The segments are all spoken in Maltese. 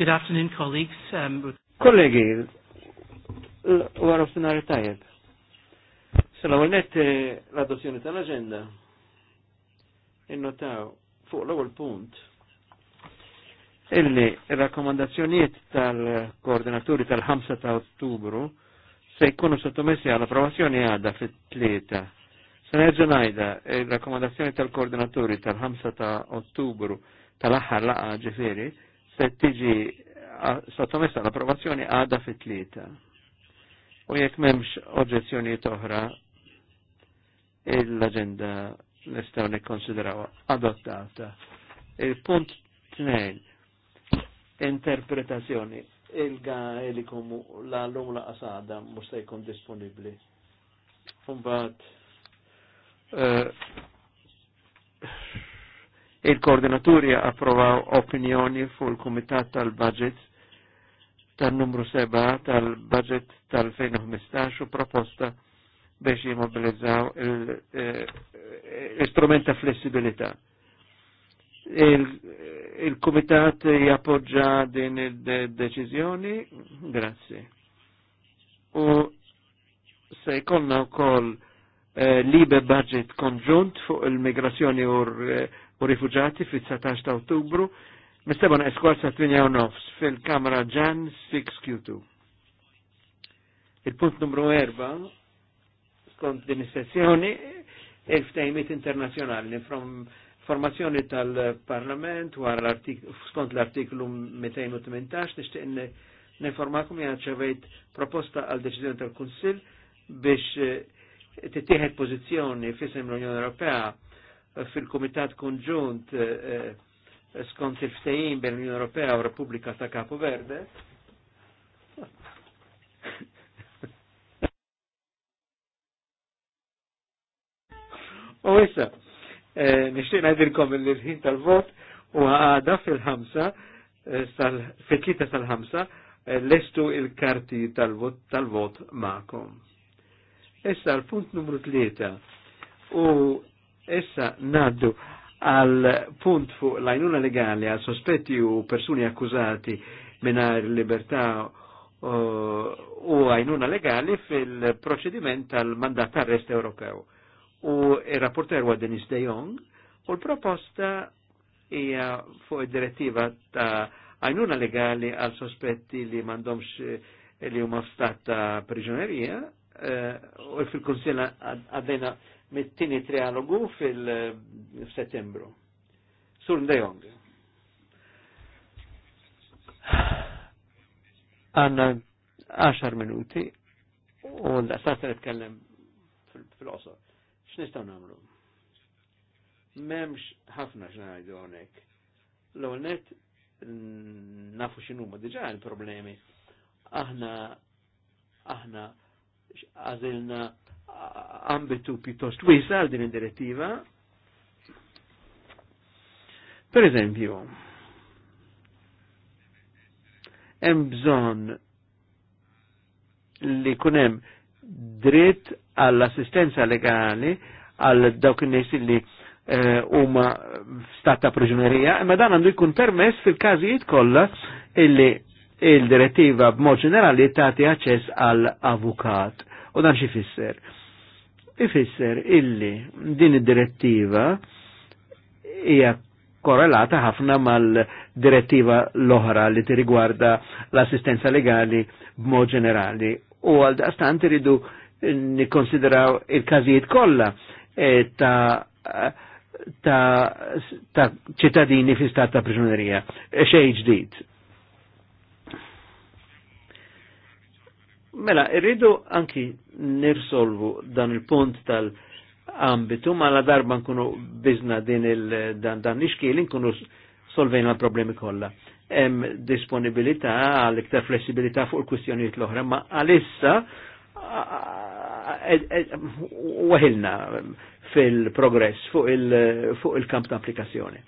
Good afternoon, colleagues. Um, Kollegi, għara f-sinari tajjeb. Sala għonet eh, l-adozzjoni tal-agenda. Innotaw fuq l-ewwel punt illi rakkomandazzjonijiet tal-koordinaturi tal-5 ta' ottubru se jkunu sottomessi għal approvazzjoni għadda fit-tlieta. Se nerġa' il-rakkomandazzjoni eh, tal-koordinaturi tal-5 ta' ottubru tal-aħħar laqa ġifieri se tiġi sottomessa l-approvazzjoni għada fit-tlieta. U jekk memx oġezzjoni toħra, l-agenda nistaw nikkonsideraw adottata. Il-punt 2. Interpretazzjoni. Il-ga la l-lum la qasada musta jkun disponibli. Umbat, Il-koordinaturi approvaw opinjoni fuq il-Kumitat tal budget tan-numru 7 tal-Budget tal-2015 u proposta biex jimmobilizzaw eh, l-istrument ta' flessibilità. Il-Kumitat jappoġġa din id-deċiżjoni, grazzi. U se jkollna wkoll eh, libe budget konġunt fuq il-migrazzjoni u u rifugjati fit 17 ta' ottubru Mistaban eskorza nofs fil-kamra ġan 6Q2. Il-punt numru 4, skont din is-sessjoni, il-ftejmit internazjonali, formazzjoni tal-Parlament wara skont l-artiklu 218, nixtieq neformakum jgħan ċevejt proposta għal deċiżjoni tal-Kunsill biex eh, t-tieħed pozizjoni fisem l-Unjoni Ewropea fil-Kumitat Konġunt eh, eh, skont il-ftejin bil-Unjoni Ewropea u Repubblika ta' Kapu Verde. U issa, eh, nishtiq ngħidilkom il-ħin tal-vot u għada fil-ħamsa, fil-tlita tal-ħamsa, lestu il-karti tal-vot ma'kom. Issa, l-punt numru tlieta u Essa naddu għal punt fu l-għajnuna legali għal sospetti u persuni akkużati minar libertà uh, u għajnuna legali fil-proċediment tal-mandat arrest Ewropew. U il-rapporter huwa Denis De Jong u l-proposta hija fuq id-direttiva ta' għajnuna legali għal sospetti li mandomx li huma f'stat ta' priġonerija uh, u fil-Kunsilla għaddejna mit-tini trialogu fil-settembru. Sur de Jong. Għanna 10 minuti u l-daqsat nitkellem fil-qosor. X'nistgħu nagħmlu? M'hemmx ħafna x'ngħidu hawnhekk. L-ewwel net nafu x'inhuma diġà l-problemi. Aħna aħna għażilna ambitu piuttosto wisa għal din id-direttiva. Per esempio, hemm bżonn li kunem dritt għall-assistenza legali għal dawk in-nies li eh, huma uh, stata priġunerija, imma dan għandu jkun permess fil-każijiet kollha illi il-direttiva b'mod ġenerali tagħti aċċess għall avukat U dan xi fisser? ifisser illi din id-direttiva hija korrelata ħafna mal-direttiva l-oħra li tirigwarda l-assistenza legali b'mod ġenerali. U għal daqstan iridu nikkonsideraw il-każijiet kollha eh, ta' eh, ta' ta' ċittadini fi stat ta' priġunerija. Eh, xej ġdid. Mela, irridu anki nirsolvu dan il-punt tal-ambitu, ma la darba nkunu bizna din il-dan dan iskil, nkunu solvejna l-problemi kolla. Hemm disponibilità għal iktar flessibilità fuq il-kwistjonijiet l-oħra, ma għalissa eh, eh, waħilna fil-progress fuq il-kamp ta' applikazzjoni.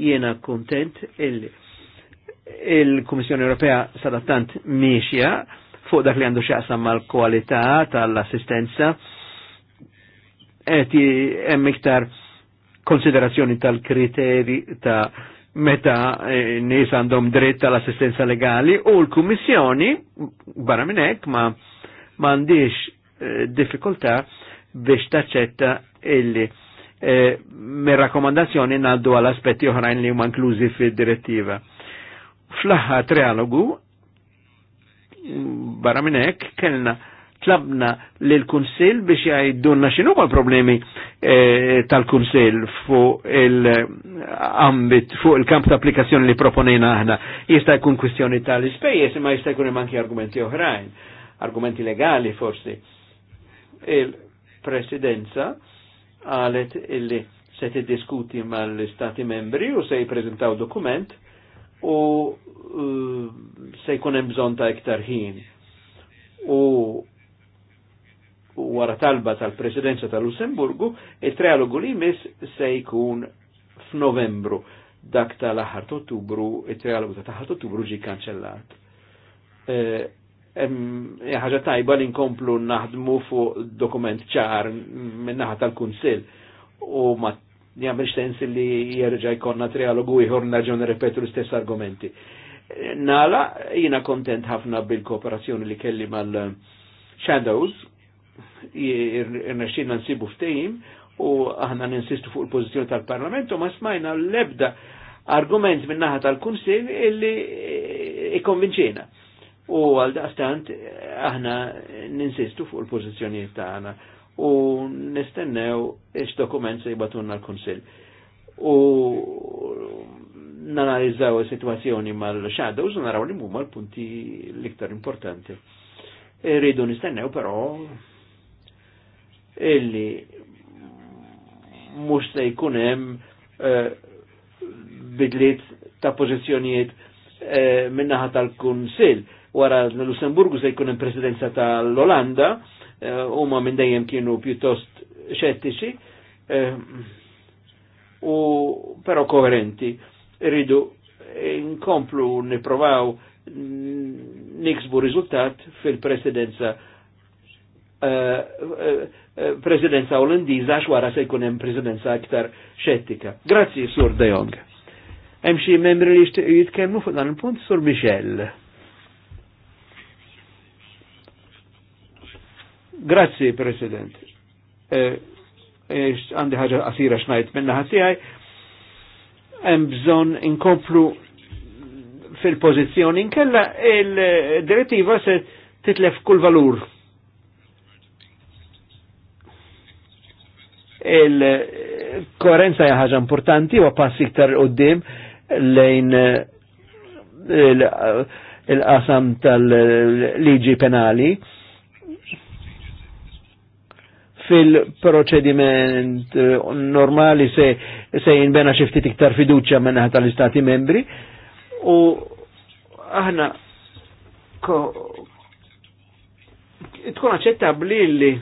Jiena kontent il-Kummissjoni Ewropea sadattant miexja fuq dak li għandu xaqsam mal kwalità tal-assistenza, eti hemm iktar konsiderazzjoni tal-kriteri ta' meta eh, nis għandhom dritt tal-assistenza legali u l-Kummissjoni, barra minn hekk ma m'għandix eh, diffikultà biex taċċetta illi me eh, mir rakkomandazzjoni ngħaddu għal aspetti oħrajn li huma inklużi fid-direttiva. Fl-aħħar trialogu barra minnek kellna tlabna l-Kunsil biex jgħidunna xinu ma problemi eh, tal-Kunsil fuq il-ambit, fuq il-kamp ta' applikazzjoni li proponejna aħna. Jista' jkun kwistjoni tal-ispejjeż, ma jista' jkun anki argumenti oħrajn, argumenti legali forsi. Il-Presidenza għalet illi se diskuti mal-Stati membri u se jiprezentaw dokument u e, se jkun hemm bżonn ta' iktar ħin. U wara talba tal-presidenza tal-Lussemburgu, it-trialogu li jmiss se jkun f'Novembru. Dak tal-aħħar Ottubru, it-trialogu ta' taħħar Ottubru ġi kanċellat. E, e, ħaġa tajba li nkomplu naħdmu fuq dokument ċar minnaħa tal-Kunsill u ma li għamil sens li jerġa jkonna trialogu iħor nerġaw nirrepetu l-istess argumenti. Nala, jina kontent ħafna bil-kooperazzjoni li kelli mal-Shadows, eh, jirnaxin nsibu ftejim u aħna ninsistu fuq il-pozizjoni tal-Parlament u ma smajna l-ebda argument minnaħa tal-Kunsil illi ikonvinċina. U għal daqstant eh, aħna ninsistu fuq il-pozizjoni tagħna u nistennew ix-dokument se jibatunna l konsil U nanalizzaw is situazzjoni mal-shadows u naraw li mumma l-punti l-iktar importanti. Irridu nistennew però illi mux se jkun hemm eh, bidliet ta' pozizjonijiet eh, minnaħa tal-Kunsill. Wara l-Lussemburgu se jkun hemm presidenza tal-Olanda Eh, huma minn dejjem kienu pjuttost xettiċi eh, u però koherenti rridu nkomplu niprovaw niksbu rizultat fil-presidenza eh, presidenza olandiza għax wara se jkun hemm presidenza aktar xettika. Grazzi, Sur De Jong. Hemm xi membri li jitkellmu fuq dan il-punt, Sur Michel. Grazzi, President. E, e, għandi ħaġa għasira xnajt minna ħassijaj. Hemm bżonn inkomplu fil-pożizzjoni nkella, il-direttiva se titlef kull valur. Il-koerenza hija ħaġa importanti u pass iktar qudiem lejn il-qasam tal-liġi penali fil-proċediment eh, normali se, se jinbena xiftit iktar fiduċa minna tal-istati membri u aħna tkun aċċettabli li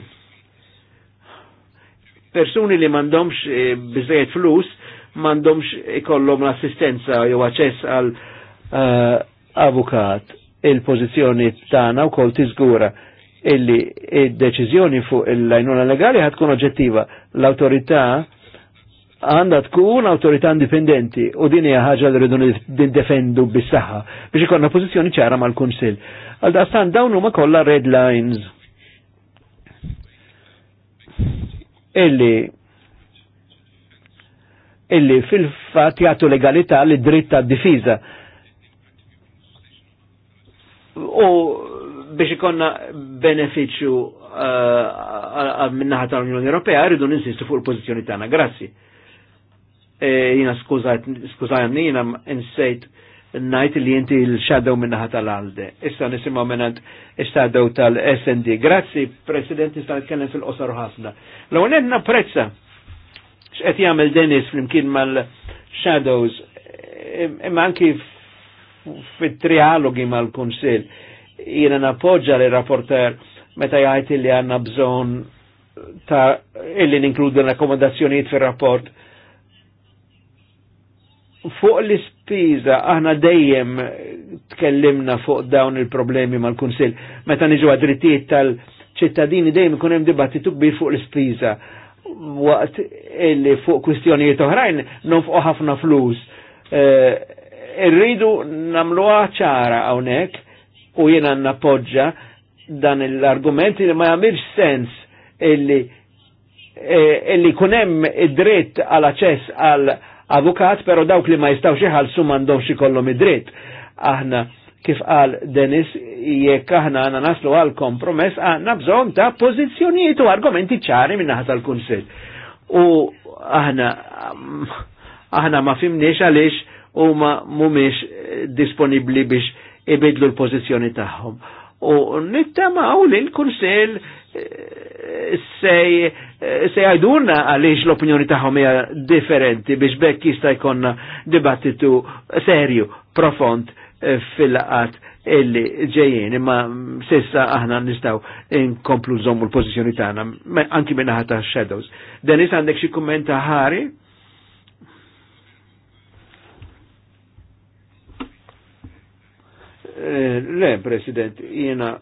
persuni li mandomx e, eh, bizzejet flus mandomx ikollhom l-assistenza jew aċċess għal uh, avukat il-pożizzjoni tagħna wkoll tiżgura illi id-deċiżjoni fuq il-lajnuna legali tkun oġġettiva. L-autorità għandha tkun autorità indipendenti u din hija ħaġa li rridu nindefendu bis-saħħa biex ikollna pożizzjoni ċara mal-Kunsill. Għal daqstan dawn huma kollha red lines. Illi illi fil-fat jgħatu legalità li dritta difiża. U biex ikonna beneficju eh, minnaħat tal-Unjoni Ewropea, rridu ninsistu fuq il-pozizjoni tagħna. Grazzi. E, jina skużajni, jina insejt najt li jinti l xadow minnaħat tal-Alde. Issa nisimaw minnant shadow tal-SND. Grazzi, President, nista' nitkellem fil qosor ħafna. L-għonet napprezza x'qed jagħmel Dennis flimkien mal-shadows e, imma anki fit-trialogi mal-Kunsill jiena napoġġa li rapporter meta jgħid li għandna bżonn ta' illi ninkludu l-akkomodazzjoniet fir-rapport. Fuq l-ispiża aħna dejjem tkellimna fuq dawn il-problemi mal-Kunsill. Meta niġu drittijiet tal-ċittadini dejjem ikun hemm dibattitu kbir fuq l-ispiża waqt illi fuq kwistjonijiet oħrajn nonfqu ħafna flus. Eh, irridu e, namluha ċara hawnhekk u għanna poġġa dan l-argument li ma jamilx sens illi e, illi kunem id-dritt għal aċess għal avukat, pero dawk li ma jistaw xieħal su mandom xikollom id-dritt. Aħna kif qal Dennis, jekk aħna għana naslu għal kompromess, aħna bżon ta' pożizzjonijiet u argumenti ċari minnaħat tal-Kunsil. U aħna, aħna ma fimniex għaliex u ma mumiex disponibli biex ibidlu l-pozizjoni tagħhom. U nittamaw li l kunsel eh, se eh, għajdurna għaliex l-opinjoni tagħhom hija differenti biex bekk jista' jkollna dibattitu serju, profond eh, fil-laqat illi ġejjien, imma sissa aħna nistaw inkomplu l-pożizzjoni tagħna, anki minn ta' shadows. Denis għandek xi kummenta ħari? Eh, le, President, jiena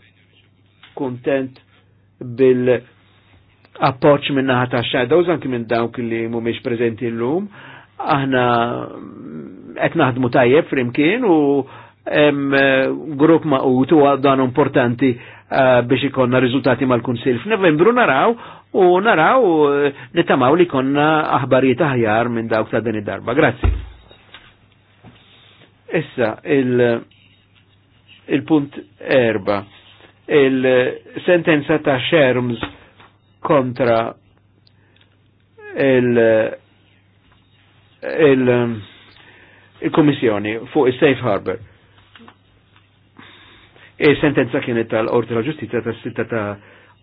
kontent bil-appoċ minna ħata shadows anki minn dawk li mumiex prezenti l-lum. Aħna qed naħdmu tajjeb frimkien u hemm eh, grupp maqut u dan importanti eh, biex ikonna riżultati mal-Kunsil. F'Novembru naraw u naraw nittamaw li konna aħbarijiet aħjar minn dawk ta' din id-darba. Grazzi. Issa, il- Il-punt erba, il-sentenza ta' Sherms kontra il- il- il-Komissjoni fuq il-Safe Harbor. Il-sentenza kienet tal-Orti la Ġustizja tas-6 ta'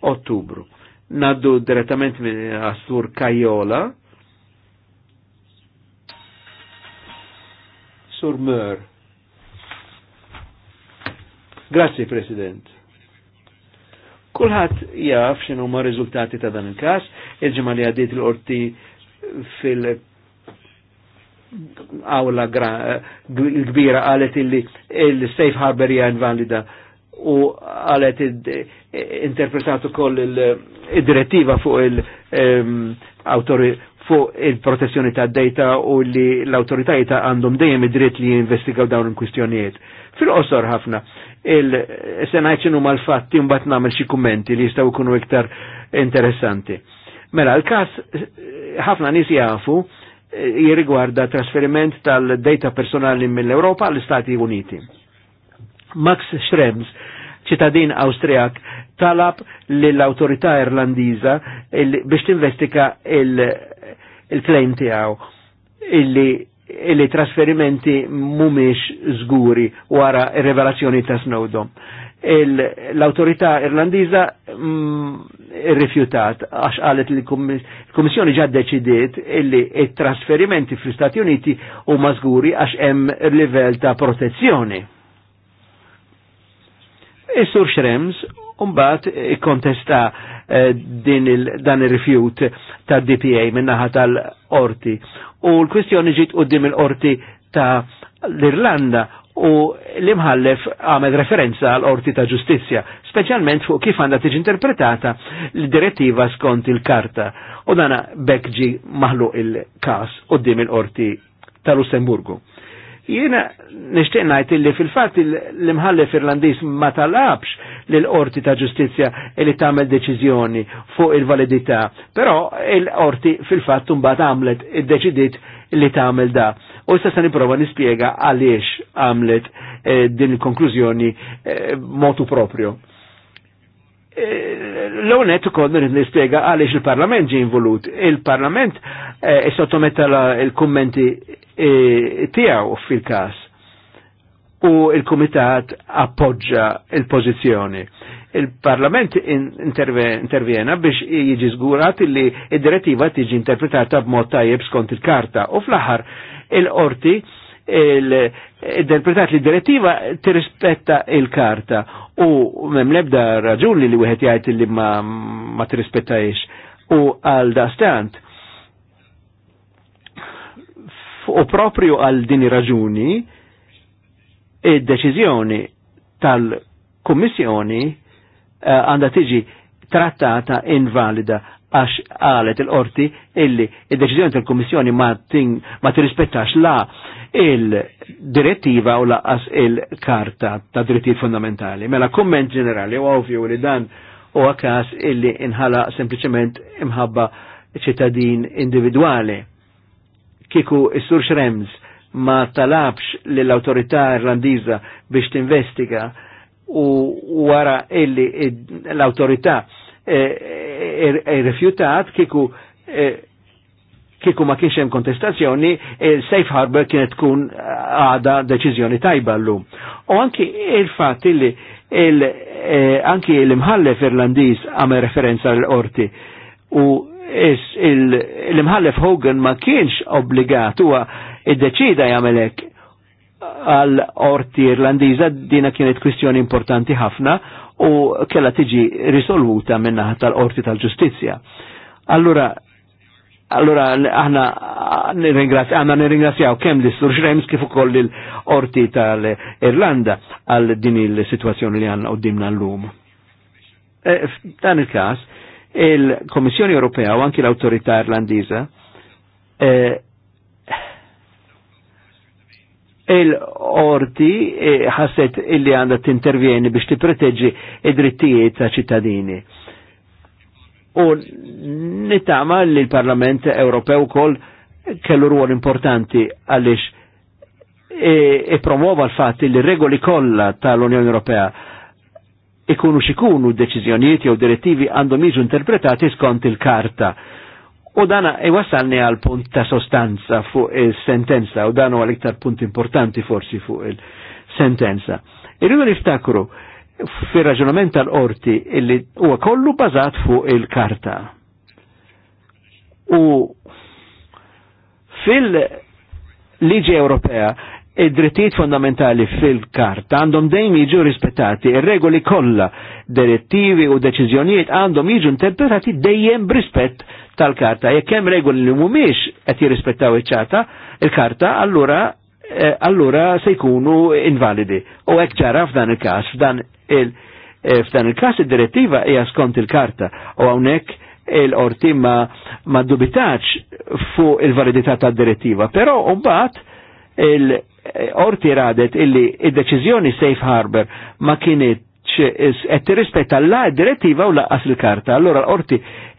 Ottubru. Naddu direttament minn Assur Kajola. Sur Mör. Grazzi, President. Kulħadd jaf xin huma rizultati ta' dan il-każ, il-ġimgħa li għaddiet il-qorti fil- awla kbira qalet illi il-safe harbor hija invalida u għalet interpretatu koll il-direttiva fuq il-autori fuq il-protezzjoni ta' data u li l-autoritajiet għandhom dejjem id-dritt li jinvestigaw dawn il-kwistjonijiet fil-qosor ħafna. Il-senajċinu mal-fatti mbat namel xie kummenti li jistaw kunu iktar interessanti. Mela, l-kas ħafna nis jafu eh, jirrigwarda trasferiment tal-data personali mill-Europa l-Stati Uniti. Max Schrems, ċittadin Awstrijak, talab l-autorità irlandiza biex tinvestika il-claim il tijaw illi li trasferimenti mumiex zguri wara revelazzjoni ta' Snowdom. L-autorità irlandiza mm, rifjutat għax għalet li l komissjoni ġa deċidiet illi il-trasferimenti fl-Stati Uniti u mażguri għax hemm livell ta' protezzjoni. Is-Sur Shrems umbat kontesta Eh, din il, dan il-rifjut ta' DPA minnaħa tal-orti. U l-kwistjoni ġiet dim il-orti ta' l-Irlanda u l-imħallef għamed referenza għal orti ta' ġustizja, specialment fuq kif għanda tiġi interpretata l-direttiva skont il-karta. U dana bekġi maħluq il-kas dim il-orti ta' Lussemburgu. Jiena nixtieq ngħid illi fil-fatt l-imħallef Irlandiż ma talabx lill qorti ta' ġustizzja li tagħmel deċiżjoni fuq il-validità, però l qorti fil-fatt mbagħad għamlet iddeċidiet li tagħmel da. U issa se nipprova nispjega għaliex għamlet eh, din il-konklużjoni modu eh, motu proprio eh, l-onet ukoll nispjega għaliex il-Parlament ġie involut. Il-Parlament Eh, e sottometta il-kommenti eh, tiegħu fil-każ u il-Kumitat appoġġa il-pożizzjoni. Il-Parlament intervjena biex jiġi żgurat li id-direttiva tiġi interpretata b'mod tajjeb skont il-karta u fl-aħħar il-qorti interpretat li direttiva tirrispetta il-karta u mem lebda raġuni li wieħed jgħid li ma, ma tirrispettajx u għal da stant u propju għal din raġuni id-deċiżjoni tal-Kummissjoni eh, għandha tiġi trattata invalida għax għalet il-qorti illi id-deċizjoni tal-Kommissjoni ma tirrispettax la il-direttiva u laqas il-karta ta' drittijiet fundamentali. Mela komment ġenerali u għawfju li dan u għakas illi inħala sempliciment imħabba ċittadin individuali kiku is-sur Schrems ma talabx l-autorità irlandiza biex tinvestiga u wara illi l-autorità irrifjutat eh, eh, eh, kiku kiku ma kienx hemm kontestazzjoni, safe harbor kienet tkun għada deċiżjoni tajba llum. U anki il-fatt illi anki l-imħallef Irlandiż għamel referenza l-orti u l-imħallef Hogan ma kienx obbligat huwa id-deċida jagħmelek għal orti irlandiża dina kienet kwistjoni importanti ħafna u kella tiġi risolvuta minna tal-orti tal-ġustizzja. Allura Allora, aħna aħna nirringrazzjaw kemm li Sur Schrems kif ukoll il-orti tal-Irlanda għal din il-sitwazzjoni li għandna dimna llum. lum eh, Dan il-każ, Il-Komissjoni Ewropea u anki l-Autorità Irlandiża eh, il-orti eh, ħasset illi għandha t-intervjeni biex t-proteġi id-drittijiet ta' ċittadini. U nittama li l-Parlament Ewropew kol kellu ruol importanti għalix e, eh, e promuova l-fat li regoli kolla tal-Unjoni Ewropea ikunu xikunu deċizjoniet jew direttivi għandhom jiġu interpretati skont il-karta. U dana e, wasalni għal punt ta' sostanza fuq il-sentenza u dan għal iktar punt importanti forsi fuq il-sentenza. Irridu niftakru fi raġunament tal-orti illi huwa kollu bazat fuq il-karta. U fil-liġi Ewropea id-drittijiet fondamentali fil-karta għandhom dejjem jiġu rispettati, ir-regoli kollha, direttivi u deċiżjonijiet għandhom jiġu interpretati dejjem b'rispett tal-karta. Jekk hemm regoli li mhumiex qed jirrispettaw iċ-ċata, il-karta allura eh, allura se jkunu invalidi. U hekk ġara f'dan il-każ, f'dan il- eh, f'dan il-każ id-direttiva hija skont il-karta u hawnhekk il-qorti ma, ma dubitax fuq il-validità tad-direttiva, però mbagħad il- orti radet illi id-deċizjoni safe harbor ma kienet qed tirrispetta la direttiva u laqqas il-karta. Allora l-orti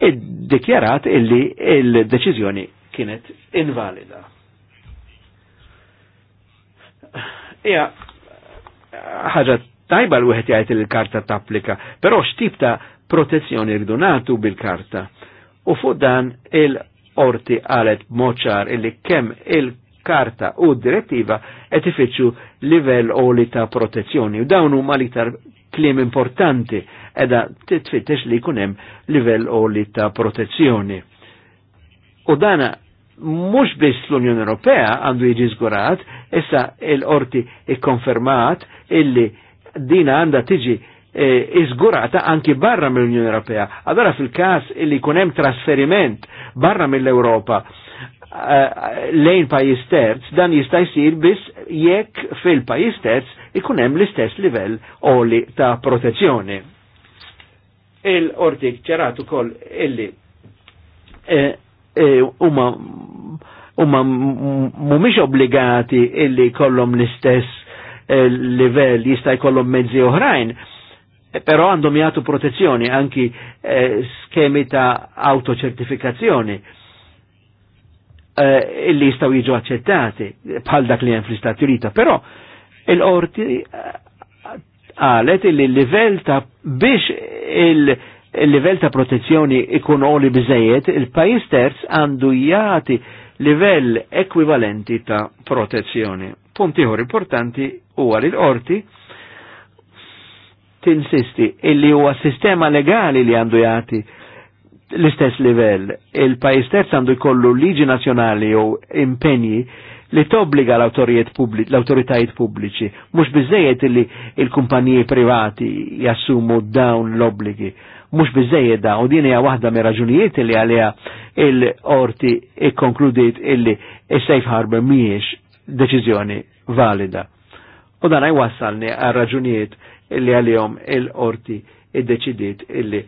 iddikjarat illi il-deċiżjoni kienet invalida. Ija ħaġa tajba l-wieħed jgħid il-karta tapplika, però x'tip ta' protezzjoni rridu bil-karta. U fuq dan il-orti qalet moċar illi kemm il karta u direttiva qed ifittxu livell oli ta' protezzjoni. U dawn huma l-iktar kliem importanti edha titfittex li jkun hemm livell oli ta' protezzjoni. U dana mhux biss l-Unjoni Ewropea għandu jiġi żgurat, issa l-qorti ikkonfermat illi dina għandha tiġi e, iżgurata anki barra mill-Unjoni Ewropea. Allora fil-każ illi jkun hemm trasferiment barra mill-Ewropa Eh, lejn pajis terz, dan jista' jsir biss jekk fil-pajis terz ikun hemm l-istess livell oli ta' protezzjoni. Il-orti ċeratu kol illi eh, eh, huma huma obligati obbligati illi kollom l-istess livell jista' jkollhom mezzi oħrajn, però għandhom jagħtu protezzjoni anki skemi ta' autoċertifikazzjoni Eh, illi jistaw jiġu accettati bħal dak li hemm fl-Istati Unita, però il-qorti eh, qalet il l-livell ta' biex il-livell ta' protezzjoni ikun oli biżejjed, il pajis terz għandu jagħti livell ekwivalenti ta' protezzjoni. Puntiħor importanti huwa għal l-qorti tinsisti illi huwa sistema legali li għandu jagħti l-istess livell. Il-pajis terz għandu jkollu liġi nazjonali u impenji li tobbliga l-autoritajiet pubbliċi, mux bizzejiet li il-kumpaniji privati jassumu dawn l-obbligi, mux bizzejiet da, u din hija waħda me raġunijiet li għalija il-orti ikkonkludiet illi il-safe harbor miex deċizjoni valida. U dan għaj wassalni għal raġunijiet li għalihom il-orti id-deċidiet illi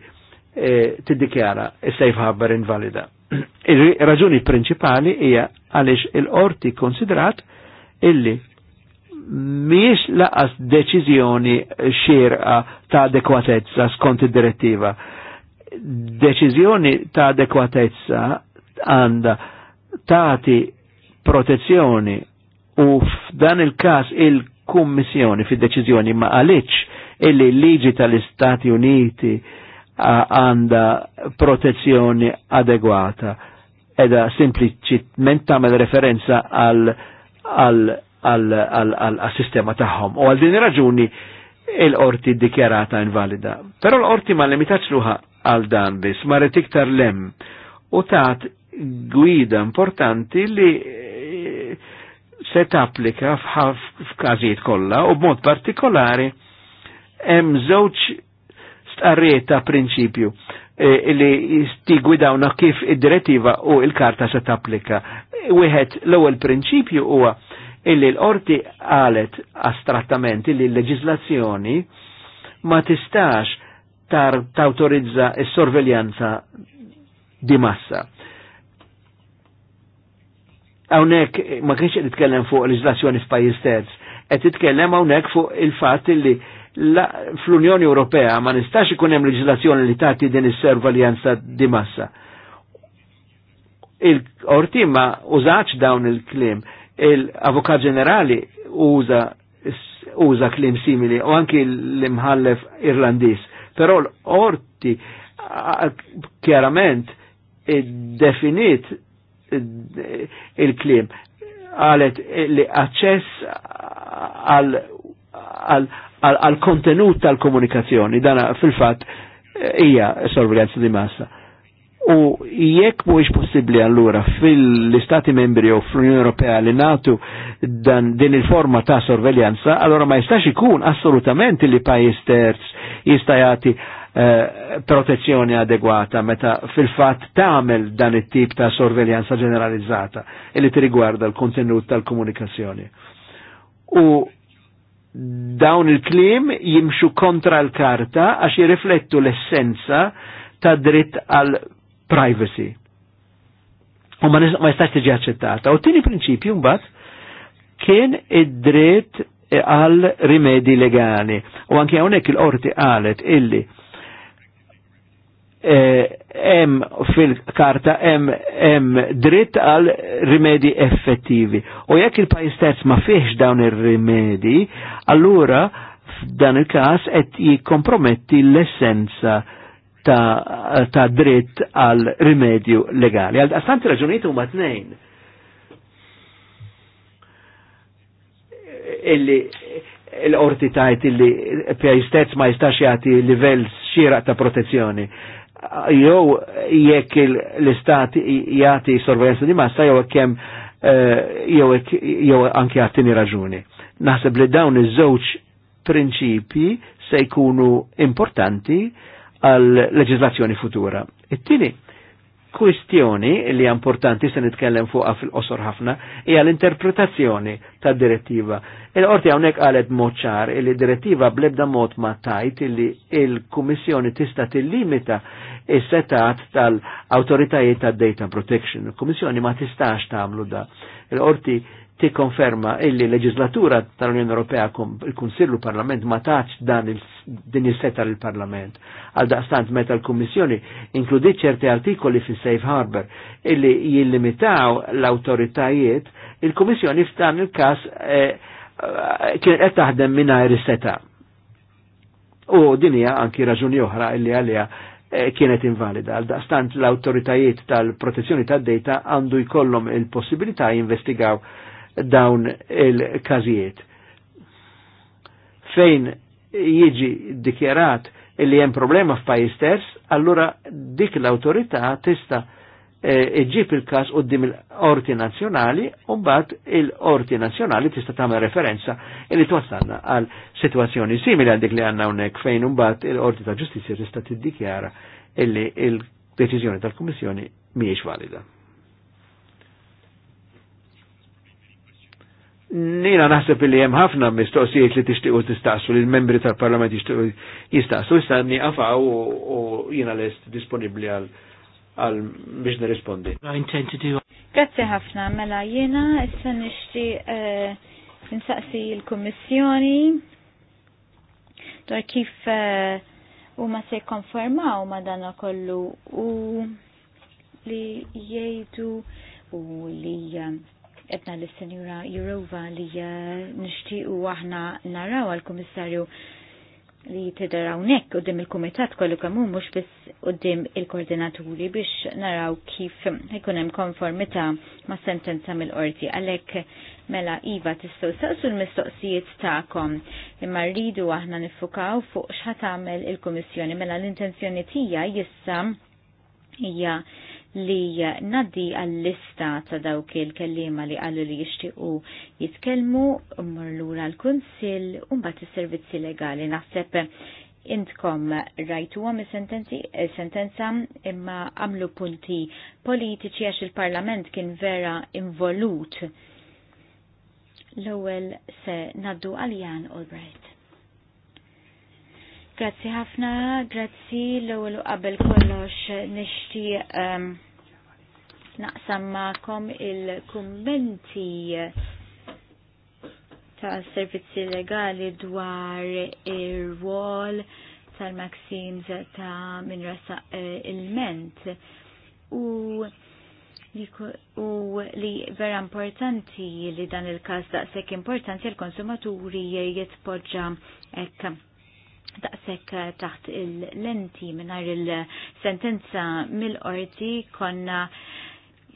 E, tiddikjara il e safe harbor invalida. Il-raġuni principali hija għaliex il-qorti konsidrat illi miex laqas deċiżjoni xirqa ta' adekwatezza skont id-direttiva. Deċiżjoni ta' adekwatezza għanda tati protezzjoni u f'dan il-kas il-kummissjoni fid-deċiżjoni ma' għalix illi liġi tal-Istati Uniti għanda protezzjoni adegwata. Edha sempliċitment tagħmel referenza għal-sistema tagħhom. U għal din raġuni il orti dikjarata invalida. Però l-qorti ma limitax luħa għal dan bis ma iktar lem u tat gwida importanti li eh, se tapplika f'każijiet kollha u b'mod partikolari hemm żewġ stqarriet ta' prinċipju e, li tigwidawna kif id-direttiva u il-karta se tapplika. Wieħed l-ewwel prinċipju huwa illi l-qorti għalet astrattament illi l-leġislazzjoni ma tistax tar tawtorizza s-sorveljanza di massa. Hawnhekk ma kienx qed titkellem fuq leġislazzjoni f'pajjiż terz, qed titkellem hawnhekk fuq il-fatt illi fl-Unjoni Ewropea ma nistax ikun hemm leġislazzjoni li tagħti din is-servaljanza di massa. Il-qorti ma użax dawn il-klim, il-Avukat Ġenerali uża uża klim simili u anki l-imħallef Irlandiż. Però l-qorti chiarament definit il-klim għalet li access għal għal kontenut tal-komunikazzjoni, dana fil-fat eh, hija sorveljanza di massa. U jekk mhuwiex possibbli allura fil-Istati membri u fl-Unjoni Ewropea li natu dan din il-forma ta' sorveljanza, allora ma jistax ikun assolutament li pajjiż terz jista' jagħti eh, protezzjoni adegwata meta fil-fatt tagħmel dan it-tip ta' sorveljanza ġeneralizzata e li tirigwarda l-kontenut tal-komunikazzjoni. U dawn il-klim jimxu kontra l-karta għax jirriflettu l-essenza ta' dritt għal privacy. U ma jistax tiġi accettata. U tini prinċipju mbagħad kien id-dritt għal rimedi legali. U anke hawnhekk il-qorti qalet illi hemm eh, fil-karta hemm dritt għal rimedi effettivi. U jekk il-pajis terz ma fiex dawn ir-rimedi, allura f'dan il-każ qed jikkomprometti l-essenza ta', ta dritt għal rimedju legali. Għal astanti raġunijiet huma tnejn. Illi l-orti tajt illi pjaj ma jistax jagħti livell xieraq ta' protezzjoni jew jekk l-istat jagħti sorveljanza di massa jew kemm eh, jew jew anke għattini raġuni. Naħseb li dawn iż-żewġ prinċipji se jkunu importanti għal leġislazzjoni futura. It-tieni kwistjoni li importanti se nitkellem fuq fil-qosor ħafna hija l-interpretazzjoni tad direttiva. Il-qorti hawnhekk qalet mod ċar li direttiva blebda mod ma tajt li il-Kummissjoni tista' tillimita is-setat tal-awtoritajiet tad-data protection. Il-Kummissjoni ma tistax tagħmlu da. Il-qorti tikkonferma illi leġislatura tal-Unjoni Ewropea il-Kunsillu Parlament ma taċ dan din is-seta lill-Parlament. Għal daqstant meta l kommissjoni inkludi ċerti artikoli fis safe Harbor illi jillimitaw l-awtoritajiet, il-Kummissjoni f'dan il-każ eh, kien qed taħdem mingħajr is-seta. U din hija anki raġuni oħra illi għalija eh, kienet invalida. Għal daqstant l-autoritajiet tal-protezzjoni tad-data għandu jkollhom il-possibilità jinvestigaw dawn il kazijiet Fejn jiġi dikjarat li hemm problema f'pajjiż ters, allura dik l-awtorità tista' iġġib e, il u qudiem il-Orti nazjonali u il-Orti nazjonali tista' tamme referenza li tuassanna għal situazzjoni simili għal dik li għandna unnek fejn mbagħad il-Orti ta' ġustizja tista' tiddikjara li il-deċiżjoni tal komissjoni mhijiex valida. Nina naħseb li hemm ħafna mistoqsijiet li tixtiequ tistaqsu li l-membri tal-Parlament jixtiequ jistaqsu, issa nieqafgħu u jiena lest disponibbli għal għal biex nirrispondi. Grazzi ħafna, mela jiena issa nixtieq eh, nsaqsi l-Kummissjoni dwar kif eh, huma se jikkonfermaw ma dan kollu u li jgħidu u li eh, edna l senjura Jurova li eh, nishtiqu aħna naraw għal-Komissarju li nek hawnhekk dim il-kumitat kollu kemm hu mhux u dim il-koordinaturi biex naraw kif ikunem hemm konformità ma' sentenza mill-qorti għalhekk mela iva tistgħu saqsu l-mistoqsijiet tagħkom imma rridu aħna nifukaw fuq x'ħat tagħmel il-Kummissjoni mela l-intenzjoni tija jissa hija li naddi għall-lista ta' dawk il-kellima li għallu li jishtiqu jitkelmu, mmur lura l-Kunsil, umbat il-servizzi legali. Naħseb intkom rajtu għam sentenza imma għamlu punti politiċi għax il-Parlament kien vera involut. L-ewel se naddu għal Jan Albright. Grazzi ħafna, grazzi l-ewwel qabel kollox nixtieq um, naqsam magħkom il-kummenti ta' servizzi legali dwar ir-rwol tal-Maxims ta' min rasa eh, il-ment u li, u li vera importanti li dan il każ daqshekk importanti l-konsumaturi jitpoġġa hekk daqsek eh, taħt il-lenti minnar il-sentenza mill-qorti konna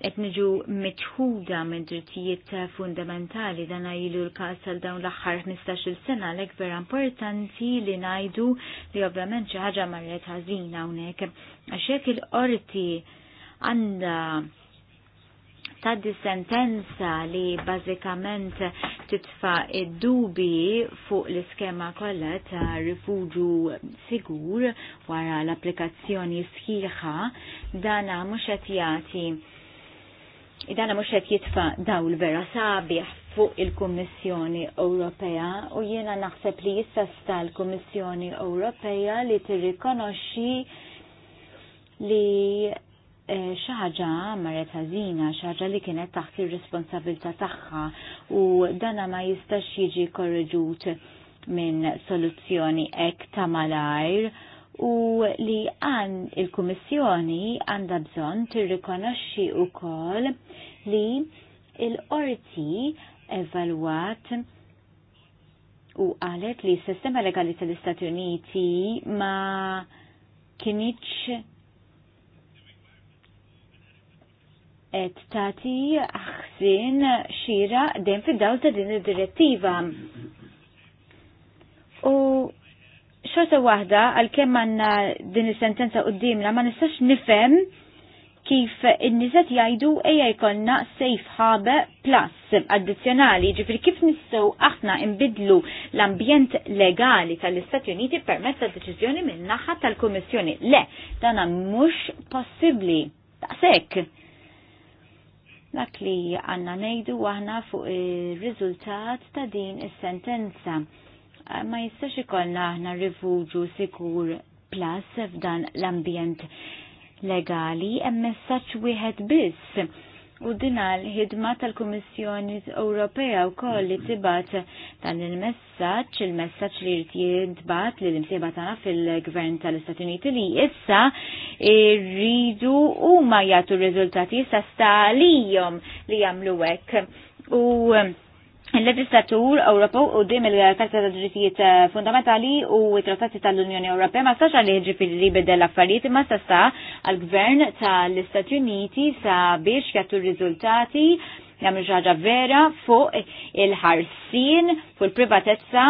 qed niġu meċħuda minn drittijiet fundamentali dan għajlu l-każ tal dawn l-aħħar 15-il sena l vera importanti li ngħidu li ovvjament xi ħaġa marret għazina hawnhekk għax hekk il-qorti għandha taddi sentenza li bażikament titfa id-dubi fuq l-iskema kollha ta' rifuġu sigur wara l-applikazzjoni sħiħa dana mhux qed jagħti idana mhux qed jitfa daw l-vera sabiħ fuq il-Kommissjoni Ewropea u jiena naħseb li jissa l-Kommissjoni Ewropea li tirrikonoxxi li Eh, xaħġa marret ħażina, xaħġa li kienet taħt ir-responsabilità tagħha u dana ma jistax jiġi korreġut minn soluzzjoni ek ta' malajr u li għan il-Kummissjoni għandha bżonn tirrikonoxxi wkoll li il orti evalwat u qalet li s-sistema legali tal-Istati Uniti ma kienieċ et tati aħsin xira den fid-dawl ta' din id-direttiva. U xorta wahda għal-kem manna din is-sentenza qoddimna ma nistax nifhem kif in nizet jajdu eja jkollna safe harbor plus addizzjonali, ġifri kif nissew aħna imbidlu l-ambjent legali tal-Istati Uniti permezz ta' deċiżjoni minn naħa tal-Kummissjoni. Le, dana mhux possibbli. Daqshekk Dak li għanna nejdu għahna fuq il-rizultat ta' din is-sentenza. Eh, ma jistax ikollna aħna rifugju sikur plus f'dan l-ambjent legali hemm messaġġ wieħed biss U dinal ħidma tal-Kummissjoni Ewropea u koll li tibat dan il-messaċ, il-messaċ li jrid jintbat li l-imsieba tagħna fil-Gvern tal-Istati Uniti li issa rridu huma jagħtu r-riżultati issa stalijom li jagħmlu hekk. U il-leġislatur Ewropew u dim il-Karta ta' Drittijiet eh, Fundamentali u Trattati tal-Unjoni Ewropea ma stax għal ġifiri li l affarijiet ma sta sta għal-Gvern tal-Istati Uniti sa biex jattu riżultati jagħmlu ħaġa vera fuq il-ħarsin fuq il-privatezza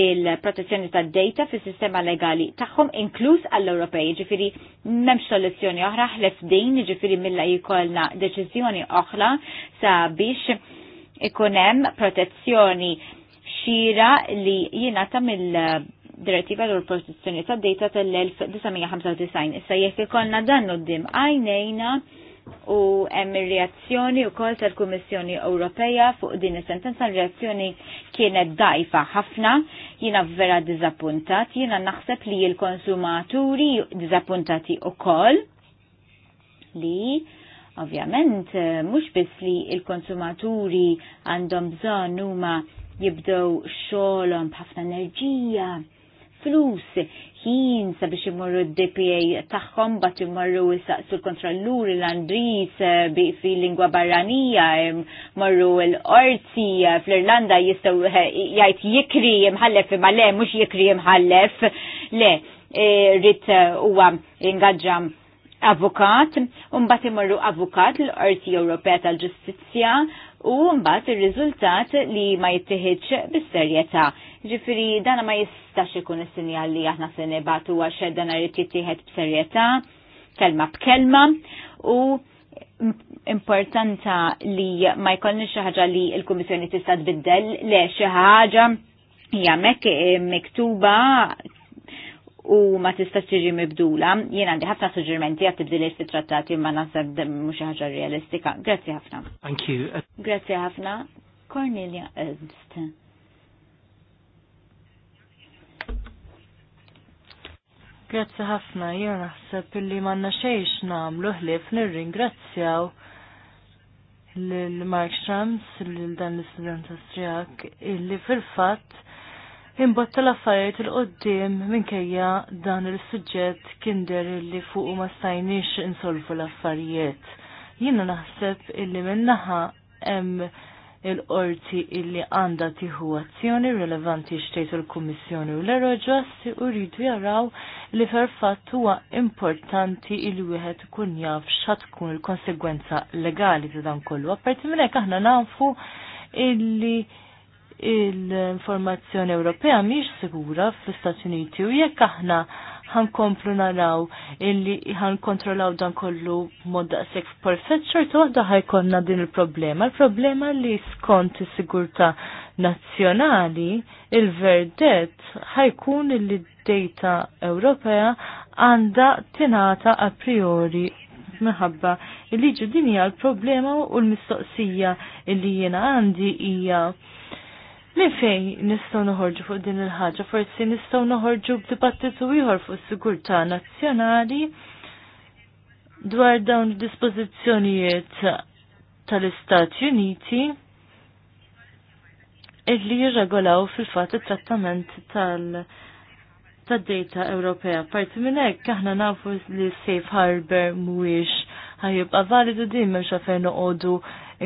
il-protezzjoni tad data fis sistema legali tagħhom inkluż għall-Ewropej, ġifiri m'hemmx soluzzjoni oħra ħlef din, ġifiri milla jkollna deċiżjoni oħra sabiex ikunem protezzjoni xira li jina il direttiva l protezzjoni ta' data tal-1995. Issa jekk ikonna dan d-dim għajnejna u hemm reazzjoni reazzjoni wkoll tal-Kummissjoni Ewropea fuq din is-sentenza reazzjoni kienet dajfa ħafna, jiena vera diżappuntat, jiena naħseb li l-konsumaturi diżappuntati wkoll li Ovvjament, eh, mhux biss li il-konsumaturi għandhom bżonn huma jibdew xogħolhom b'ħafna enerġija, flus, ħin sabiex imorru d-DPA tagħhom bat imorru sul l-kontrolluri l-Andris eh, fi lingwa barranija, morru l-orzi eh, fl-Irlanda jistgħu jgħid jikri imħallef imma le mhux jikri imħallef. Le, rrit huwa ingaġġam avukat, u mbagħad imorru avukat l-Qorti Ewropea tal-Ġustizzja u mbagħad ir-riżultat li ma jittieħedx bis-serjetà. Ġifiri, dana ma jistax ikun is-sinjal li aħna se batu għax dana irid b b'serjetà, kelma b'kelma u importanta li ma jkollni xaħġa ħaġa li l-Kummissjoni tista' tbiddel le xi ħaġa hija mek miktuba u ma tista' tiġi mibdula. Jien għandi ħafna suġġerimenti għat tibdil li trattati ma naħseb mhux ħaġa realistika. Grazzi ħafna. Thank you. Grazzi ħafna. Cornelia Ernst. Grazzi ħafna, jien naħseb illi m'għandna xejx nagħmlu ħlief nirringrazzjaw lil Mark Shams lil dan l-istudent Austriak illi fil-fatt imbotta tal affarijiet il-qoddim minkejja dan il-suġġett kinder li fuq ma stajniex insolvu l-affarijiet. Jiena naħseb illi minnaħa hemm il-qorti illi għanda tiħu azzjoni rilevanti xtejtu l-Kummissjoni u l-Eroġas u rridu jaraw li ferfat huwa importanti il wieħed kun jaf kun il-konsegwenza legali ta' dan kollu. Apparti minn hekk aħna nafu illi il-informazzjoni Ewropea miex sigura fl-Istati Uniti u jekk aħna ħankomplu naraw illi ħankontrollaw dan kollu mod daqsek perfett ċertu waħda ħajkonna din il-problema. Il-problema li skont is-sigurtà nazzjonali il-verdett ħajkun illi d-data Ewropea għandha tingħata a priori minħabba il liġu din hija l-problema u l-mistoqsija illi jiena għandi hija Minn fej nistgħu noħorġu fuq din il-ħaġa, forsi nistgħu noħorġu b'dibattitu ieħor fuq sigurtà nazzjonali dwar dawn id dispożizzjonijiet tal-Istati Uniti illi jirregolaw fil-fatt it-trattament tal- tad-data Ewropea. Parti minn hekk aħna nafu li Safe Harbor mhuwiex ħajibqa' validu din m'hemmx fejn noqogħdu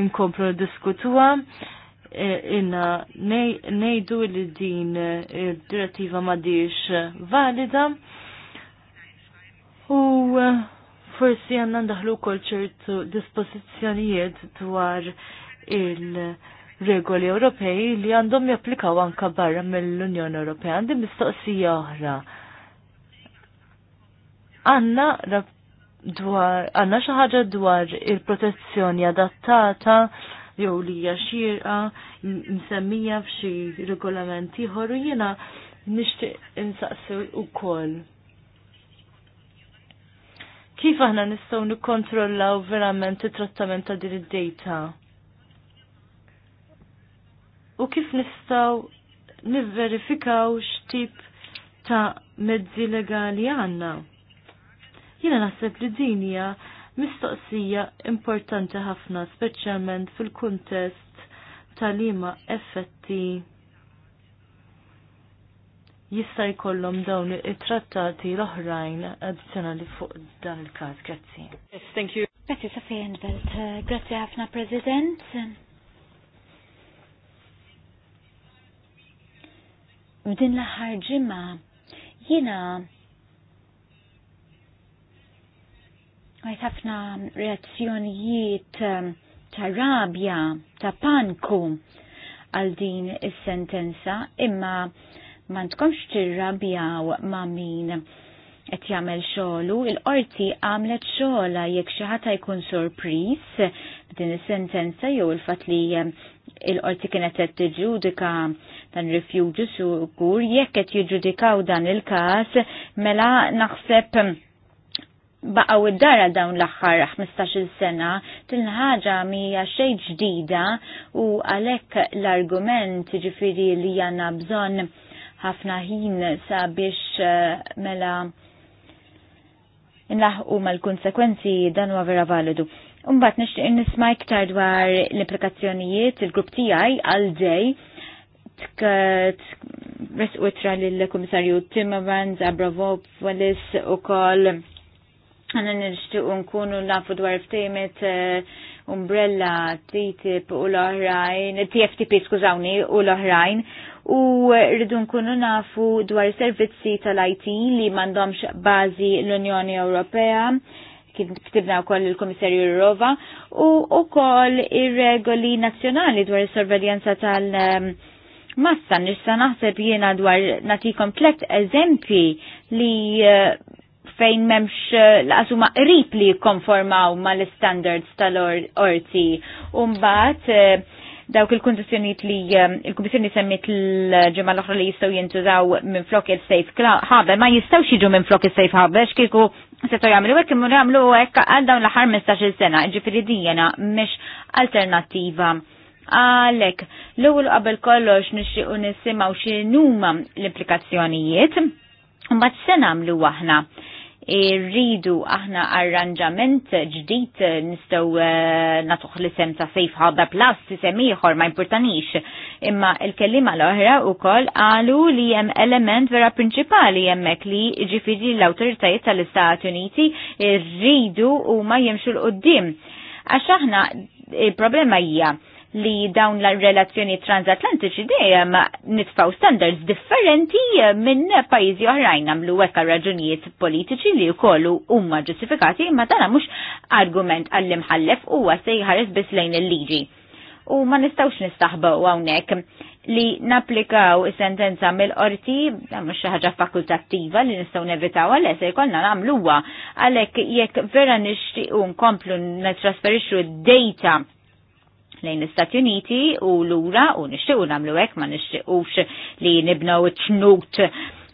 inkomplu diskutuha. Eh, inna nejdu li din il-direttiva eh, madix valida u eh, forsi għanna ndaħlu kol ċertu dispozizjonijiet dwar il-regoli Ewropej li għandhom japplikaw anka barra mill-Unjoni Ewropea għandi mistoqsija oħra. Għanna dwar għanna xaħġa dwar il-protezzjoni adattata jew li hija xierqa msemmija f'xi regolament ieħor u jiena nixtieq insaqsi wkoll. Kif aħna nistgħu nikkontrollaw verament it-trattament ta' din id-data? U kif nistgħu nivverifikaw x'tip ta' mezzi legali għandna? Jiena naħseb li din hija mistoqsija importanti ħafna, speċjalment fil-kuntest tal-ima effetti jista' jkollhom dawn it-trattati l-oħrajn addizzjonali fuq dan il-każ. Grazzi. Yes, thank you. Grazzi Sofija Enbelt. Grazzi ħafna President. U din l-aħħar ġimgħa jiena Għajt ħafna reazzjonijiet ehm, ta' rabja, ta' panku għal din is-sentenza, imma ma tkomx tirrabjaw ma' min qed jagħmel xogħlu, il-qorti għamlet xogħla jekk xi ħadd jkun sorpriż din is-sentenza jew il-fatt li ehm, il-qorti kienet qed tiġġudika dan rifjuġu sugur jekk qed jiġġudikaw dan il-każ mela naħseb baqaw id-dara dawn l-axħar 15 sena, tilħaġa mija xej ġdida u għalek l-argument ġifiri li janna bżon ħafna ħin sabiex eh, mela nlaħqu mal-konsekwenzi dan huwa vera validu. Umbat nixtieq nisma' iktar dwar l-implikazzjonijiet il-grupp tiegħi għal dej resqwitra lill-Kummissarju Timmermans, Abravov, Wallis u koll Għanna nirġtiq nkunu nafu dwar ftejmet eh, umbrella TTIP u l-oħrajn, TFTP skużawni u l-oħrajn, u rridu nkunu nafu dwar servizzi tal-IT li mandomx bazi l-Unjoni Ewropea kif ktibna u koll il-Komissarju Rova u u koll ir-regoli nazjonali dwar il-sorveljanza tal-massa nista naħseb jiena dwar natikom tlet eżempji li eh, fejn memx eh, laqsuma qrib li konformaw mal-standards tal-orti. Umbat, eh, dawk il-kondizjoniet li eh, il kondizjoni semmit l-ġimgħa l-oħra li jistgħu jintużaw minn flok il-safe harbor, ma jistaw jiġu minn flok il-safe harbor xkiku setgħu jagħmlu hekk imur jagħmlu hekk għal dawn l-aħħar 15-il sena, ġifieri dijena mhix alternattiva. Għalek, l-ewwel qabel kollox nixtiequ nisimgħu numa l-implikazzjonijiet, mbagħad se nagħmlu aħna irridu aħna arranġament ġdid nistaw eh, natuħ l-isem ta' Safe Harbor Plus isem ieħor ma importanix imma il-kellima l-oħra u qalu għalu li jem element vera prinċipali jemmek li ġifiri l-autoritajiet tal-Istati Uniti rridu u ma jemxu l-qoddim. Għax aħna il-problema hija li dawn l relazzjoni transatlantiċi dejjem nitfaw standards differenti eh, minn pajjiżi oħrajn għamlu hekk raġunijiet politiċi li jkollu huma ġustifikati imma tara mhux argument għall-imħallef huwa se jħares biss lejn il-liġi. U ma nistawx nistaħbew hawnhekk li naplikaw sentenza mill-qorti, mux ħaġa fakultattiva li nistaw nevitaw għal se jkollna nagħmluha għalhekk jekk vera nixtiequ nkomplu netrasferixxu d-data lejn l-Istati Uniti u lura u u nagħmlu hekk ma nixtiequx li nibnew ċnut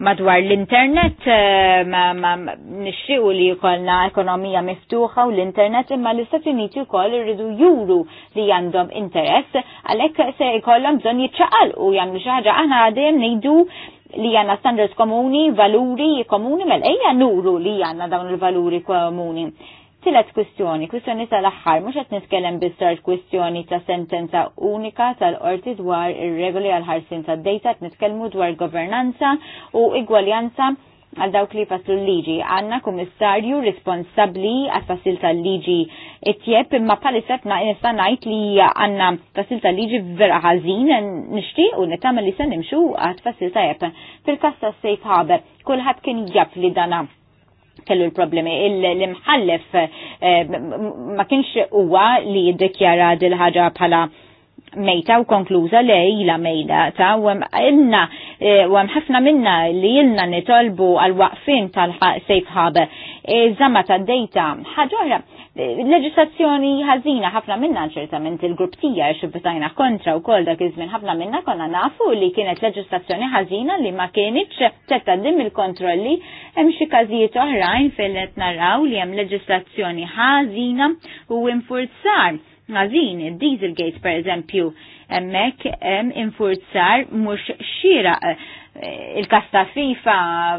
madwar l-internet eh, ma u li jkollna ekonomija miftuħa u l-internet imma l-Istati Uniti wkoll rridu juru li għandhom interess għalhekk se jkollhom bżonn jiċċaqal u jagħmlu xi ħaġa aħna għadhem ngħidu li għanna standards komuni, valuri komuni, mel ejja nuru li għanna dawn il-valuri komuni. Tilet kwistjoni, kwistjoni tal-axħar, mux għet niskellem bistar kwistjoni ta' sentenza unika tal-orti dwar ir-regoli għal-ħarsin ta' data, nitkellmu dwar governanza u igwaljanza għal dawk li faslu l-liġi. Għanna komissarju responsabli għal fasil tal-liġi it-tjeb, imma palisat ma' nista' najt li għanna fasil tal-liġi vera għazin nishti u nittamel li sen nimxu għal fasil tajab. Fil-kassa safe harbor, kullħat kien jaf li dana kellu l-problemi. L-imħallef eh, ma kienx huwa li jiddikjara dil-ħaġa bħala mejta u konkluza li ila mejda ta' u inna e, u ħafna minna li ilna nitolbu għal-waqfin tal-safe hub e, zamma ta' data ħagħora e, leġislazzjoni ħażina ħafna minna ċertament il-grupp tija xubbetajna kontra u kol dak iż-żmien ħafna minna konna nafu li kienet leġislazzjoni ħażina li ma kienitx tettadim il-kontrolli hemm xi każijiet oħrajn fejn qed naraw li hemm leġislazzjoni ħażina u infurzar għazin, dieselgate per eżempju, emmek em infurzar mux xira eh, il-kasta FIFA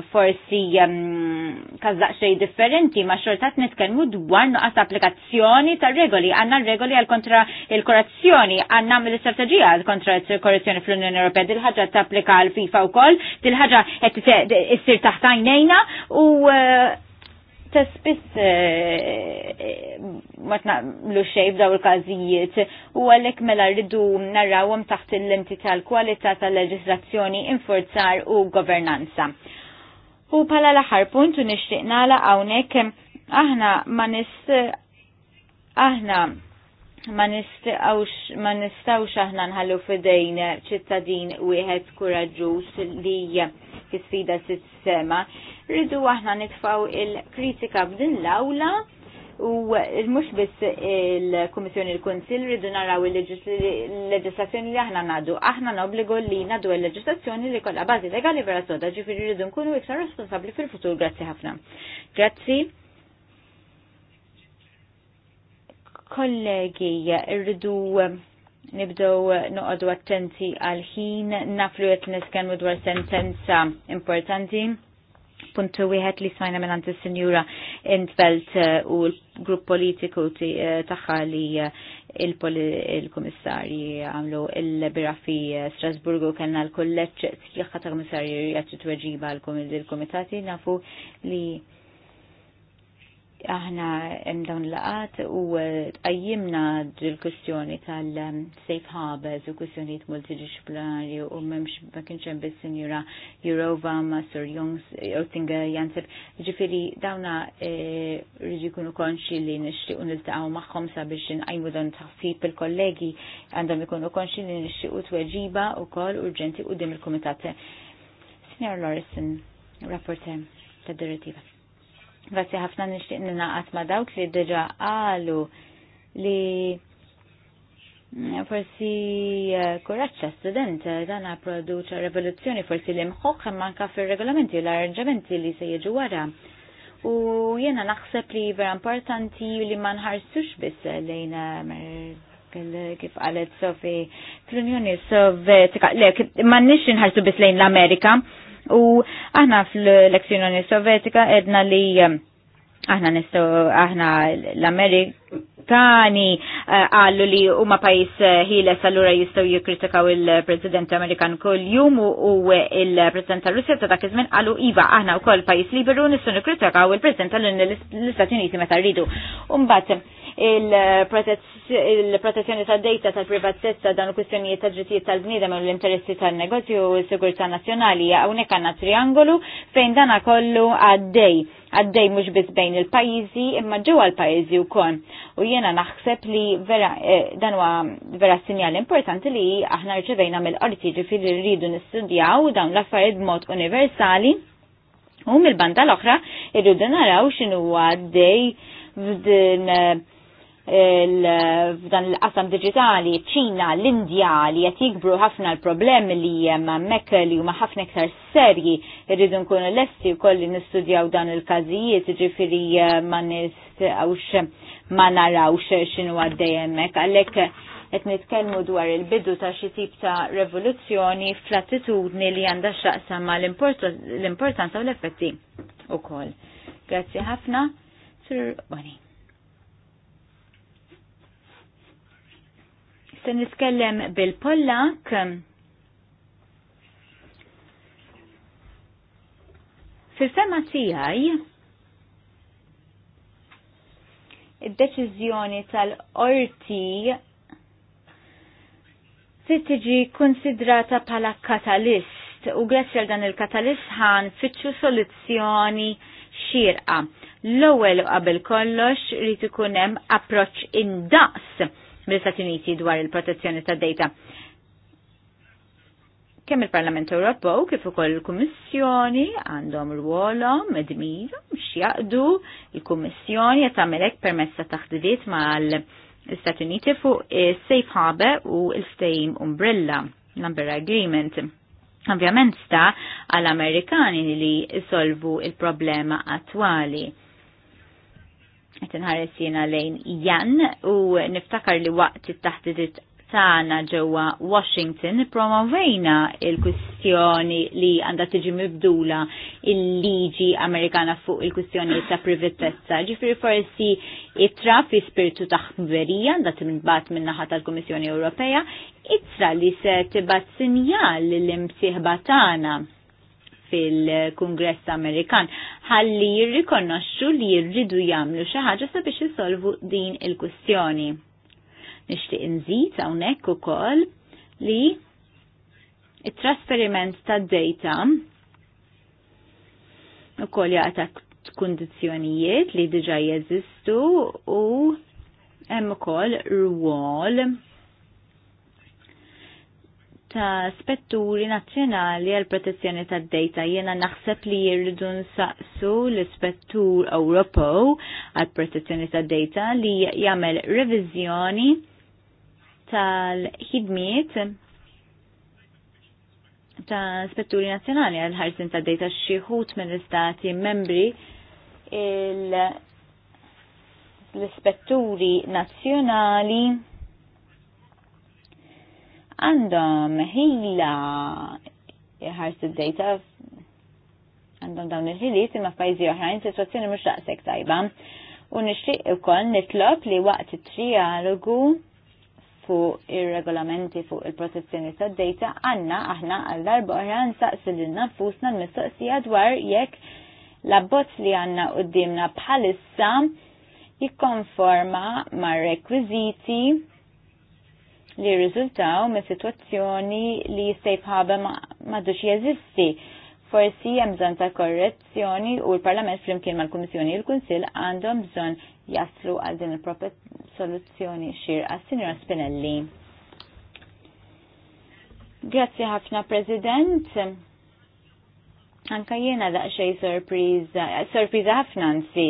forsi mm, kazzaq xej differenti ma xortat netkelmu dwar nuqqas applikazzjoni ta' regoli għanna regoli għal kontra il korazzjoni għanna mill-istrategija għal kontra il korazzjoni fl-Unjoni Ewropea dil-ħagġa ta' applika għal FIFA u koll dil-ħagġa għet t-sir taħtajnejna u ta' eh, ma tnaqlu xej f'daw il-każijiet u għalhekk mela rridu narrawhom taħt il-lenti tal-kwalità tal-leġislazzjoni infurzar u governanza. U pala l-aħħar punt u nixtieq nagħlaq hawnhekk aħna ma nist aħna ma nistawx ma nistawx aħna nħallu fidejn ċittadin wieħed kuraġġuż li fi sfida sistema, rridu aħna nitfaw il-kritika b'din l-awla u mux biss il-Komissjoni il-Konsil rridu naraw il-leġislazzjoni li aħna nadu. Aħna nobligo li nadu il-leġislazzjoni li kolla bazi legali vera soda ġifiri rridu nkunu iktar responsabli fil-futur. Grazzi ħafna. Grazzi. kollegi rridu nibdow eh, noqodu attenti għal ħin naflu jett niskan dwar sentenza importanti. Puntu wieħed li smajna minn għanti sinjura Intfelt eh, u l-grupp politiku eh, taħħa li il-komissarji għamlu il-bira fi Strasburgu kellna l-kolleċ sħiħħa ta' komissarji t tweġiba l-komitati nafu li aħna hemm dawn laqat u eh, tqajjimna l kwistjoni tal-safe harbors u kwistjonijiet multidisciplinari u m'hemmx ma kienx hemm bis-Sinjura Jurova ma' Sir Jongs eh, Otinga Jansef. Ġifieri dawna eh, rridu jkunu konxi li nixtiequ niltaqgħu magħhom sabiex inqajmu dawn taħsib il-kollegi għandhom ikunu konxi li nixtiequ tweġiba wkoll urġenti qudiem il-kumitat. Sinjor Lorison, rapporter tad-direttiva. Grazzi ħafna nixtieq ninaqat ma' dawk li diġà qalu li forsi eh, kuraċċa student eh, dan produċa revoluzzjoni forsi li mħoq manka fir-regolamenti u l-arranġamenti li se jiġu wara. U jena naħseb li vera importanti li ma nħarsux biss lejn eh, kif qalet Sofi fl-Unjoni Sovjetika, le, ma nix nħarsu biss lejn l-Amerika, U aħna fl-lezzjoni sovjetika edna li um, aħna nistgħu aħna l-Amerikani uh, għallu li huma pajis uh, ħiles allura jistgħu jikkritikaw il-President Amerikan kull jum u uh, il-President tal-Russja ta' dak iż għallu qalu iva aħna wkoll pajis liberu nistgħu nikkritikaw il-President tal-Istati Uniti meta rridu. Imbagħad il-protezzjoni tal data tal privatezza dan kwistjonijiet ta' ġritijiet tal-bniedem u l-interessi tal-negozju u s-sigurtà nazzjonali hawnhekk għandna triangolu fejn dana kollu għaddej għaddej mhux biss bejn il-pajjiżi imma ġewwa l-pajjiżi wkoll. U jiena naħseb li vera eh, dan huwa vera sinjal importanti li aħna rċevejna mill-qorti ġifieri rridu nistudjaw dawn l-affarijiet b'mod universali u mill-banda l-oħra irridu naraw x'inhuwa għaddej f'din eh, f'dan il-qasam digitali ċina, l-Indja li qed jikbru ħafna l-problemi li hemm hemmhekk li huma ħafna iktar serji irridu nkunu lesti wkoll li nistudjaw dan il-każijiet, ġifieri eh, ma nistgħux ma narawx x'inhu għaddej hemmhekk għalhekk qed nitkellmu dwar il-bidu ta' xi tip ta' revoluzzjoni fl-attitudni li għandha x'aqsam ma' l-importanza u l-effetti wkoll. Grazzi ħafna, Sir Boni. se niskellem bil-Pollak. Fil-fema tiegħi id-deċiżjoni tal orti se tiġi konsidrata bħala katalist u grazzi dan il-katalist ħan fitxu soluzzjoni xirqa. L-ewwel qabel kollox li ikun hemm approċċ indaqs mill-Stati Uniti dwar il-protezzjoni ta' data. Kemm il-Parlament Ewropew kif ukoll il-Kummissjoni għandhom rwolhom biex x'jaqdu il-Kummissjoni qed tagħmel hekk permezz ta' taħdidiet mal-Istati Uniti fuq is-Safe Harbor u l-Stejm Umbrella l-Umbrella Agreement. Ovvjament sta għall-Amerikani li jsolvu il-problema attwali tinħares jena lejn Jan u niftakar li waqt it-taħdidit tagħna ġewwa Washington promovejna il-kwistjoni li għandha tiġi mibdula il-liġi Amerikana fuq il kustjoni ta' privatezza. Ġifieri forsi itra fi spiritu ta' ħberija għandha timbagħat min-naħa tal-Kummissjoni Ewropea, itra li se tibgħat sinjal l-imsieħba tagħna fil-Kungress Amerikan ħalli jirrikonoxxu li jirridu jagħmlu xi ħaġa sabiex isolvu din il-kwistjoni. Nixtieq inżid hawnhekk ukoll li it-trasferiment tad-data ukoll jaqta kundizzjonijiet li diġa jeżistu u hemm ukoll rwol ta' spetturi nazzjonali għal protezzjoni ta' data jena naħseb li jirridu nsaqsu l-ispettur Ewropew għal protezzjoni ta' data li jagħmel reviżjoni tal-ħidmiet ta' spetturi nazzjonali għal ħarsin ta' data xieħut minn l-istati membri l-ispetturi nazzjonali għandhom ħila ħarsu d dejta għandhom dawn il-ħiliet imma f'pajzi oħrajn sitwazzjoni mhux daqshekk tajba. U nixtieq ukoll nitlob li waqt it-trialogu fuq ir-regolamenti fuq il-protezzjoni tad dejta għandna aħna għal darba oħra nsaqsu lil nafusna l-mistoqsija dwar jekk l-abbozz li għandna qudiemna bħalissa jikkonforma mar rekwiżiti li jirriżultaw me situazzjoni li jistejb ħaba madux jeżisti. Forsi hemm bżonn ta' korrezzjoni u l-Parlament flimkien mal-Kummissjoni u l-Kunsill għandhom bżonn jaslu għal din il-propet soluzzjoni xirqa. Sinjora Spinelli. Grazzi ħafna, President. Anka jiena xej sorpriża, sorpriża ħafna nsi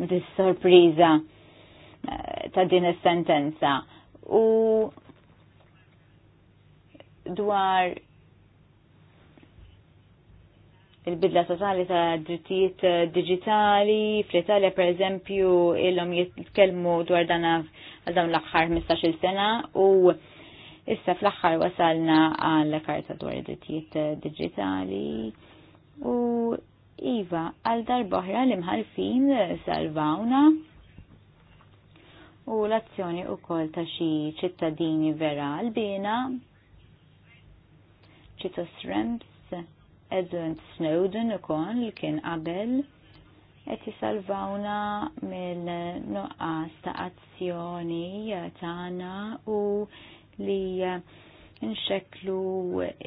mdis sorpriza eh, ta' din is-sentenza. U dwar il-bidla totali ta' drittijiet eh, digitali, fl-Italja per eżempju illum jitkellmu dwar dan għal dawn l-aħħar 15-il sena u issa fl-aħħar wasalna għal karta dwar drittijiet eh, digitali u iva għal darboħra li mħalfin eh, salvawna u l-azzjoni u kol ta' xi ċittadini vera għal-bina Titus Rems, Edwin Snowden u kon li kien qabel qed jisalvawna mill-nuqqas ta' azzjoni tagħna u li nxeklu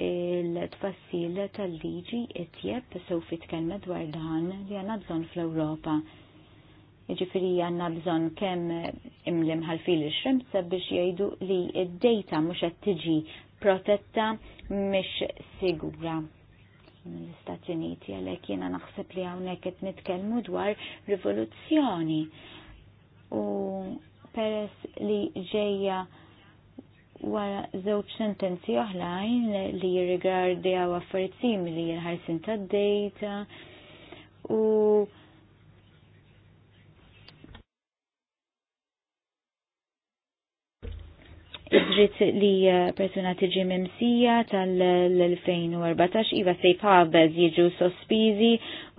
il-tfassil tal-liġi itjeb sofit kelma dwar dan li għandna bżonn fl-Ewropa. Jiġifieri għandna bżonn kemm imlim ħalfil ix-xemsa biex jgħidu li id-dejta qed tiġi protetta mhix sigura mill-Istati Uniti għalhekk jiena naħseb li hawnhekk qed nitkellmu dwar rivoluzzjoni. U peress li ġejja wara żewġ sentenzi oħrajn li jirrigardjaw affarijiet simili l-ħarsin tad-dejta u id-dritt li eh, persuna tiġi mimsija tal-2014 iva safe harbors jiġu sospizi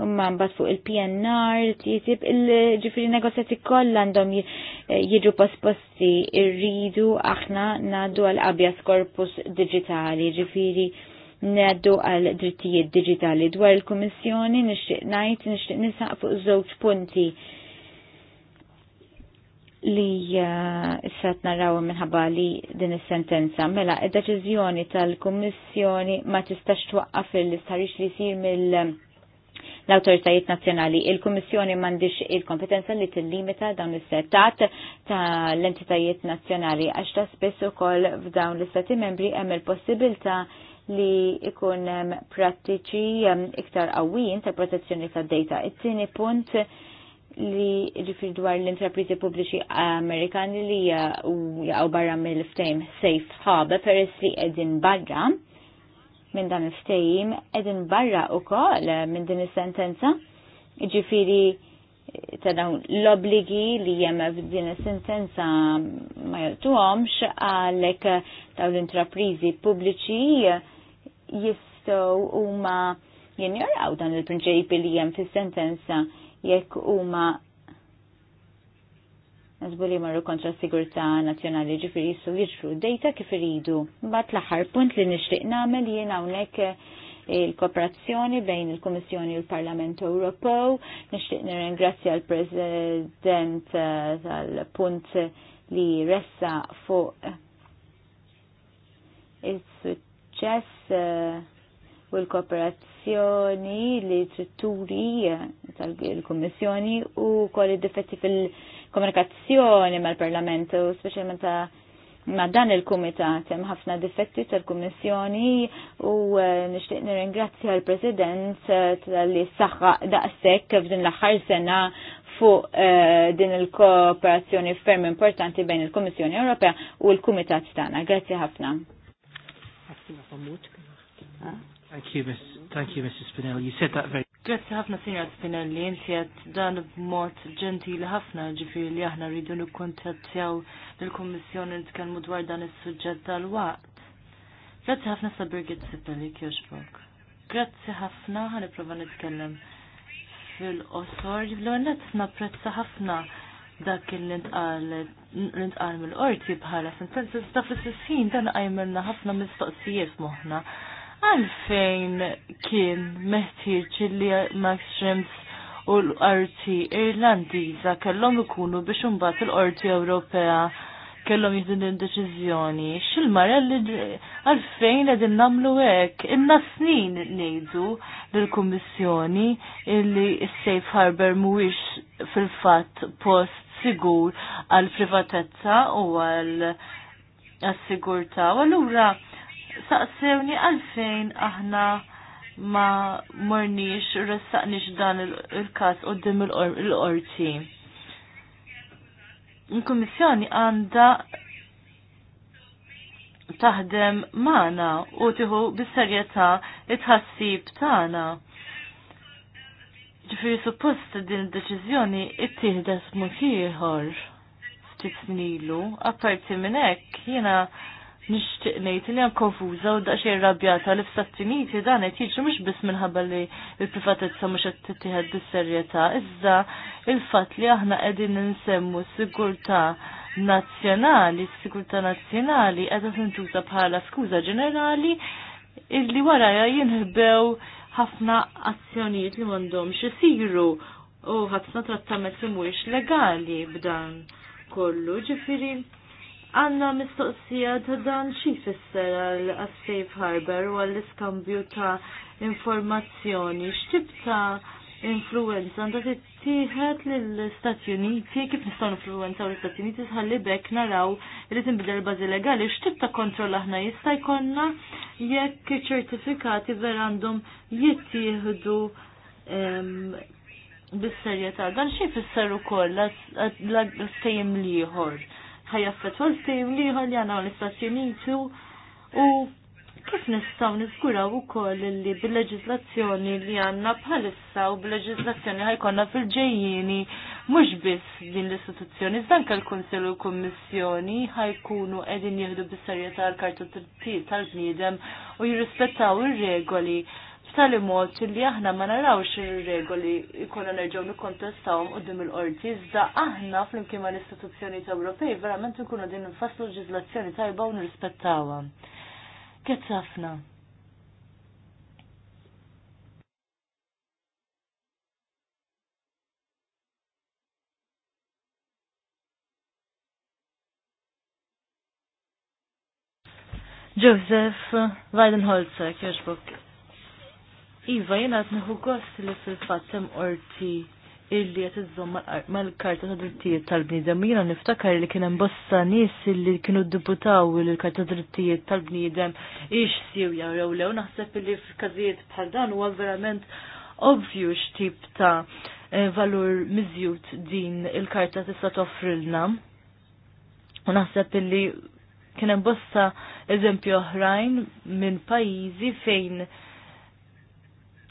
umman bat fuq il-PNR tisib il-ġifiri negozjati koll għandhom eh, jiġu posposti irridu aħna naddu għal abjas korpus digitali ġifiri neddu għal drittijiet digitali dwar il-Komissjoni nixtieq ngħid nixtieq nisaq fuq żewġ punti li eh, s-sat narraw minħabba li din is-sentenza. Mela, id-deċizjoni tal-Kommissjoni ma tistax twaqqaf il-istarix li sir mill- l-autoritajiet nazjonali. Il-Kommissjoni mandiċ il-kompetenza li tillimita dawn is-setat ta' l-entitajiet nazjonali għax ta' spess ukoll f'dawn l-istati membri hemm il-possibilta li ikun prattiċi ehm, iktar għawin ta' protezzjoni tad-data. It-tieni punt li ġifir dwar l intrapriżi pubbliċi Amerikani li jgħu barra mill-ftejm safe harbor peress li edin barra minn dan il-ftejm edin barra wkoll minn din is-sentenza. Ġifiri ta' dawn l-obligi li jem f'din is-sentenza ma jagħtuhomx għalhekk dawn l intrapriżi pubbliċi jistgħu huma jinjoraw dan il-prinċipi li jem fis-sentenza jekk huma Nazbuli marru kontra sigurta nazjonali ġifiri jissu jiġru dejta kif iridu. Bat l-aħħar punt li nixtieq nagħmel jien hawnhekk il-kooperazzjoni bejn il-Komissjoni u l-Parlament Ewropew. Nixtieq nirringrazzja l-President eh, tal-punt li ressa fuq is-suċċess eh, u l-kooperazzjoni li tritturi tal-Kommissjoni u koll id-difetti fil-komunikazzjoni mal-Parlament u specialment ta' ma dan il-Kumitat hemm ħafna difetti tal-Kummissjoni u eh, nixtieq nirringrazzja l-President tal-li eh, saħħa daqshekk f'din l-aħħar sena fuq eh, din il-kooperazzjoni ferm importanti bejn il-Kummissjoni Ewropea u l-Kumitat tagħna. Grazzi ħafna. Thank you, Miss, thank you, Mrs. Spinelli. You said that very Grazzi ħafna Sinjor Spinelli, inti dan b'mod ġentili ħafna ġifiri li aħna rridu nikkontattjaw lill-Kummissjoni nitkellmu dwar dan is-suġġett tal-waqt. Grazzi ħafna sa Birgit Sipelli Kirschbrook. Grazzi ħafna ħan iprova nitkellem fil-qosor. L-għannet napprezza ħafna dak l-intqal mill-qorti bħala sentenza, da sissin dan għajmilna ħafna mistoqsijiet moħna għalfejn kien meħtieġ li Max Rems u l-qorti Irlandiża kellhom ikunu biex imbagħad il-qorti Ewropea kellhom jieħdu din deċiżjoni. xil li għalfejn qegħdin nagħmlu hekk inna snin ngħidu lill-Kummissjoni illi s-Safe Harbor mhuwiex fil-fatt post sigur għal privatezza u għal assigurta. U allura saqsewni għalfejn aħna ma morniex ressaqniex dan il-kas u dim il-qorti. Il-Kommissjoni għanda taħdem maħna u tiħu bis-serjetà it-ħassib tagħna. Ġifieri suppost din id-deċiżjoni ittieħdet mod ieħor ftit snilu, apparti minn hekk jiena nixtieq ngħid li hemm konfuża u daqsxejn rabjata li f'Stati Uniti dan qed jiġri mhux biss minħabba li l-privatezza mhux qed tittieħed bis-serjetà, iżda il-fatt li aħna qegħdin insemmu sigurtà nazzjonali, s-sigurtà nazzjonali qiegħda tintuża bħala skuża ġenerali illi wara jinħbew ħafna azzjonijiet li m'għandhomx isiru u ħafna trattament li mhuwiex legali b'dan kollu, ġifirin. Għanna mistoqsija ta' dan xi fisser għal safe harbor u għall iskambju ta' informazzjoni. X'tib ta' influenza għandha tittieħed lill istati Uniti, kif nistgħu influenza l istati Uniti sħalli bekk naraw irid tinbidel bażi legali, x'tib ta' kontroll aħna jista' jkollna jekk ċertifikati ver għandhom jittieħdu ehm, bis-serjetà. Dan xi jfisser ukoll l-istejjem liħor ħajaffet l-fejm liħor li għana l-Istati Uniti u kif nistaw niskuraw u koll li bil-leġizlazzjoni li għanna bħalissa u bil-leġizlazzjoni ħajkonna fil-ġejjini mux biss din l-istituzzjoni, zanka l-Konsel u l-Kommissjoni ħajkunu edin jihdu bis-serjetà għal kartu tal-bniedem u jirrispettaw ir-regoli tali mod li aħna ma narawx ir-regoli jkunu nerġgħu nikkontestawhom qudiem il-qorti iżda aħna flimkien mal istituzzjonijiet Ewropej verament ikunu din nfasslu leġiżlazzjoni tajba u nirrispettawha. Kif ħafna. Joseph Weidenholzer, Kirchbock. Iva, jena għatniħu gost li fil-fat sem orti illi għet iżom mal-karta ta' drittijiet tal-bnidem. Jena niftakar li kienem bossa nis illi kienu d-deputaw li l-karta drittijiet tal-bnidem ix siw jawrew lew. Naħseb f-kazijiet bħal dan huwa verament ovvju x'tip ta' eh, valur mizjut din il-karta tista' toffrilna. U naħseb illi kienem bossa eżempju oħrajn minn pajjiżi fejn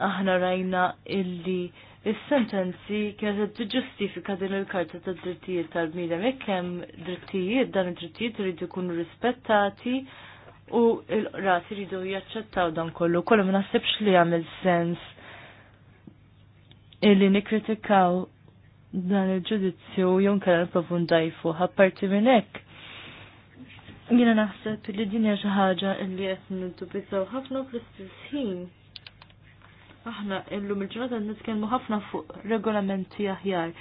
aħna rajna illi Is-sentenzi kienet ġustifika din il-karta ta' drittijiet tal-bniedem jekk drittijiet dan id-drittijiet iridu jkunu rispettati u l-qrati iridu jaċċettaw dan kollu. Kollu ma naħsibx li għamil sens illi nikkritikaw dan il-ġudizzju jew kellha nipprovu ndajfu ħapparti minn hekk. Jiena naħseb li din hija xi ħaġa li qed nintubizzaw ħafna fl-istess ħin aħna illum il-ġurnata nitkellmu ħafna fuq regolamenti aħjar.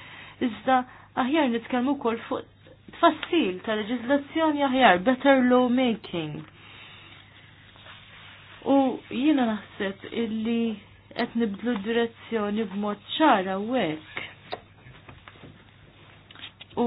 Iżda aħjar nitkellmu wkoll fuq tfassil ta' leġiżlazzjoni aħjar, better law making. U jiena naħseb illi qed nibdlu direzzjoni b'mod ċara u hekk. U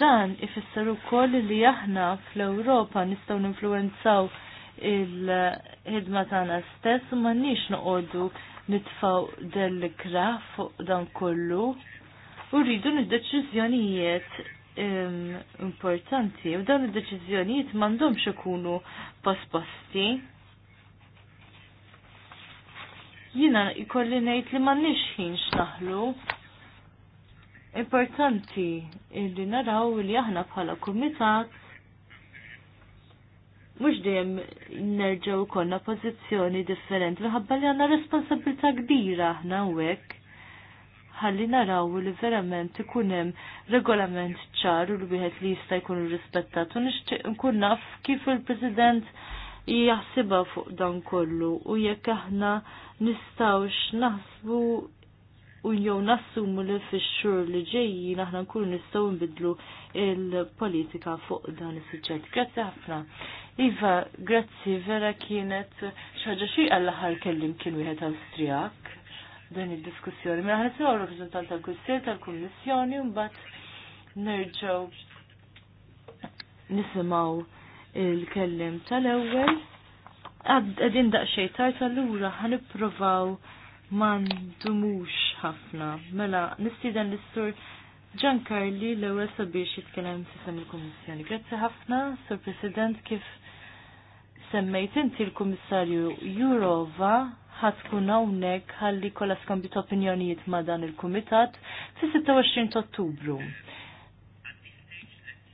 dan ifisser ukoll li aħna fl-Ewropa nistgħu ninfluwenzaw il-ħidma tagħna stess u m'għandniex noqogħdu nitfaw del-kra fuq dan kollu u rridu nid-deċizjonijiet ehm, importanti u dan id-deċizjonijiet mandomx ikunu pas-pasti. Jina ikolli nejt li man nixħin xnaħlu. Importanti li naraw li aħna bħala kumitat mux dejjem nerġaw konna pozizjoni differenti, minħabba li għanna responsabilta kbira aħna għek. Ħalli naraw li verament ikunem regolament ċar u l-wieħed li jista' jkun rispettat u nixtieq nkun naf kif il-President jaħsibha fuq dan kollu u jekk aħna nistgħux naħsbu u jew nassumu li fix-xhur li ġejjin aħna nkunu nistgħu nbidlu il-politika fuq dan is-suġġett. Grazzi ħafna. Iva, grazzi, vera kienet xaġa xie għall-ħar kellim kien wieħed Awstrijak dan id-diskussjoni. Mela ħan nisimgħu rappreżentant tal-Kunsill tal-Kummissjoni mbagħad nerġgħu nisimgħu il-kellim tal-ewwel. Qegħdin daqsxejn tard allura ħan ipprovaw ma ħafna. Mela nistieden l-istur Ġan Karli l-ewwel sabiex jitkellem sistem il-Kummissjoni. Grazzi ħafna, Sur President, kif semmejt inti l-Kummissarju Jurova ħatkun hawnhekk ħalli kollha skambju ta' opinjonijiet ma' dan il-Kumitat fis-26 ta' Ottubru.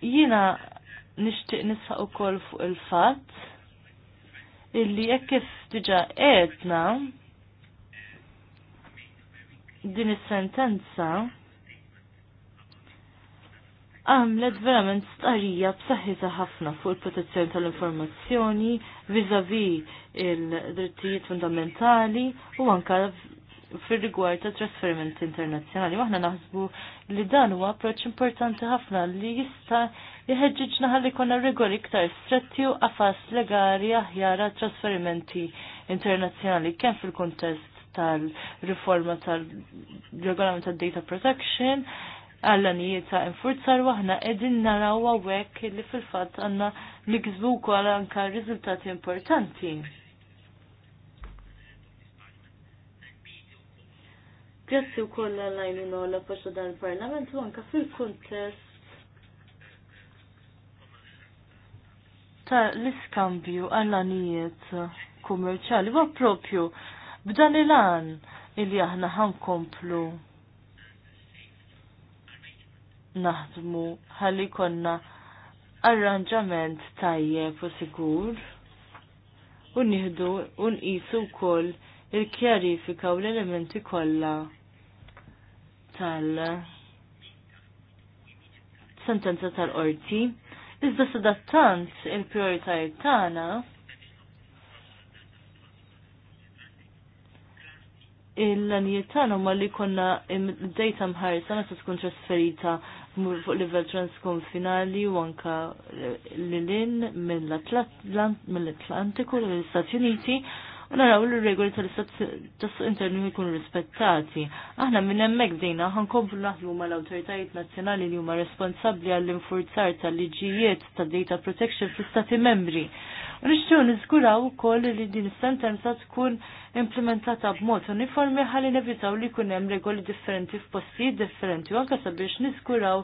Jiena nixtieq nisħaq ukoll fuq il-fatt illi hekk kif diġà qiegħdna din is-sentenza għamlet verament starija b'saħħitha ħafna fuq il-protezzjoni tal-informazzjoni vis vis-a-vis il-drittijiet fundamentali u anka fir-rigward ta' trasferimenti internazzjonali. Waħna naħsbu li dan huwa approċċ importanti ħafna li jista' jeħeġġiġna ħalli konna rigor iktar stretti u qafas legali aħjar trasferimenti internazzjonali kemm fil kuntest tal-riforma tal-regolament tad data protection għallanijiet ta' infurzar waħna edin naraw għawek li fil-fat għanna nikzbu kol anka rizultati importanti. Grazzi u koll għallajnu nolla poċa dan il-parlament u anka fil-kontest ta' l-iskambju għallanijiet kummerċali, ma' propju b'dan il-għan il jahna aħna ħankomplu. komplu naħdmu ħalli konna arranġament tajjeb u sigur u nieħdu u nqisu wkoll il-kjarifika u l-elementi kollha tal sentenza tal-qorti. Iżda sadattant il-prioritajiet tagħna il-lanijiet tagħna huma li konna dejta mħarsa meta tkun trasferita fuq livell transkonfinali u anka lilin mill-Atlantiku l-Istati Uniti u naraw li regoli tal-istat internu jkunu rispettati. Aħna minn hemmhekk bdejna ħankomplu naħdmu mal-awtoritajiet nazzjonali li huma responsabbli għall-infurzar tal-liġijiet tad-data protection fl istati membri U nixtiju niżguraw ukoll li din is-sentenza tkun implementata b'mod uniformi ħalli nevitaw li jkun hemm regoli differenti f'postijiet differenti u anke sabiex niskuraw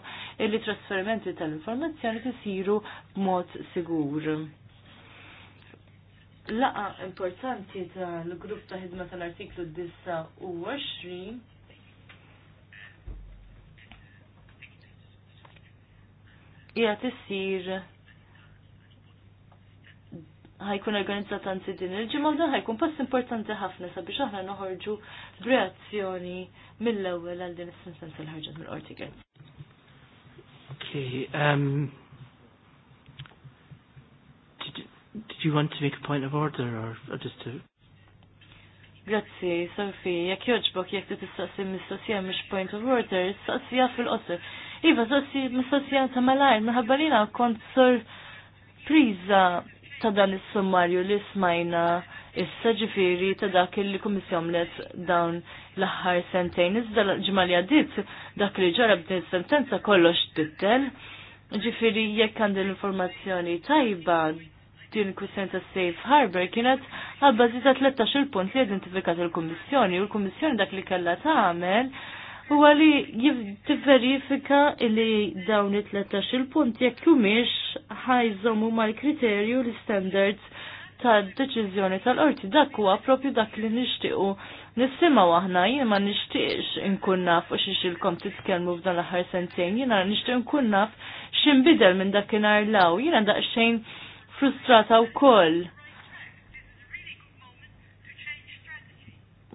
li trasferimenti tal-informazzjoni tisiru b'mod sigur laqa importanti tal-grupp ta' ħidma tal-artiklu 29 hija tissir ħajkun organizzat din il-ġimgħa dan ħajkun pass importanti ħafna sabiex aħna noħorġu b'reazzjoni mill-ewwel għal din is-sentenza li ħarġet mill ortigan Okay, um, did, did you want to make a point of order or, or just to... Grazzi, Sofi, jek joġbok jek t-istaqsi mistassija mish point of order, istaqsija fil-qosir. Iva, soqsi mistassija ta' malajr, minħabba kont sor priza ta' dan is-summarju li smajna issa ġifiri ta' dak li kummissjon let dawn l-aħħar sentejn. Iżda ġimgħa li għaddiet dak li ġara b'din sentenza kollox tittel. Ġifiri jekk għandi l-informazzjoni tajba din kwistjoni ta' Safe Harbor kienet għabbażi ta' 13 il-punt li identifikat il-Kummissjoni u l-Kummissjoni dak li kellha tagħmel għamel u għali tivverifika li dawn it-13 il-punt jekk ħajżom ħajżomu mal-kriterju l-standards tad-deċiżjoni tal-qorti dak huwa propju dak li nixtiequ Nissima aħna jien ma nishtiqx nkun naf u xiex il-kom titkelmu f'dan l-aħħar sentejn, jiena nixtieq nkun naf x'inbidel minn dakinhar law, jiena daqsxejn frustrata wkoll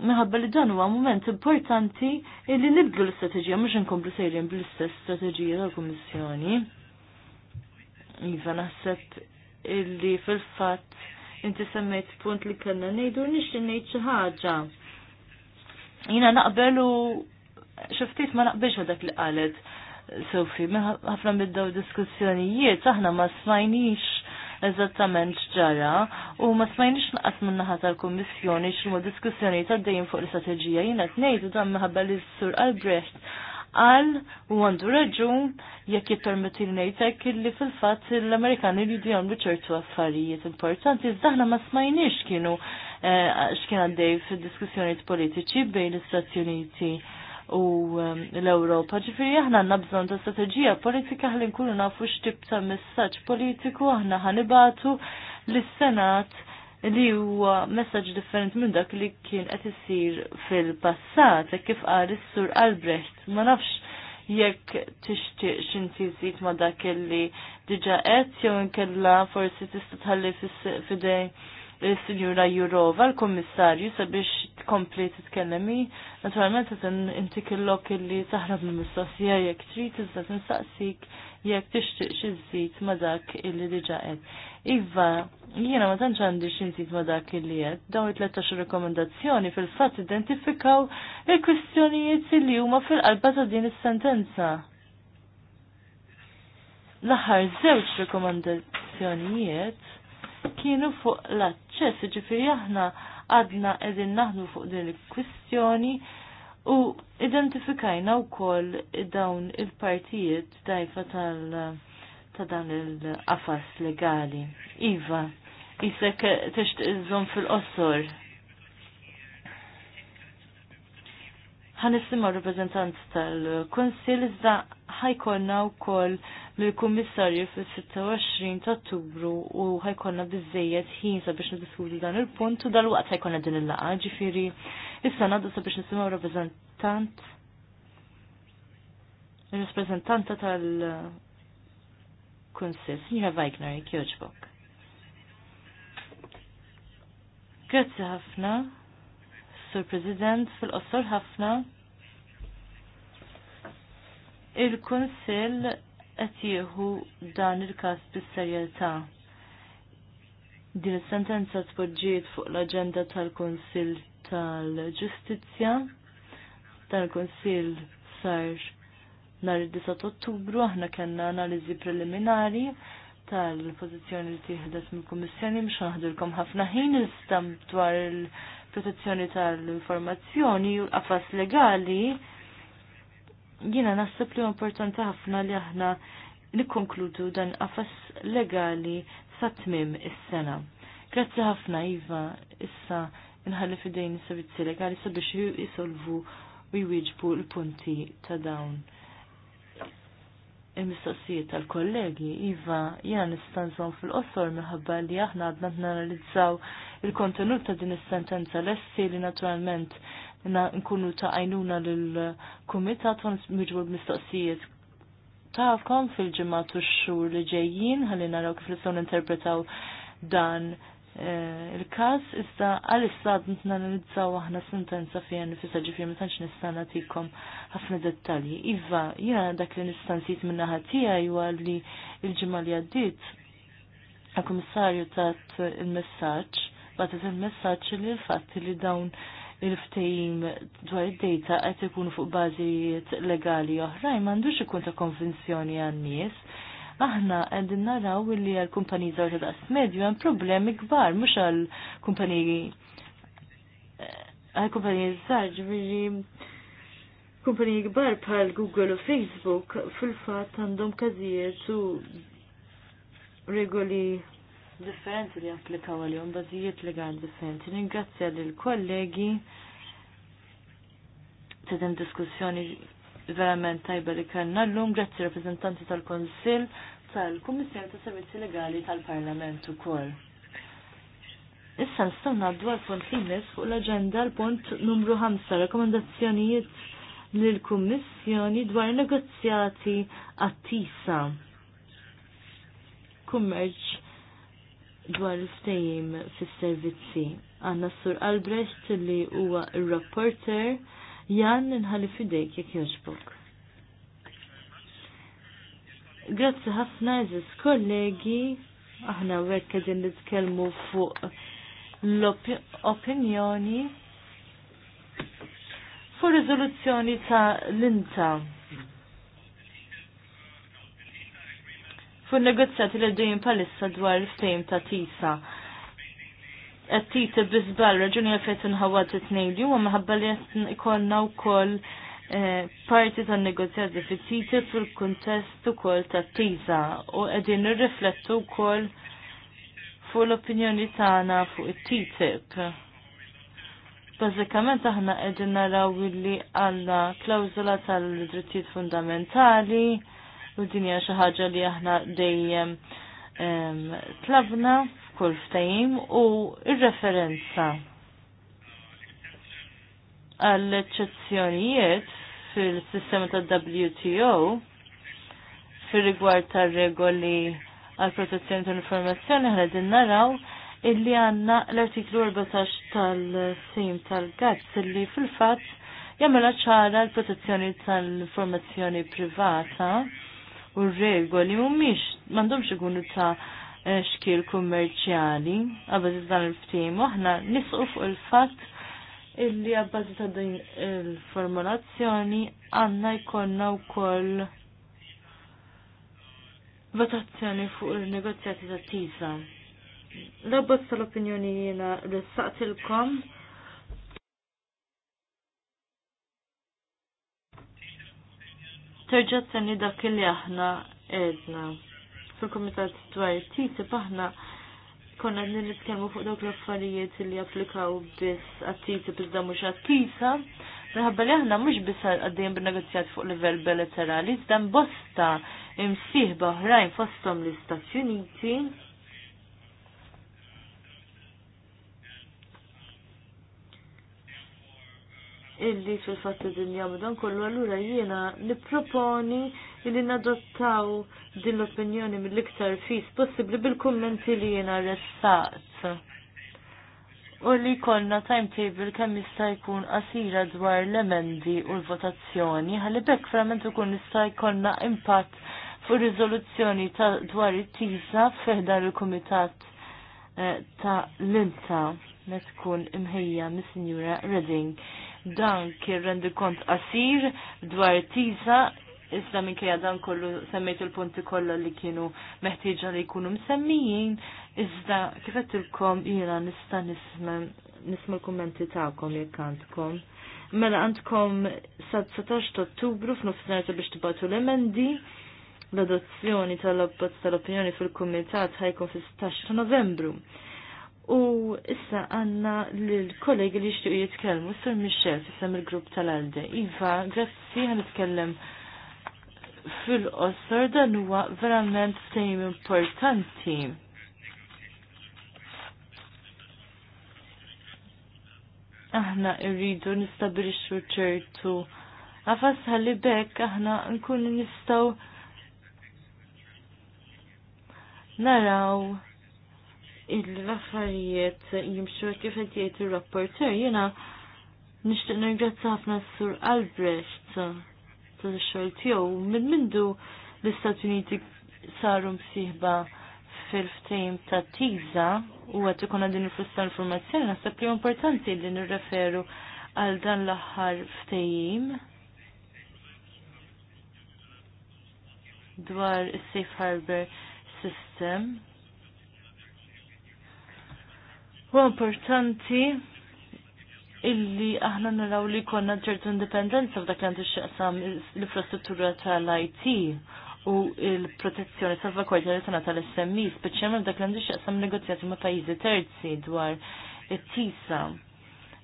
minħabba li dan huwa moment importanti li nibdlu l-istrateġija mhux inkomplu sejrin bl-istess strateġija tal-Kummissjoni. Iva naħseb illi fil-fatt inti semmejt punt li kellna ngħidu nixtieq ngħid xi ħaġa. Jiena naqbel u xiftit ma naqbilx dak li qalet. Sofi, ħafna mid-daw diskussjonijiet aħna ma smajnix eżattament ġara u ma smajniex naqas minn naħa tal-Kummissjoni x'huma diskussjoni ta' dejjem fuq l-istrateġija jiena tnejdu dan minħabba li s-Sur Albrecht għal u għandu raġun jekk jittormetil l-nejtek li fil-fat l-Amerikani li dijon ċertu affarijiet importanti. zaħna ma smajniex kienu eh, xkien għaddej fil-diskussjoniet politiċi bejn l-Istati Uniti u um, l-Ewropa. Ġifieri aħna għandna bżonn ta' strateġija politika ħalli nkunu nafu x'tib ta' messaġġ politiku aħna ħanibatu lis-Senat li huwa messaġġ differenti minn dak li kien qed isir fil-passat, kif qal is-Sur Albrecht, ma nafx jekk tixtieq x'inti żid ma dak li diġa qed jew inkella forsi tista' tħalli fidej signora sinjura Jurova, l-Kommissarju, sabiex tkompli titkellemi. Naturalment, intik inti lok li taħrab minn mistoqsija jek trid, iżda tinsaqsik jek tixtieq xi żid ma dak illi diġa qed. Iva, jiena ma tantx għandi xizzit ma dak illi qed. Dawn it-13 rekomendazzjoni fil-fatt identifikaw il-kwistjonijiet li huma fil-qalba ta' din is-sentenza. L-aħħar żewġ rekomendazzjonijiet kienu fuq l-aċċess, ġifiri aħna għadna edin naħdu fuq din il-kwistjoni u identifikajna u koll dawn il-partijiet dajfa tal- ta' dan il-qafas legali. Iva, jisek tixtiq iżżom fil-qossor. ħanissimgħu rappreżentant tal-Kunsill iżda u wkoll lill-Kummissarju fis-26 ta' Ottubru u ħajkonna biżejjed ħin sabiex niddiskutu dan il-punt u dal-waqt ħajkonna din il-laqgħa ġifieri issa ngħaddu sabiex nisimgħu rappreżentant il-rappreżentanta tal-Kunsill, Sinjora Wagner, Kjoġbok. Grazzi ħafna. Sur President, fil-qossor ħafna. Il-Kunsill qed jieħu dan il-każ bis-serjetà. Din is-sentenza tpoġġiet fuq l-aġenda tal-Kunsill tal-Ġustizzja. Dan il-Kunsill sar nhar id-9 Ottubru aħna kellna analiżi preliminari tal-pożizzjoni li tieħdet mill-Kummissjoni mhux naħdulkom ħafna ħin iżda dwar il- protezzjoni tal-informazzjoni u l-qafas legali, jina nasib li importanti ħafna li aħna nikkonkludu dan qafas legali sa tmim is-sena. Grazzi ħafna Iva, issa nħalli fidejn is-servizzi legali sabiex jisolvu u jwieġbu l-punti ta' dawn il-mistoqsijiet tal-kollegi, Iva, jena nistanżom fil-qosor minħabba li aħna għadna nanalizzaw il-kontenut ta' din is-sentenza l-essi li naturalment nkunu ta' għajnuna l-komitat għon miġbu mistoqsijiet ta'kom fil ġemmatu x-xur li ġejjin, għalli naraw kif nistaw interpretaw dan Eh, il-kas, issa għal-issa nanalizzaw aħna sentenza fija nifisa ġifir ma tantx nista' nagħtikom ħafna dettalji. Iva, jiena dak li nista' nsit ħatija naħa tiegħi li l-ġimgħa li għaddiet għal-Kummissarju tat il-messaġġ, bagħtet il-messaġġ li l-fatt li dawn il-ftejim dwar id-data qed ikunu fuq bażijiet legali oħra, m'għandux ikun ta' konvenzjoni għan-nies aħna qegħdin naraw li għal kumpaniji żgħar ta' smedju medju hemm problemi kbar mhux għal kumpaniji eh, għal kumpaniji żgħar ġifieri kumpaniji kbar bħal Google u Facebook fil-fatt għandhom każijiet u regoli differenti li applikaw għalihom bażijiet legali differenti. Ningrazzja lill kollegi ta' dem diskussjoni verament tajba li l llum, grazzi rappreżentanti tal-Konsil tal-Kummissjoni ta' Servizzi Legali tal-Parlament ukoll. Issa nistgħu ngħaddu għal punt l-imis fuq l-aġenda l-punt numru 5 rekomendazzjonijiet lill-Kummissjoni dwar negozjati għat-tisa. Kummerċ dwar l ftejim fis servizzi Għanna Sur Albrecht li huwa il-rapporter Jan nħalli fidejk jek joġbok. Grazzi ħafna eżis kollegi, aħna wekk din nitkellmu fuq l-opinjoni fuq riżoluzzjoni ta' l-inta. Fuq negozjati li d-dujn palissa dwar il fejm ta' tisa għattita bizbal raġuni għafet nħawat it-nejn li huwa maħabba li ikonna u kol eh, parti tan negozjati fit TTIP fil-kontest ukoll ta' TISA u qegħdin nirriflettu wkoll fuq l-opinjoni tagħna fuq it-TTIP. Bażikament aħna qegħdin naraw li għandna klawżola tal-drittijiet fundamentali u din hija xi ħaġa li aħna dejjem ehm, tlabna kull ftajim u ir-referenza għall-eċezzjonijiet fil-sistema ta' WTO fil-rigward ta' regoli għal protezzjoni tal informazzjoni ħna din naraw illi għanna l-artiklu 14 tal-sim tal gazz illi fil-fat jagħmel ċara l-protezzjoni tal-informazzjoni privata u regoli mhumiex m'għandhomx ikunu ta' Eh, xkil kummerċjali għabazit dan il-ftim. Aħna nisqu fuq il-fatt illi għabbażi ta' din il-formulazzjoni għanna jkollna wkoll votazzjoni fuq il-negozjati ta' tisa. L-abbozz tal-opinjoni jiena ressaqtilkom terġa' t-tenni dak li aħna edna fil-komitat dwar TTIP aħna konna nitkellmu fuq dawk l-affarijiet li applikaw biss għat-TTIP iżda mux għat-TISA. Minħabba li aħna mhux biss għaddejjem bin-negozjat fuq livell bilaterali, iżda bosta imsieħba oħrajn fosthom l-Istati Uniti. Illi fil-fatt id-dinja dan kollu allura jiena nipproponi li nadottaw din l-opinjoni mill-iktar fis possibli bil-kummenti li jena ressaqt. U li konna timetable kemm jista' jkun qasira dwar l-emendi u l-votazzjoni, ħalli bekk verament ikun jista' jkollna impatt fuq riżoluzzjoni ta' dwar it-tisa f'eħdar il-kumitat eh, ta' l-inta met tkun imħejja mis-Sinjura Redding. Dan kien rendi kont qasir dwar tisa Iżda minkejja dan kollu semmejt il-punti kollha li kienu meħtieġa li jkunu msemmijin, iżda kif ilkom jiena nista' nisma' nisma' l-kummenti tagħkom jekk għandkom. Mela għandkom sa 19 Ottubru f'nofsinhar biex tibatu l-emendi l-adozzjoni tal-abbozz tal-opinjoni fil-kumitat ħajkun fis-16 ta' Novembru. U issa għanna l-kollegi li jishtiq jitkellmu, Sir Michel, fissam il-grupp tal-Alde. Iva, grazzi għan itkellem fil-qosor dan huwa verament fejn importanti. Aħna rridu nistabilixxu ċertu għafas ħalli bekk aħna nkun nistaw naraw il-affarijiet jimxu kif qed jgħid ir-rapporter jiena nixtieq nirgrazza ħafna s-sur Albrecht tal tiegħu minn mindu l-Istati Uniti saru msieħba fil-ftejm ta' tiża u għat ikun din il-fusta informazzjoni naħseb li importanti li nirreferu għal dan l-aħħar ftejim dwar is-safe harbor system. U importanti illi aħna naraw li konna ċertu indipendenza f'dak li għandu xaqsam l-infrastruttura tal-IT u il-protezzjoni salvakordja li tana tal-SMI, e, speċjalment f'dak li għandu xaqsam negozjati ma' pajizi terzi dwar it-tisa.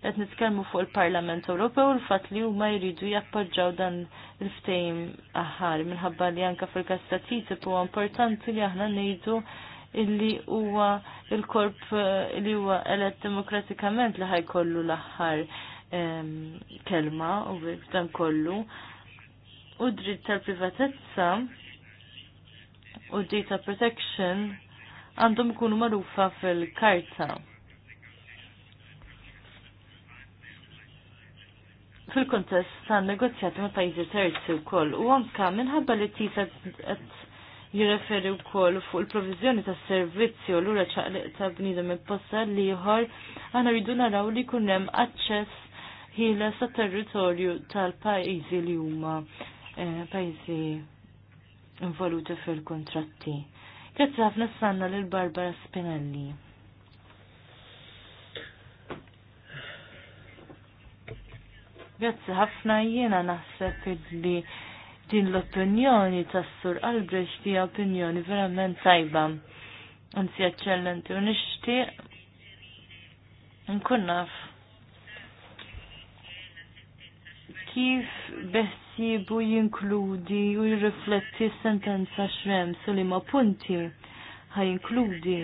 Et nitkellmu fuq il-Parlament Ewropew u l-fatt li huma jridu jappoġġaw dan il-ftejm aħħar minħabba li anke fil-każ ta' TTIP huwa importanti li aħna ngħidu illi huwa il-korp eh, li huwa elett demokratikament li ħajkollu l-aħħar ehm, kelma u dan kollu. U dritt tal-privatezza u data protection għandhom ikunu marufa fil-karta. fil-kontest ta' negozjati ma' pajzi terzi u koll u anka minħabba li tisa għed jirreferi wkoll fuq il-provizjoni ta' servizzi u lura ċaqliq ta' bnidem posta li ieħor aħna rridu naraw li jkun hemm aċċess sa' territorju tal-pajjiżi li huma eh, pajjiżi involuti fil-kontratti. Grazzi ħafna sanna lil Barbara Spinelli. Grazzi ħafna jiena naħseb li din l-opinjoni tas Sur Albrecht hija opinjoni verament tajba. Anzi eċċellenti u nixtieq nkun naf kif beħsibu jinkludi u jirrifletti sentenza xrem su li ma punti jinkludi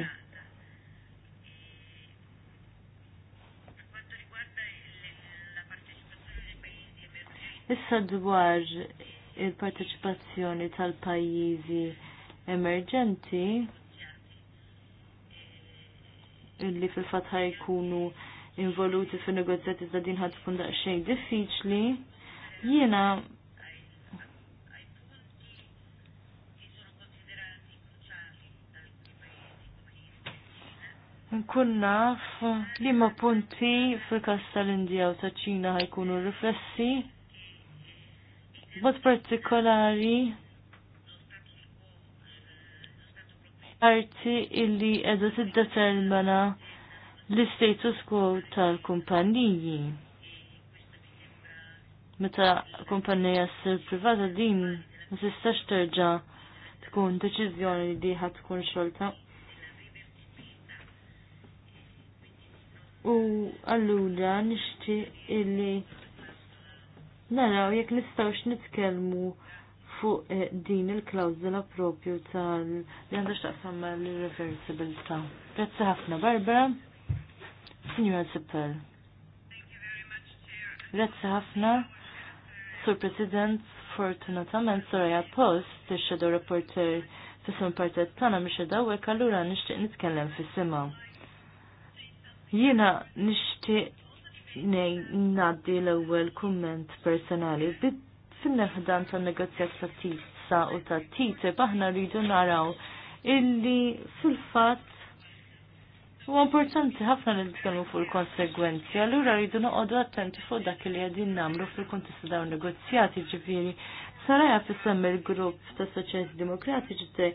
Issa dwar il-parteċipazzjoni tal-pajjiżi emerġenti illi fil-fatt ħajkunu involuti fin negozjati ta' din ħadd tkun daqsxejn diffiċli, jiena nkun naf li ma punti fil-kas tal-Indija u ta' ċina ħajkunu riflessi mod partikolari arti illi edha tiddetermina l-status quo tal-kumpaniji. Meta kumpanija s-sir privata din, ma tistax terġa tkun deċizjoni li diħa tkun xolta. U allura nixti illi naraw jekk nistgħux nitkellmu fuq eh, din il-klawżola propju tal li għandha x'taqsam l reversibilità Grazzi ħafna Barbara. Signora Zippel. Grazzi ħafna. Sur President, fortunatament Soraya Post, il-Shadow Reporter fissim partet tana miex dawek, allura nishtiq nitkellem fissima. Jina nishtiq ngħaddi l-ewwel kumment personali. Fin-neħdan tan-negozjat ta' tisa u ta' TTIP aħna rridu naraw illi fil-fatt U importanti ħafna li nitkellmu fuq il-konsegwenzi, allura rridu noqogħdu attenti fuq dak li qegħdin nagħmlu fil-kuntest dawn negozjati ġifieri. Saraja fissem il-grupp ta' Soċjalisti Demokratiċi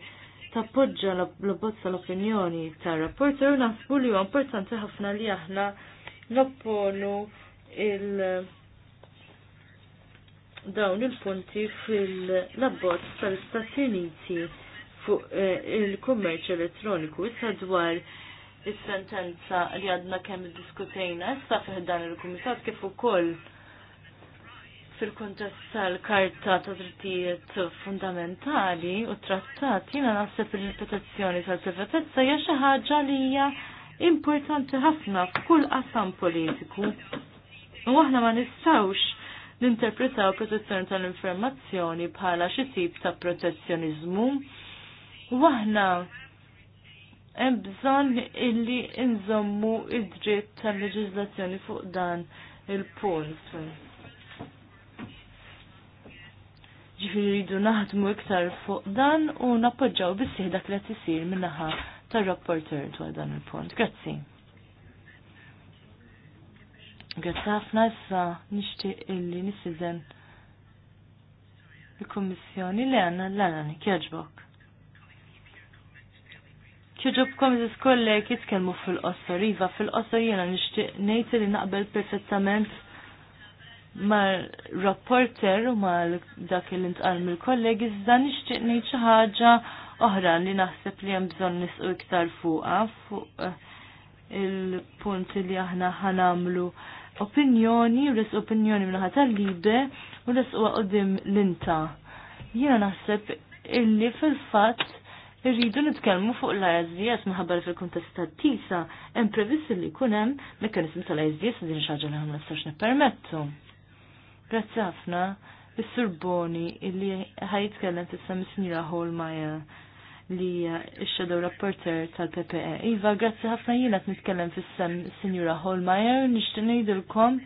tappoġġa l-bozza l-opinjoni tar rapporter u naħsbu li huwa importanti ħafna li aħna nopponu il- dawn il-punti fil-labbot tal-Stati Uniti fuq eh, il-kummerċ elettroniku issa dwar is-sentenza li għadna kemm diskutejna issa fiħdan il-Kumitat kif ukoll fil-kontest tal-Karta ta' Drittijiet Fundamentali u Trattati, jiena naħseb il-protezzjoni tal-privatezza hija xi ħaġa li hija importanti ħafna f'kull qasam politiku. U aħna ma nistawx ninterpretaw protezzjoni tal-informazzjoni bħala xi tip ta' protezzjonizmu. aħna hemm bżonn illi nżommu id-dritt tal-leġiżlazzjoni fuq dan il-punt. Ġifieri rridu naħdmu iktar fuq dan u nappoġġaw bissieħ dak li qed isir min-naħa tar-rapporter dwar dan il-punt. Grazzi. Grazzi ħafna issa nixtieq illi nisizen il-Kummissjoni li għanna l-għanani kieġbok. Kieġobkom ziz kollek jitkellmu fil-qosor, iva fil-qosor jiena nixtieq ngħid li naqbel perfettament ma' rapporter u ma' dak li ntqal mill-kollegi zda nixtieq ngħid xi ħaġa oħra li naħseb li hemm bżonn nisqu iktar fuqha fuq eh, il-punt li aħna ħanamlu opinjoni, u lis opinjoni minnaħa tal-libe u res u għoddim l-inta. Jena naħseb illi fil-fat irridu nitkellmu fuq l-ISDS minħabba fil-kuntest t tisa hemm previst li jkun hemm mekkanizmu tal-ISDS din xi ħaġa li ħamna nistax nippermettu. Grazzi ħafna is-Surboni illi kellem tista' mis-Sinjura Holmaja li x-shadow rapporter tal-PPE. Iva, grazzi ħafna jiena nitkellem fis-sem Sinjura Holmeyer, nixtieq ngħidilkom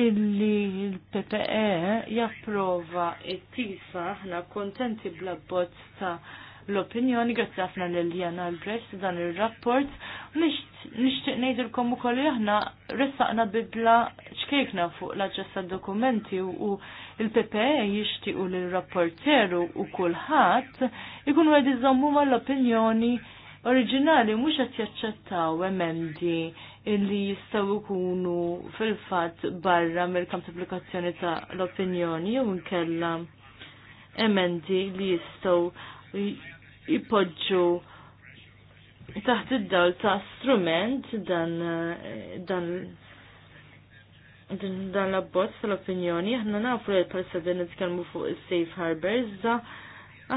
illi l-PPE japprova it-tisa ħna kontenti bla bot ta' l-opinjoni, grazzi ħafna l-Liana Albrecht dan il-rapport. Nishtiq nejdilkom u kolli aħna ressaqna bidla ċkejkna fuq l dokumenti u il-PPE u e l-rapporteru u kullħat ikunu għed iżommu ma l-opinjoni oriġinali mux għed jaċċettaw emendi illi jistaw ikunu fil-fat barra mill-kamp applikazzjoni ta' l-opinjoni jew nkella emendi li jistaw jipoġġu taħt id-dawl ta' strument dan dan dan l-abbozz tal-opinjoni, aħna nafu li l din nitkellmu fuq is-safe harbor, iżda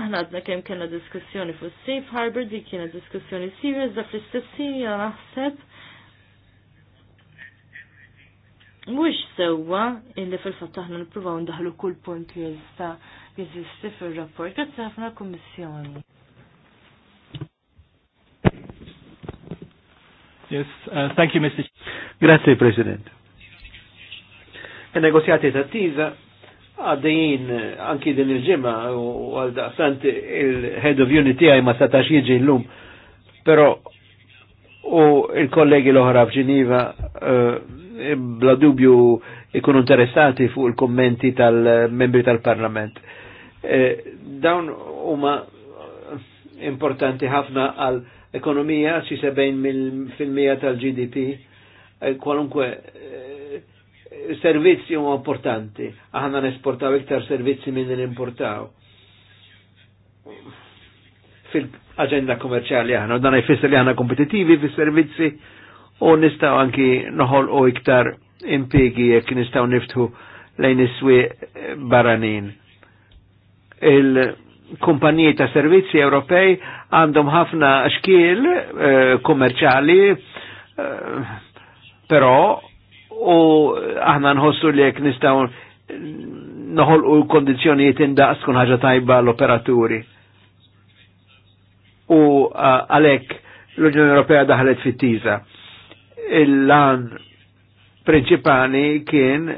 aħna għadna kemm kellna diskussjoni fuq safe harbor, di kienet diskussjoni serious, da fl-istessin naħseb mux sewa illi fil-fat aħna nipruvaw ndaħlu kull punt li jista jeżisti fil-rapport. Grazzi ħafna l-Kommissjoni. Yes, uh, thank you, Mr. Grazie, President. Il-negozjati ta' tiza għaddejjien eh, anki din il-ġimma u għal daqsant il-Head of Unity għaj ma satax jieġi l-lum, pero u il-kollegi l-oħra f'Ġiniva uh, bla dubju ikunu interessati fuq il-kommenti tal-membri tal-Parlament. Eh, dawn huma importanti ħafna għal ekonomija xi sebejn mill-filmija tal-GDP eh, kwalunkwe eh, servizzi huma importanti. Aħna nesportaw iktar servizzi minn nimportaw. fil agenda komerċjali aħna, dan jfisser li aħna kompetitivi fis-servizzi u nistaw anki noħol u iktar impiegi jekk nistaw niftħu lejn iswi baranin. Il-kumpaniji ta' servizzi Ewropej għandhom ħafna xkiel eh, kummerċali, eh, però u aħna nħossu li jekk nistaw noħol u kondizjonijiet indaqs kun ħaġa tajba l-operaturi. U eh, għalek l-Unjoni Ewropea daħlet fit-tiża il-lan principali kien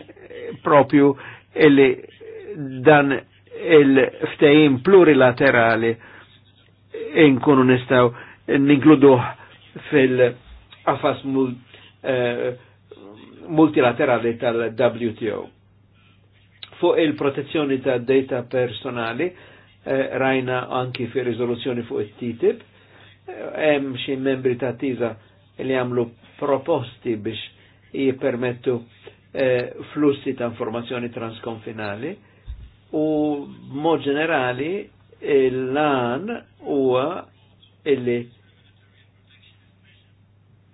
propju illi dan il-ftejim plurilaterali inkunu nistaw ninkluduħ fil-qafas eh, multilaterali tal-WTO. Fuq il-protezzjoni ta' data personali, eh, rajna anki fi rizoluzzjoni fuq it-TTIP, eh, hemm xi membri ta' tiza li għamlu proposti biex jipermettu eh, flussi ta' informazzjoni transkonfinali u mod ġenerali l-lan huwa illi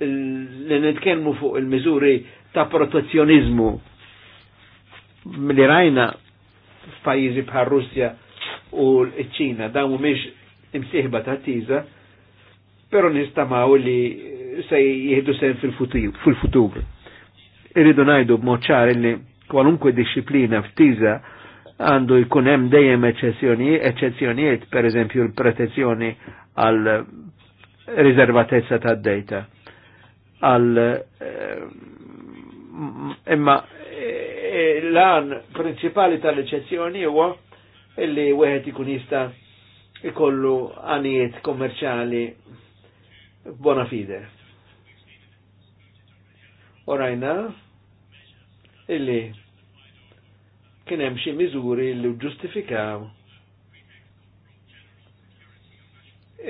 li nitkellmu fuq il-miżuri ta' protezzjonizmu li rajna f'pajjiżi bħal Russja u l-Ċina dawn mhumiex imsieħba ta' tiża, però nistamaw li se jihdu sen fil-futur. Irridu najdu b-moċar li kwalunkwe disciplina f-tiza għandu jkun hemm dejjem eċezzjonijiet, per eżempju l-protezzjoni għal riservatezza tad dejta Għal eh, imma eh, l-għan principali tal-eċezzjoni huwa illi wieħed ikun jista' ikollu għanijiet kommerċali bona fide u rajna illi kien hemm xi miżuri li ġustifikaw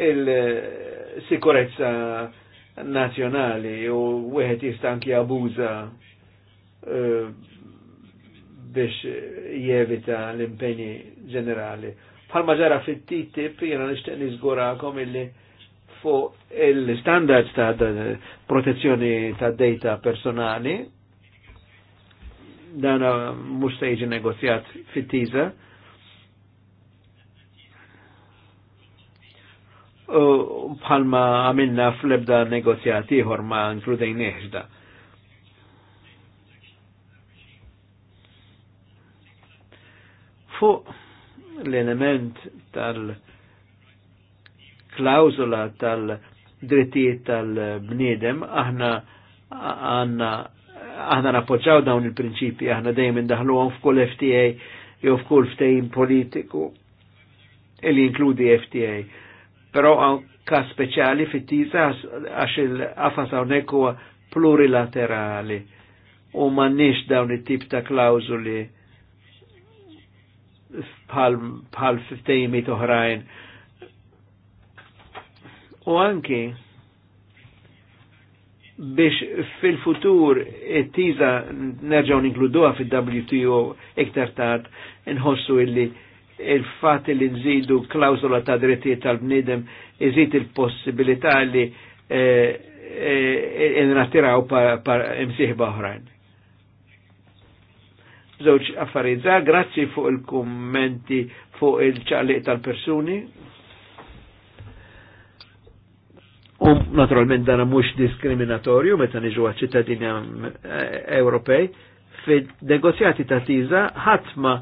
il-sikurezza nazjonali u wieħed jista' anki abuża e, biex jevita l-impenji ġenerali. Bħalma ġara fit-TTIP jiena nixtieq niżgurakom illi fuq il-standards ta' protezzjoni ta' data personali, dana mux ta' iġi negozjat fit-tiza. Bħalma għamilna fl-ebda negozjat ieħor ma inkludejn iħda. Fuq l-element tal- klawzola tal-drittijiet tal-bniedem, aħna għanna aħna nappoġġaw dawn il-prinċipi, aħna dejjem indaħluhom f'kull FTA jew f'kull ftehim politiku illi jinkludi FTA. Però ka speċjali fit-tisa għax il afas hawnhekk huwa plurilaterali u m'għandniex dawn it-tip ta' klawżuli bħal ftehimiet oħrajn u anki biex fil-futur it-tiza nerġaw ninkluduha fil-WTO iktar tard nħossu illi il-fat li nżidu klawzola ta' drittijiet tal-bnidem iżid il-possibilità li eh, eh, eh, nratiraw pa' imsieħba oħrajn. Żewġ affarizza, grazzi fuq il-kummenti fuq il-ċaqliq tal-persuni, U naturalment dana mhux diskriminatorju meta niġu ċittadini e- Ewropej, fid negozjati ta' tiza ħadd ma eh,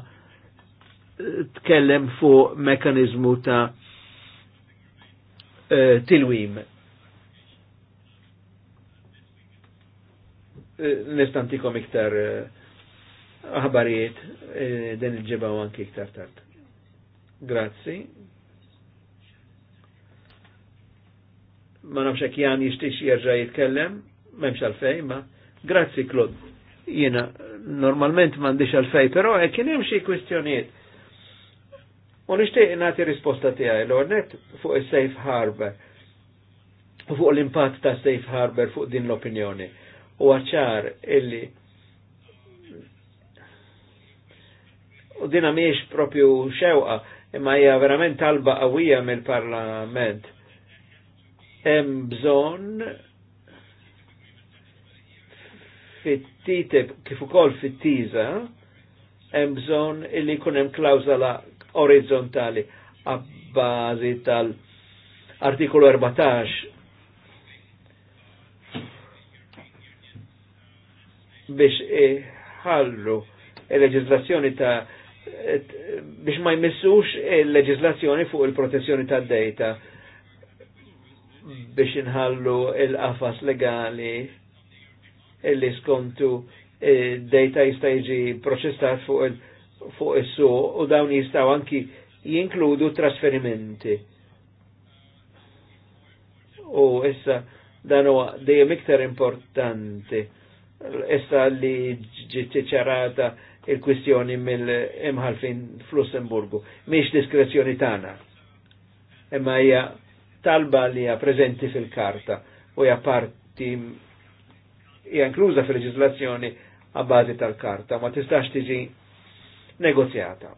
tkellem fuq mekanizmu ta' eh, tilwim. Eh, nistantikom iktar aħbarijiet din il-ġibaw anki iktar tard. Grazzi. ma nafx hekk Jan jixtiex jerġa' jitkellem, m'hemmx għalfejn, ma grazzi Klod. Jiena normalment m'għandix għalfej, però hekk kien hemm xi kwistjonijiet. U nixtieq nagħti risposta tiegħi l net fuq is-Safe Harbor u fuq l-impatt ta' Safe Harbor fuq din l-opinjoni. U għacċar illi u dina miex propju xewqa imma hija verament talba qawwija mill-parlament hemm bżonn fit-titeb kif ukoll fit-tiża hemm bżonn illi jkun hemm klawżola orizzontali għabbażi tal-artikolu 14 biex iħallu il-leġizlazzjoni ta' biex ma jmissux il-leġizlazzjoni fuq il-protezzjoni tad data biex inħallu il-qafas legali illi skontu eh, data jista' jiġi proċessat fuq il fuq is-su u dawn jistgħu anki jinkludu trasferimenti. U issa dan huwa dejjem iktar importanti issa li ġiet ċarata il-kwistjoni mill-imħalfin fl-Lussemburgu. Miex diskrezzjoni tagħna. Imma hija talba li hija preżenti fil-karta u hija parti hija inkluża fil-leġiżlazzjoni a bażi tal-karta ma tistax tiġi negozjata.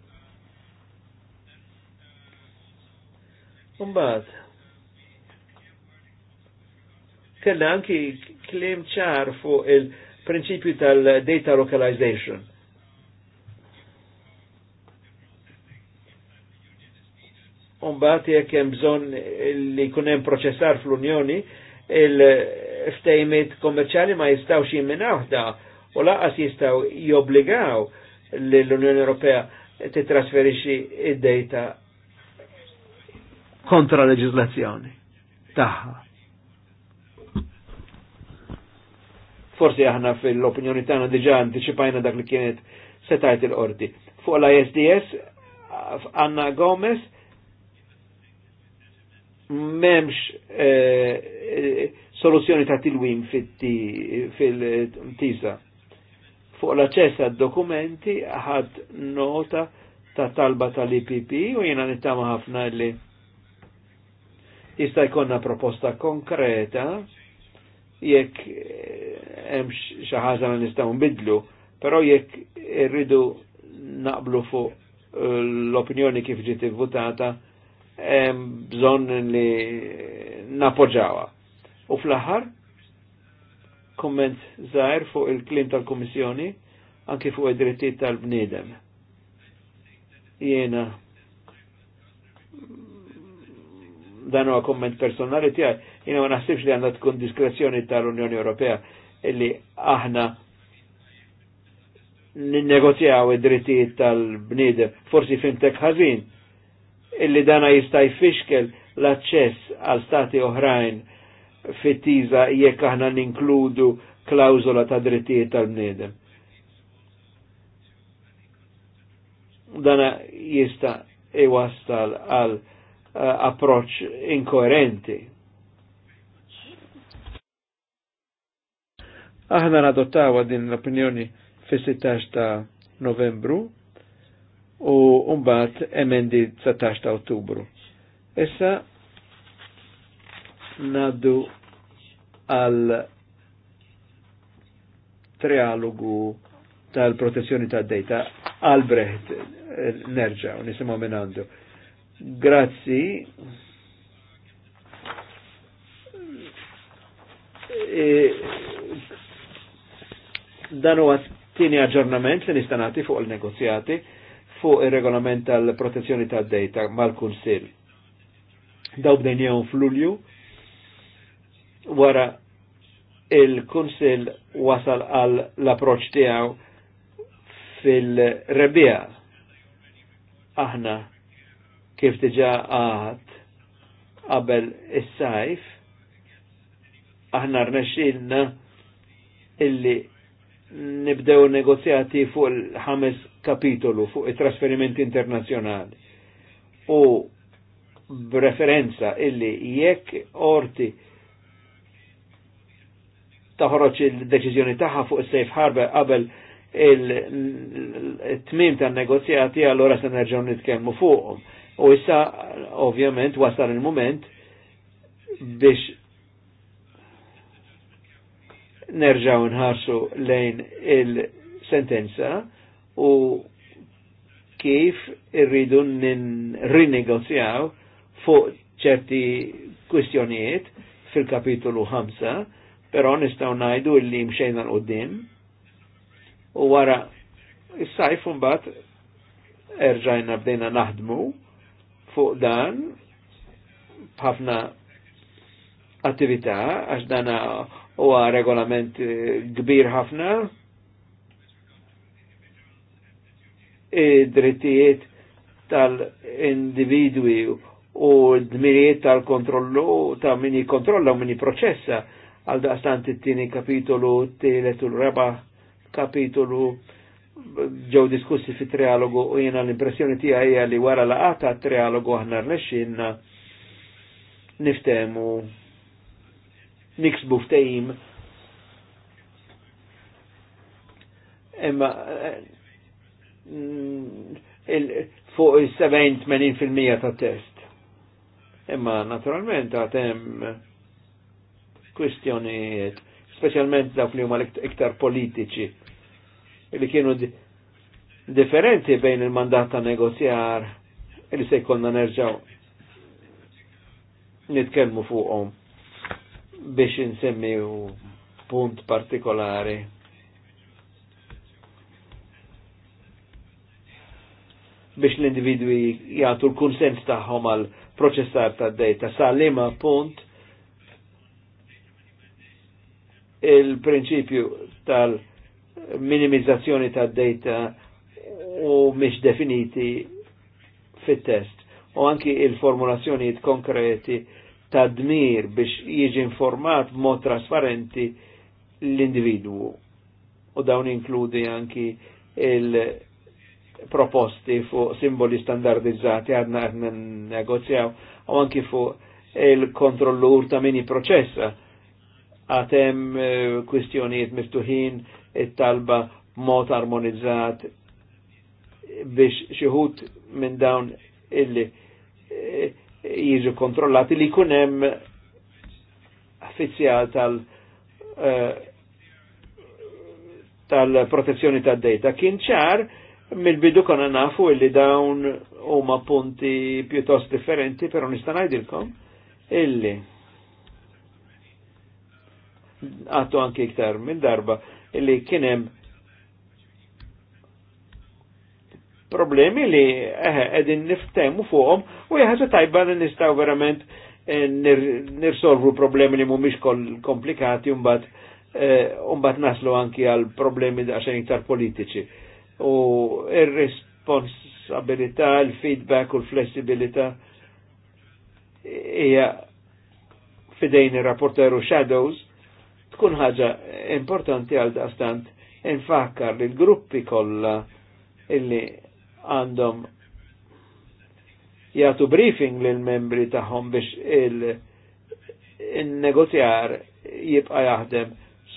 Umbat, kellna anki klim ċar fuq il-prinċipju tal-data localization Umbat jekk hemm bżonn li jkun hemm proċessar fl-Unjoni, il-ftejmiet kommerċali ma jistgħux jimminaw da u laqas jistaw jobbligaw li l-Unjoni Ewropea titrasferixxi id-dejta kontra leġislazzjoni tagħha. Forsi aħna fil-opinjoni tagħna diġà anticipajna dak li kienet setajt il-qorti. Fuq la SDS Anna Gomez memx eh, eh, soluzzjoni ta' tilwim fil-tisa. Fuq l-aċċess għad dokumenti ħad nota ta' talba tal-IPP u jena nittama ħafna li jista' jkollna proposta konkreta jekk eh, hemm xi ħaġa li nistgħu nbidlu, però jekk irridu naqblu fuq l-opinjoni kif ġiet votata bżon li napoġawa. U fl-aħħar, komment zaħir fuq il-klim tal-Komissjoni, anki fuq id-drittijiet tal-bniedem. Jena dan huwa komment personali tiegħi, jiena ma naħsibx li għandha tkun diskrezzjoni tal-Unjoni Ewropea illi aħna ninnegozjaw id-drittijiet tal-bniedem, forsi fimtek ħażin illi dana jista' jfixkel l-aċċess għal stati oħrajn fit-tiża jekk aħna ninkludu klawżola ta' drittijiet tal-bniedem. Dana jista' iwassal għal eh, approċ inkoerenti. Aħna nadottawa din l-opinjoni fis-16 ta' novembru u mbagħad emendi 19 ta' Ottubru. Issa naddu għal trialogu tal-protezzjoni tad data Albrecht nerġa' u nisimgħu minn għandu. Grazzi. E, dan huwa tieni aġġornament li nista' fuq il-negozjati fuq il-regolament tal-protezzjoni tad-data mal-Kunsill. Daw bdejnijom fl-Ulju, wara il-Kunsill wasal għal l-approċ tiegħu fil-rebija. Aħna kif diġa għad qabel is-sajf, aħna rnexxilna illi nibdew negozjati fuq il-ħames kapitolu fuq it-trasferimenti internazjonali u b'referenza illi jekk orti taħroċ il-deċizjoni taħħa fuq il-safe harbor qabel il-tmim tan negozjati allora se nerġaw nitkellmu fuqhom. U issa ovvjament wasal il-moment biex nerġaw nħarsu lejn il-sentenza u kif irridu rinnegozjaw fuq ċerti kwistjonijiet fil-kapitolu 5, però nistaw najdu li mxejna l-qoddim u wara il sajf mbagħad erġajna bdejna naħdmu fuq dan b'ħafna attività għax dana huwa regolament kbir ħafna id-drittijiet tal-individwi u d-dmirijiet tal-kontrollu ta' minni kontrolla u minni proċessa għal daqstant it-tieni kapitolu, t-tielet u l-raba kapitolu ġew diskussi fit trialogu u jena l-impressjoni ti hija li wara laqata trialogu aħna rnexxinna niftemu niksbu ftehim imma eh, Mm, fuq il-70-80% ta' test. Imma naturalment għatem kwistjonijiet, specialment dawk li huma iktar politiċi, li kienu differenti bejn il-mandat ta' negozjar li se jkollna nerġaw nitkellmu fuqhom biex insemmi punt partikolari biex l-individwi jgħatu l-konsens tagħhom għal proċessar ta' data sa' punt il-prinċipju tal-minimizzazzjoni ta' data u miex definiti fit-test u anki il-formulazzjonijiet konkreti ta' dmir biex jiġi informat mod trasparenti l-individwu u dawn inkludi anki il- proposti fuq simboli standardizzati għadna għadna negozjaw u anki fuq il kontrollu ta' mini proċessa għatem eh, kwistjonijiet miftuħin it-talba mod armonizzat biex xieħut minn dawn illi eh, jiġu kontrollati li kunem affizzjal tal- eh, tal-protezzjoni tad data kien ċar Mill-bidu konna nafu illi dawn huma punti pjuttost differenti, però nista' ngħidilkom illi għattu anki iktar minn darba illi kienem problemi li eh, għedin niftemu fuqom u jħazu tajba li nistaw verament eh, nirsolvu problemi li mumiex komplikati un-bat eh, naslu anki għal problemi għaxen iktar politiċi u il responsabilità il feedback u l-flessibilità hija fidejn ir rapporteru shadows tkun ħaġa importanti għal daqstant infakkar li l-gruppi kollha illi għandhom jagħtu briefing lil membri tagħhom biex il-negozjar jibqa' jaħdem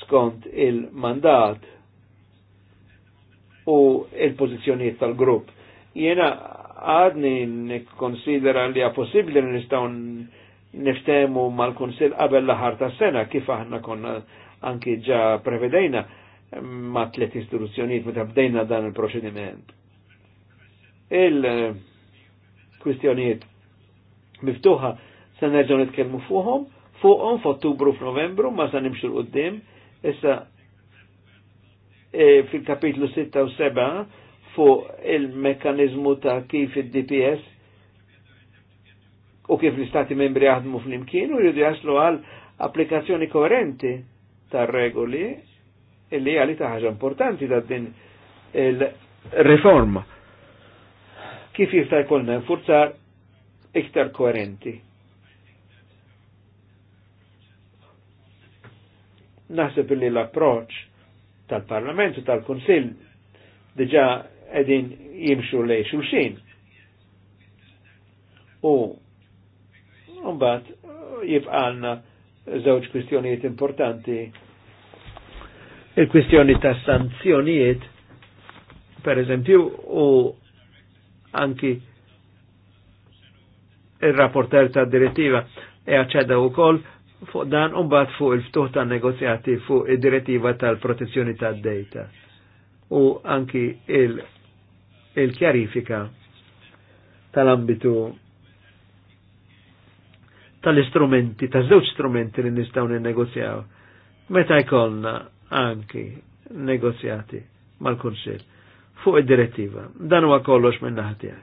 skont il-mandat u il-pozizjoniet tal-grupp. Jena għadni nikkonsidera li għa possibli nistaw niftemu mal-konsil qabel laħar ta' sena kif aħna konna anki ġa prevedejna ma' tlet istituzzjonijiet meta bdejna dan il-proċediment. Il-kwistjonijiet miftuħa se nerġgħu nitkellmu fuqhom, fuqhom f'Ottubru f'Novembru ma se nimxu l-qudiem, issa E, fil-kapitlu 6 u 7 fuq il-mekanizmu ta' kif il dps u kif l-istati membri għadmu fl-imkien u jridu jaslu għal applikazzjoni koerenti ta' regoli illi għali ta' ħaġa importanti ta' din il-reforma. Kif jista' jkollna nfurzar iktar koerenti. Naħseb li l-approċ tal-Parlament u tal-Konsil diġa edin jimxu lej xulxin. U mbagħad eh, jibqalna żewġ kwistjonijiet importanti il-kwistjoni ta' sanzjonijiet per eżempju u anki il-rapporter ta' direttiva e għacċeda u koll fuq dan umbat fuq il-ftuħ ta' negozjati fuq id-direttiva tal-protezzjoni tad data u anki il-kjarifika il tal-ambitu tal-istrumenti, ta' żewġ strumenti li nistaw negozjaw meta jkollna anki negozjati mal-Kunsil fuq id-direttiva. Dan huwa kollox minn naħtija.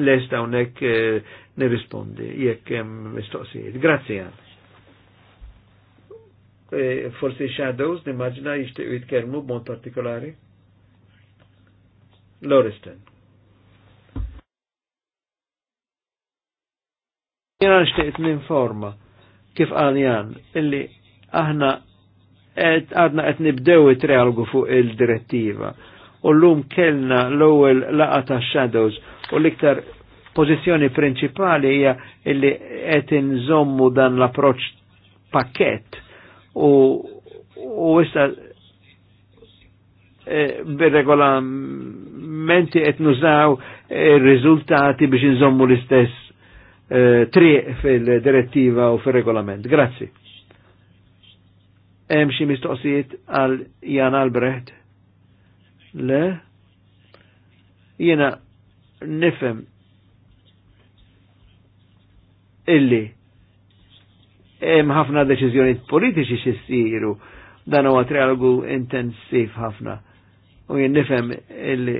Lest hawnhekk eh, nirrispondi jekk hemm mistoqsijiet. Grazzi għal. E, forsi shadows nimmaġna jixtiequ jitkellmu b'mod partikolari. Loristen Jena nishtiq ninforma kif qal jan illi aħna għadna qed nibdew it realgu fuq il-direttiva u l-lum kellna l-ewwel laqa ta' shadows u l-iktar pożizzjoni prinċipali hija illi qed inżommu dan l-approċċ pakkett u u issa e, bir-regolamenti qed nużaw eh, ir-riżultati biex inżommu l-istess e, triq fil-direttiva u fil-regolament. Grazzi. Hemm xi mistoqsijiet għal Jan Albrecht? Le? Jiena nifhem illi hemm ħafna deċiżjoni politiċi xissiru dan huwa trialogu intensiv ħafna. U jien nifhem illi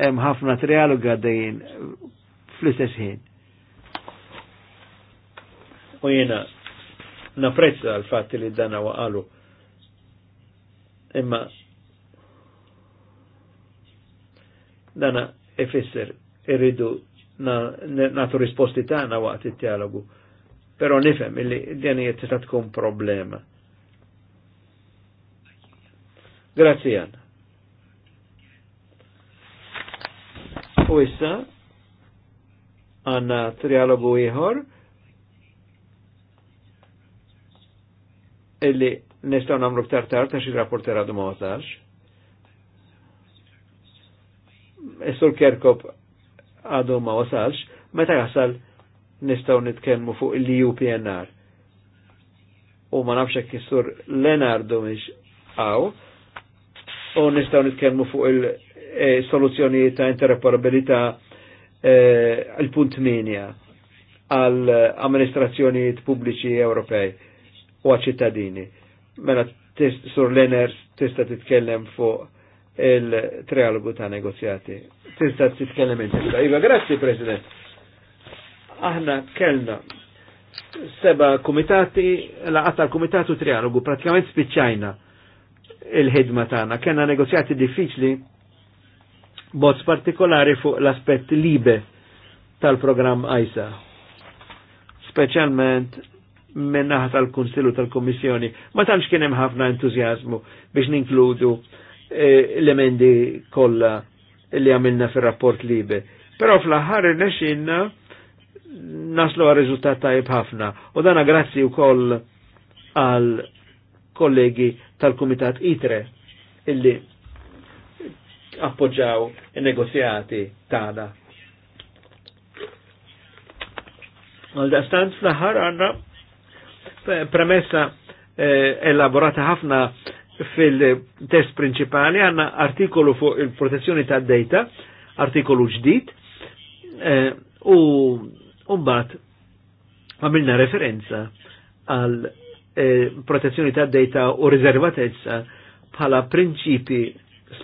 hemm ħafna trialog għaddejjin fl-istess ħin. U jiena naprezza l-fatt li dan huwa qalu. Imma dana ifisser irridu natu risposti tagħna waqt it-dialogu. Pero nifem illi din hija tista' tkun problema. Grazie għan. U issa għanna trialogu ieħor illi nistaw namlu ktar tar ta' xi rapporter għadu ma wasalx. Is-sur e Kerkop għadu ma wasalx, meta jasal nistaw nitkelmu fuq il-UPNR. U ma nafx hekk istur Lenardo miex għaw, u nistaw nitkelmu fuq il-soluzzjonijiet e, ta' interoperabilità il-punt e, minja għal amministrazzjonijiet pubbliċi Ewropej u ċittadini. Mela sur Leners tista' titkellem fuq il-trialogu ta' negozjati. Tista' titkellem inti. Iva, grazzi President Aħna kellna seba komitati, laqata l komitatu trialogu, pratikament spiċċajna il-ħidma tagħna. Kenna negozjati diffiċli bots partikolari fuq l-aspett libe tal-programm ISA. Speċjalment minnaħa tal-Kunsilu tal-Kommissjoni. Ma tantx kien hemm ħafna entużjażmu biex ninkludu eh, l-emendi kollha li għamilna fir-rapport libe. Però fl-aħħar irnexxinna naslu għal riżultat tajb ħafna. U dana grazzi wkoll għal kollegi tal-Kumitat ITRE illi appoġġaw il-negozjati tagħna. Għal dastanz fl-aħħar premessa eh, elaborata ħafna fil-test principali għanna artikolu fuq il-protezzjoni tad data artikolu ġdid, eh, u Umbat, għamilna referenza għal eh, protezzjoni ta' data u riservatezza bħala prinċipi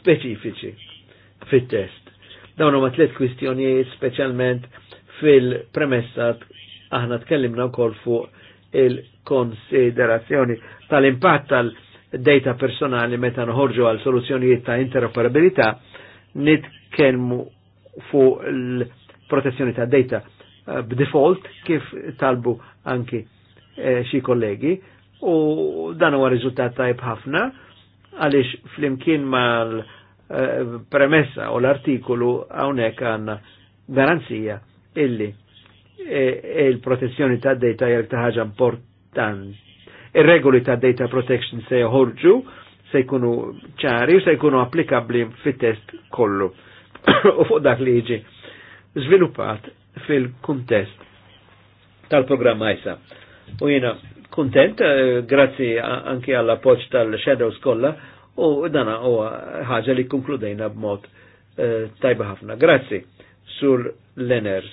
speċifiċi fit-test. Dawn huma tliet kwistjonijiet speċjalment fil-premessa aħna tkellimna wkoll fuq il-konsiderazzjoni tal-impatt tal-data personali meta nħorġu għal soluzzjonijiet ta' interoperabilità nitkellmu fuq il-protezzjoni ta' data Eh, b'default kif talbu anki eh, xi kollegi u dan huwa riżultat tajb ħafna għaliex flimkien mal eh, premessa u l-artikolu hawnhekk għandna garanzija illi il-protezzjoni ta' data jgħal ta' ħaġa importanti. Ir-regoli ta' data protection se joħorġu, se jkunu ċari u se jkunu applikabli fit-test kollu. u fuq dak li jiġi żviluppat fil-kuntest tal-programm għajsa. U jena kontent, eh, grazzi anki għall appoġġ tal-Shadows kollha u dana u ħaġa li konkludejna b'mod eh, tajba ħafna. Grazzi sur Leners.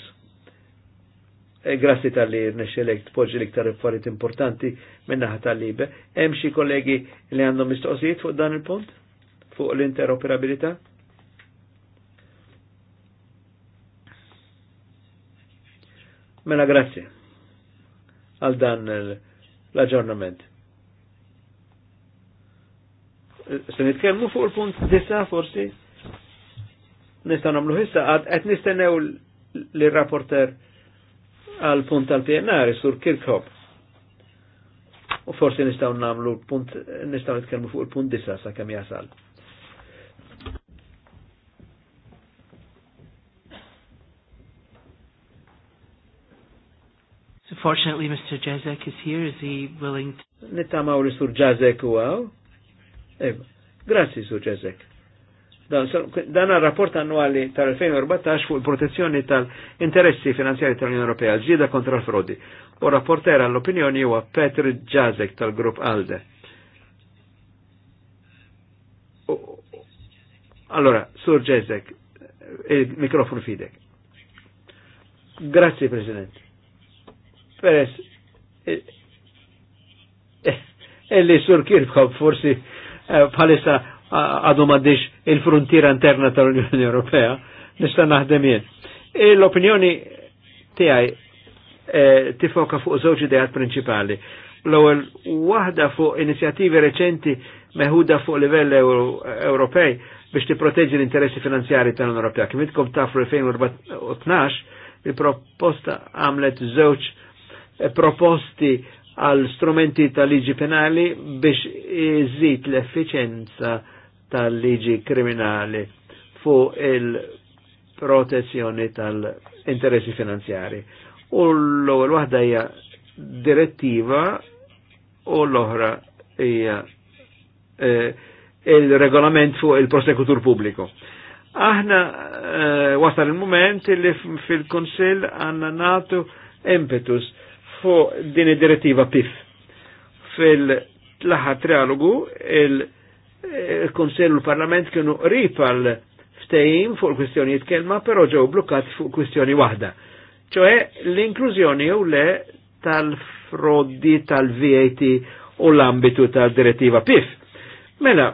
Eh, grazzi tal-li nexxelek tpoġġi l-iktar affarijiet importanti minnaħa tal-libe. Hemm xi kollegi li għandhom mistoqsijiet fuq dan il-punt? Fuq l-interoperabilità? Mela grazzi għal dan l-aġġornament. Se nitkellmu fuq il-punt disa forsi nistgħu nagħmlu issa qed nistennew lir rapporter għal punt tal-PNR sur Kirkhop. U forsi nistgħu nagħmlu punt nistgħu nitkellmu fuq il-punt disa sa kemm jasal. Fortunately, Mr. Jezek is here. Is he willing to... Nittamaw li Sur Jezek u għaw. Eh, Grazzi, Sur Jezek. Dan għal-rapport annuali tal-2014 fuq il-protezzjoni tal-interessi finanzjari tal-Unjoni Ewropea, ġida kontra l-frodi. U rapportera l-opinjoni huwa Petr Jazek tal-Grupp ALDE. Allora, Sur Jazek, il-mikrofon fidek. Grazie, Presidente. Peres, illi eh, eh, eh, sur Kirchhoff forsi palissa għadu maddix il-frontiera interna tal-Unjoni Ewropea, nista' naħdem jien. E l-opinjoni tiegħi tifoka fuq żewġ idejat principali. L-ewwel wahda fuq inizjativi reċenti meħuda fuq livell Ewropej biex tipproteġi l-interessi finanzjari tal-Unjoni Ewropea. Kif intkom tafu 2012 il-proposta għamlet żewġ Eh, proposti għal strumenti tal-liġi penali biex iżid l-effiċenza tal-liġi kriminali fu il-protezzjoni tal-interessi finanzjari. U l-ewwel waħda hija direttiva u l-oħra hija eh, il-regolament fuq il-prosekutur pubbliku. Aħna eh, wasal il-moment li fil-Konsil għanna natu impetus fuq din id-direttiva PIF. Fil-laħa trialogu, eh, il-Konsell u l-Parlament kienu ripal ftejim ftehim fuq kwistjonijiet kelma, però ġew blokkati fuq kwistjoni waħda. ċoħe l-inklużjoni u le tal-frodi tal-VAT u l-ambitu tal-direttiva PIF. Mela,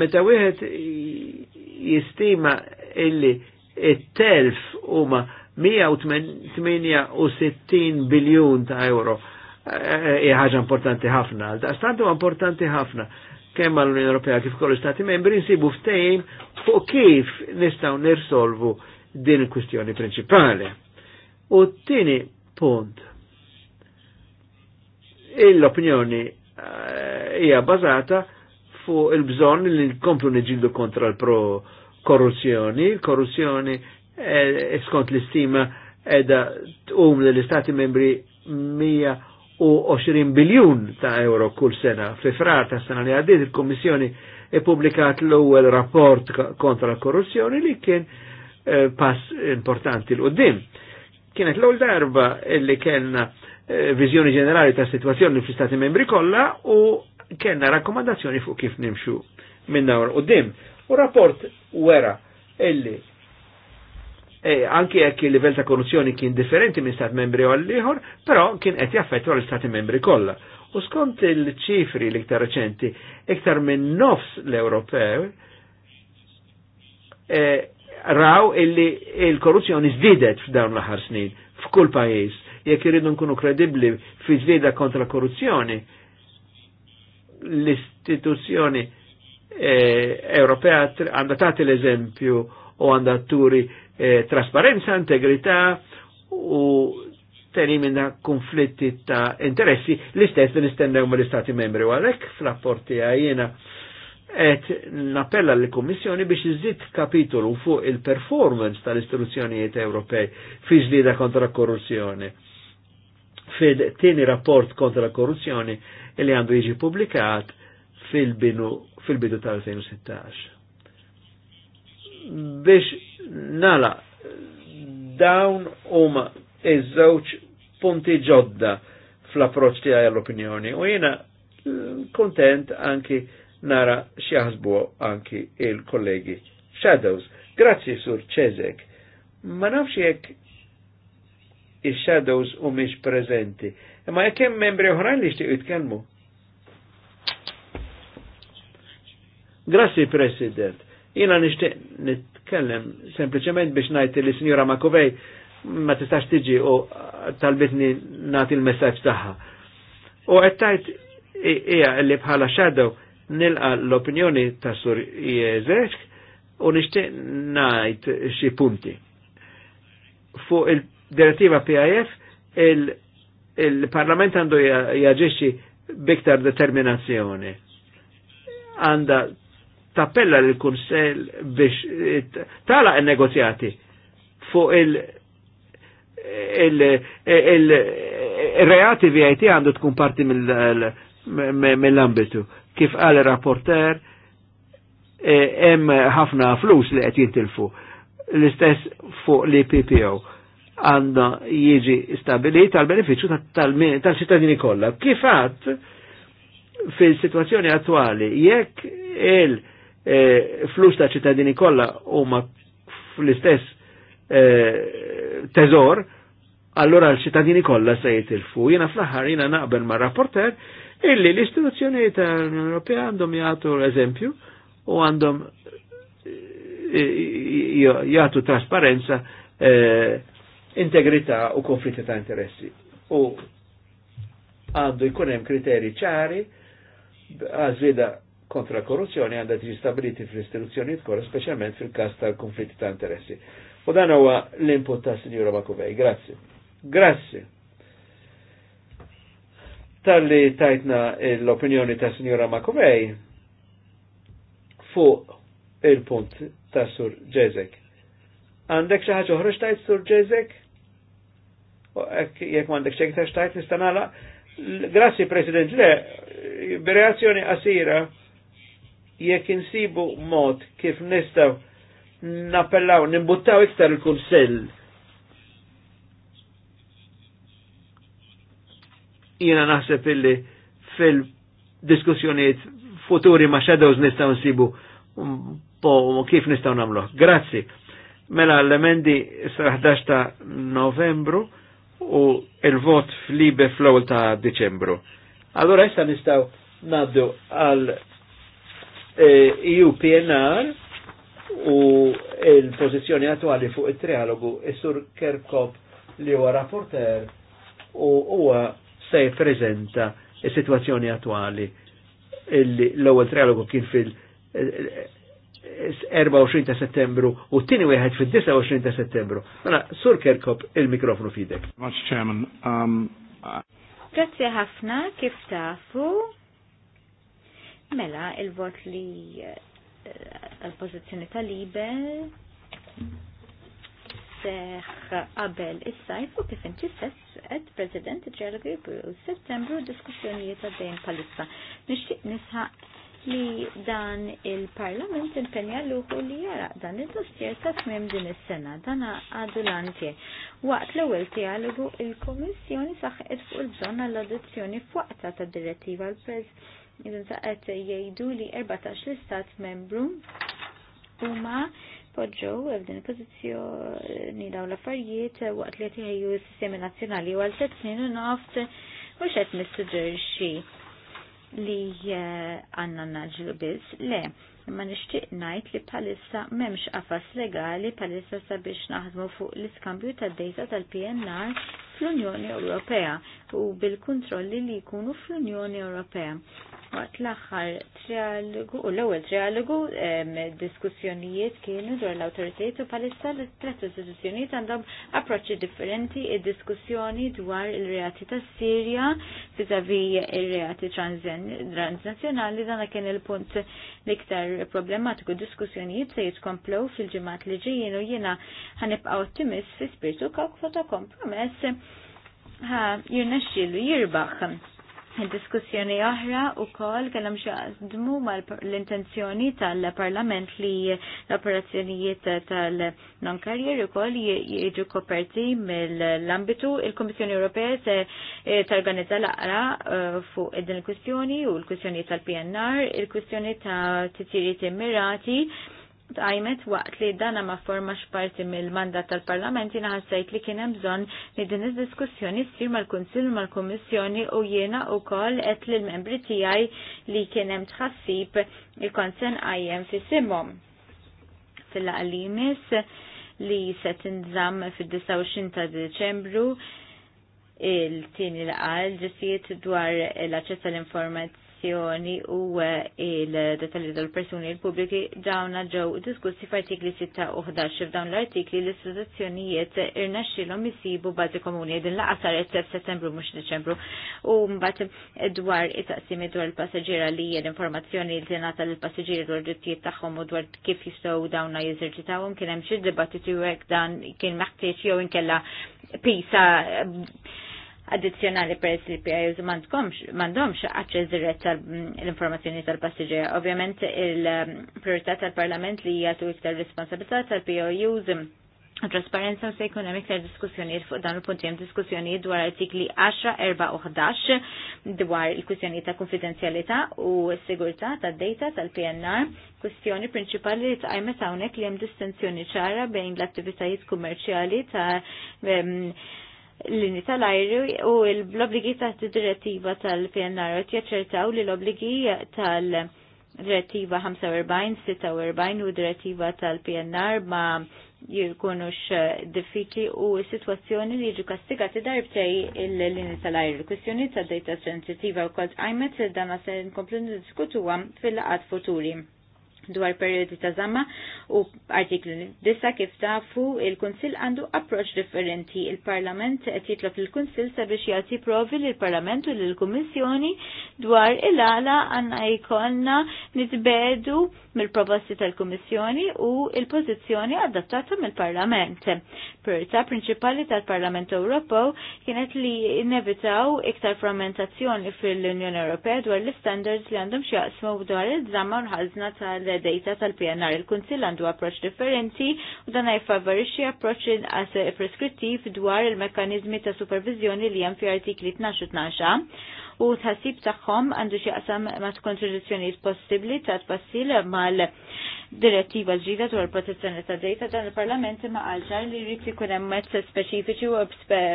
meta wieħed jistima illi it-telf huma 168 biljun ta' euro. Hija ħaġa importanti ħafna, daqstantu importanti ħafna kemm għall unjoni Ewropea kif kollu Stati membri nsibu ftehim fuq kif nistgħu nirsolvu din il-kwistjoni prinċipali. U t-tieni punt l-opinjoni hija bazata fuq il-bżonn li nkomplu niġildu kontra l-pro korruzzjoni, korruzzjoni Eh, skont l-istima edha tqum l-istati membri 120 biljun ta' euro kull sena. Fi frar ta' sena li għaddit il-Kommissjoni e publikat l-ewwel rapport kontra l-korruzzjoni li kien eh, pass importanti l-qoddim. Kienet l-ewwel darba li kellna eh, viżjoni ġenerali ta' situazzjoni fl stati membri kollha u kellna rakkomandazzjoni fuq kif nimxu minn dawn qoddim. U rapport wera illi E anki jekk il-livell ta' korruzzjoni kien differenti minn stat membri għal ieħor, però kien qed jaffettwa l stati membri kollha. U skont il-ċifri l-iktar reċenti, iktar minn nofs l-Ewropew e, raw illi il-korruzzjoni żdiedet f'dawn l-aħħar snin f'kull pajjiż jekk iridu nkunu kredibbli fi żvieda kontra l korruzzjoni l-istituzzjoni e, Ewropea għandha tagħti l-eżempju u għandha turi Eh, trasparenza, integrità u minna konflitti ta' interessi l-istess li nistennew mill-Istati membri. U għalhekk fl rapporti għajjena et nappella l-Kommissjoni biex iżid kapitolu fuq il-performance tal-istituzzjonijiet Ewropej fi ġlida kontra korruzzjoni. Fid tieni rapport kontra korruzzjoni li għandu jiġi publikat fil-bidu fil tal-2016. Biex nala dawn huma iż-żewġ punti ġodda fl-approċċ tiegħi għall-opinjoni u jiena mm, kontent anki nara xjaħsbu anki il-kollegi Shadows. Grazzi sur Cezek. Ma nafx jekk il-Shadows u miex prezenti. Ma jekk hemm membri oħrajn li xtiequ jitkellmu. Grazzi President. Jiena nixtieq Kellem sempliċement biex ngħid li Sinjora Makovej ma tistax tiġi u talbitni nati l-messaġġ tagħha. U qed ija hija li bħala shadow nilqa l-opinjoni ta' Sur Jeżek u nixtieq ngħid xi punti. Fuq il-direttiva PIF il-Parlament il għandu jaġixxi biktar determinazzjoni. Għanda tappella l kunsell biex tala il-negozjati fuq il-reati VIT għandu tkun parti mill-ambitu. Kif għal rapporter e, hemm ħafna flus li qed jintilfu. L-istess fuq li PPO għandna jiġi stabilit għal-beneficju tal-ċittadini kollha. Kif għadd fil-situazzjoni attuali, jekk il- Eh, flus ta' ċittadini kollha huma fl-istess eh, teżor, allora l-ċittadini kollha se jitilfu. Jiena fl-aħħar jena naqbel ma' rapporter illi l-istituzzjoni tal-Unjoni Ewropea għandhom jagħtu eżempju u għandhom eh, jgħatu trasparenza, integrità u konflitti ta' interessi. U għandu jkun hemm kriteri ċari għazvida kontra korruzzjoni għandha tiġi stabiliti fl istituzzjoni kollha, speċjalment fil-każ tal-konflitti ta' interessi. U dan huwa l-input ta' Sinjura Makovej. Grazzi. Grazzi. Talli tajtna l-opinjoni ta' Sinjura Makovej fuq il-punt ta' Sur Ġezek. Għandek xi ħaġa oħra xtajt Sur Ġezek? Jekk m'għandek xejn ta' xtajt nista' Grazzi President, le, b'reazzjoni qasira jekk insibu mod kif nistaw napellaw, nimbuttaw iktar il-kunsell. Jena naħseb illi fil-diskussjoniet futuri ma' shadows nistaw nsibu po kif nistaw namlu. Grazzi. Mela l-emendi s-11 ta' novembru u il-vot fl-libe fl ta' Deċembru. Allora issa nistaw naddu għal EU eh, e PNR u il-pozizjoni attuali fuq il-trialogu is-sur e Kerkop li huwa rapporter u huwa se jippreżenta is-sitwazzjoni attuali l-ewwel trialogu kien fil 24 eh, eh, ta' settembru u t-tini wieħed fil-29 ta' settembru. Mela, sur Kerkop il-mikrofonu fidek. Grazzi um, Grazie ħafna, kif tafu, Mela, il-vot li eh, għal-pozizjoni tal-libe seħ qabel is-sajf u kif inti sess qed President ġergi u settembru diskussjonijiet għad-dejn palissa. Nixtieq nisħa li dan il-Parlament impenja l-uħu li jara dan il-dossier ta' tmiem din is-sena dan għadu l-antje. Waqt l-ewwel dialogu il-Kummissjoni saħqet fuq il-bżonn għall-adozzjoni fuqta ta' direttiva l prez Idin saqet jgħidu li 14 l-istat membru huma poġġow f'din il-pożizzjoni daw l-affarijiet waqt li qed jgħu s-sistemi nazzjonali u għal tliet u noft mhux qed nissuġġerixxi li eh, għandna naġlu biss. Le, imma nixtieq ngħid li bħalissa m'hemmx qafas legali bħalissa sabiex naħdmu fuq l-iskambju tad-dejta tal-PNR fl-Unjoni Ewropea u bil-kontrolli li jkunu fl-Unjoni Ewropea. Waqt l-aħħar trialogu u l-ewwel trialogu diskussjonijiet kienu dwar l-awtoritajiet u bħalissa l tret istituzzjonijiet għandhom approċċi differenti id-diskussjoni dwar il-reati tas-Sirja viżavi ir-reati transnazzjonali dan kien il-punt l-iktar problematiku diskussjonijiet se jitkomplow fil-ġimgħat li ġijin u jiena ħanibqa' ottimist fi kawk ta' kompromess ha jirnexxielu jirbaħ Diskussjoni oħra u kol kellam xaqdmu l-intenzjoni tal-parlament li l-operazzjonijiet tal-non-karrier u kol jieġu koperti mill-ambitu. Il-Komissjoni Ewropea se e, targanizza laqra e, fuq din il-kwistjoni u l-kwistjoni tal-PNR, il kustjoni ta' titjiriet immirati għajmet waqt li dana ma formax parti mill-mandat tal-Parlament jina ħassajt li kien hemm bżonn li din id-diskussjoni ssir mal-Kunsill mal-Kummissjoni u jiena wkoll qed l membri tiegħi li kien hemm tħassib il-konsen għajem fi simhom. Fil-qalimis li se nżam fid-29 ta' Deċembru il-tieni l għal ġisijiet dwar l-aċċess tal-informazzjoni informazzjoni u eh, il-detalji tal-persuni il-pubbliki dawna ġew diskussi f'artikli 6 u 11 f'dawn l-artikli l-istituzzjonijiet irnaxxilhom isibu bażi komuni din laqa saret f'Settembru mhux Deċembru u mbagħad dwar it-taqsimi dwar il-passaġġiera li hija l-informazzjoni li tingħata lill-passiġġieri dwar drittijiet tagħhom u dwar kif jistgħu dawna jeżerċitawhom kien hemm xi dibattitu hekk dan kien meħtieġ jew inkella pisa addizjonali peress li PIOs mandomx aċċess dirett tal-informazzjoni tal-passiġer. Ovvjament il-priorità tal-Parlament li jgħatu iktar responsabilità tal-PIOs Trasparenza se jkun hemm iktar diskussjonijiet fuq dan il punti hemm diskussjonijiet dwar artikli 10, 4 u 11 dwar il-kwistjonijiet ta' konfidenzjalità u s-sigurtà tad-data tal-PNR. Kwistjoni prinċipali li tqajmet hawnhekk li hemm distinzjoni ċara bejn l-attivitajiet kummerċjali ta' l-lini tal-ajru u l-obligi taħt direttiva tal-PNR u tjaċertaw li l-obligi tal-direttiva 45-46 u direttiva tal-PNR ma jirkunux eh, diffikli u situazzjoni li ġu kastigati darbtej il-lini tal-ajru. Kwestjoni ta' data sensitiva u kod għajmet dan għasen diskutu għam fil-laqat futuri dwar periodi ta' zamma u artiklu disa kif tafu il-Kunsil għandu approċ differenti. Il-Parlament qed jitlob il-Kunsil sabiex jagħti provi lill-Parlament u lill-Kummissjoni dwar il-għala għandna jkollna nitbedu mill-proposti tal-Kummissjoni u il-pożizzjoni adattata mill-Parlament. Priorità prinċipali tal-Parlament Ewropew kienet li nevitaw iktar frammentazzjoni fil-Unjoni Ewropea dwar l-standards li għandhom xjaqsmu dwar il-żamma u l-ħażna tal- data tal-PNR. Il-Kunsill għandu approċ differenti u dan jfavorixxi approċ inqas preskrittiv dwar il-mekkaniżmi ta' supervizjoni li hemm fi artikli 12 12 u tħassib tagħhom għandu xi qasam ma' kontribuzzjonijiet possibbli ta' tfassil mal-direttiva ġdida dwar protezzjoni ta' data dan il-Parlament ma' għalġar li jrid ikun hemm mezz speċifiċi u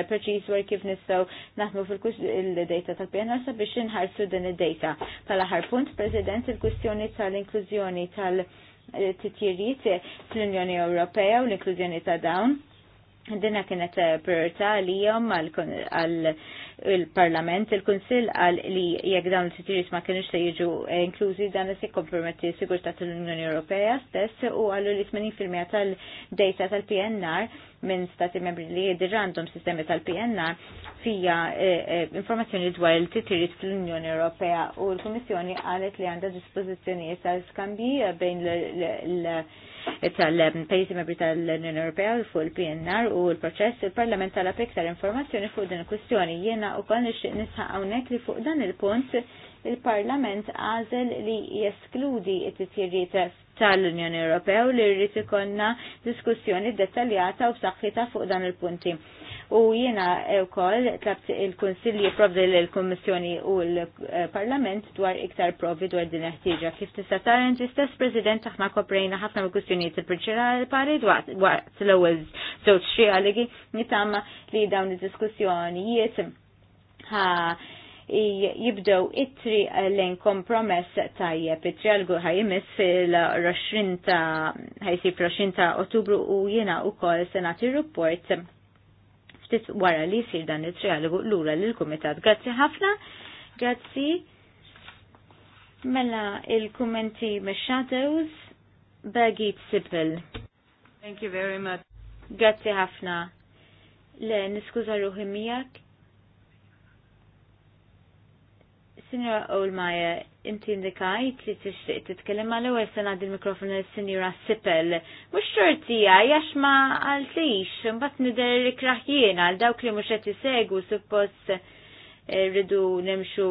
preċiż dwar kif nistgħu naħdmu fil-kux il-data tal-PNR sabiex inħarsu din id-data. Tal-aħħar punt, President, il-kwistjoni tal-inklużjoni tal-titjiriet fl-Unjoni Ewropea u l-inklużjoni ta' dawn. Dina kienet priorità li jom għal il-Parlament, il-Kunsill għal li jekk dawn il-sitiris ma kienux se jiġu eh, inklużi dan se komprometti sigurtat tal-Unjoni Ewropea stess u għallu li 80% tal-data tal-PNR minn stati membri li diġa għandhom sistemi tal-PNR fija eh, eh, informazzjoni dwar il-titirit fl-Unjoni Ewropea u l-Kummissjoni għalet li għandha dispożizzjonijiet tal-skambi bejn l- tal-Pajjiżi Membri tal-Unjoni Ewropea fuq il-PNR u l-proċess il-Parlament tal tal informazzjoni fuq din il-kwistjoni. Jiena u wkoll nixtieq nisħaq hawnhekk li fuq dan il-punt il-Parlament għażel li jeskludi t-titjiriet tal-Unjoni Ewropew li rrid ikollna diskussjoni dettaljata u b'saħħitha fuq dan il-punti. U jiena wkoll tlabt il-Kunsill jipprovdi l-Kummissjoni u l-Parlament dwar iktar provi dwar din ħtieġa. Kif tista' tara stess President aħna koprejna ħafna mill kustjonijiet il-pari waqt l-ewwel żewġ xi għaligi nitama li dawn id-diskussjonijiet ħa jibdew it-tri lejn kompromess tajjeb it-tri għalgu ħajimis fil-20 ta' ħajsib 20 ta' ottubru u jena u kol senati report ftit wara li jisir dan it għalgu l-ura l-komitat. Grazzi ħafna, grazzi. Mela il-kommenti me Shadows, Bagit Sippel. Thank you very much. Grazzi ħafna. Le, niskuza ruħi miegħek Signora Olmaja, inti indikajt li tixtieq titkellem għal ewwel sena din l-mikrofon lis sinjora Sipel. Mhux xortija għax ma għaltix, imbagħad nidher ikraħjien għal dawk li mhux qed isegu suppost eh, rridu nimxu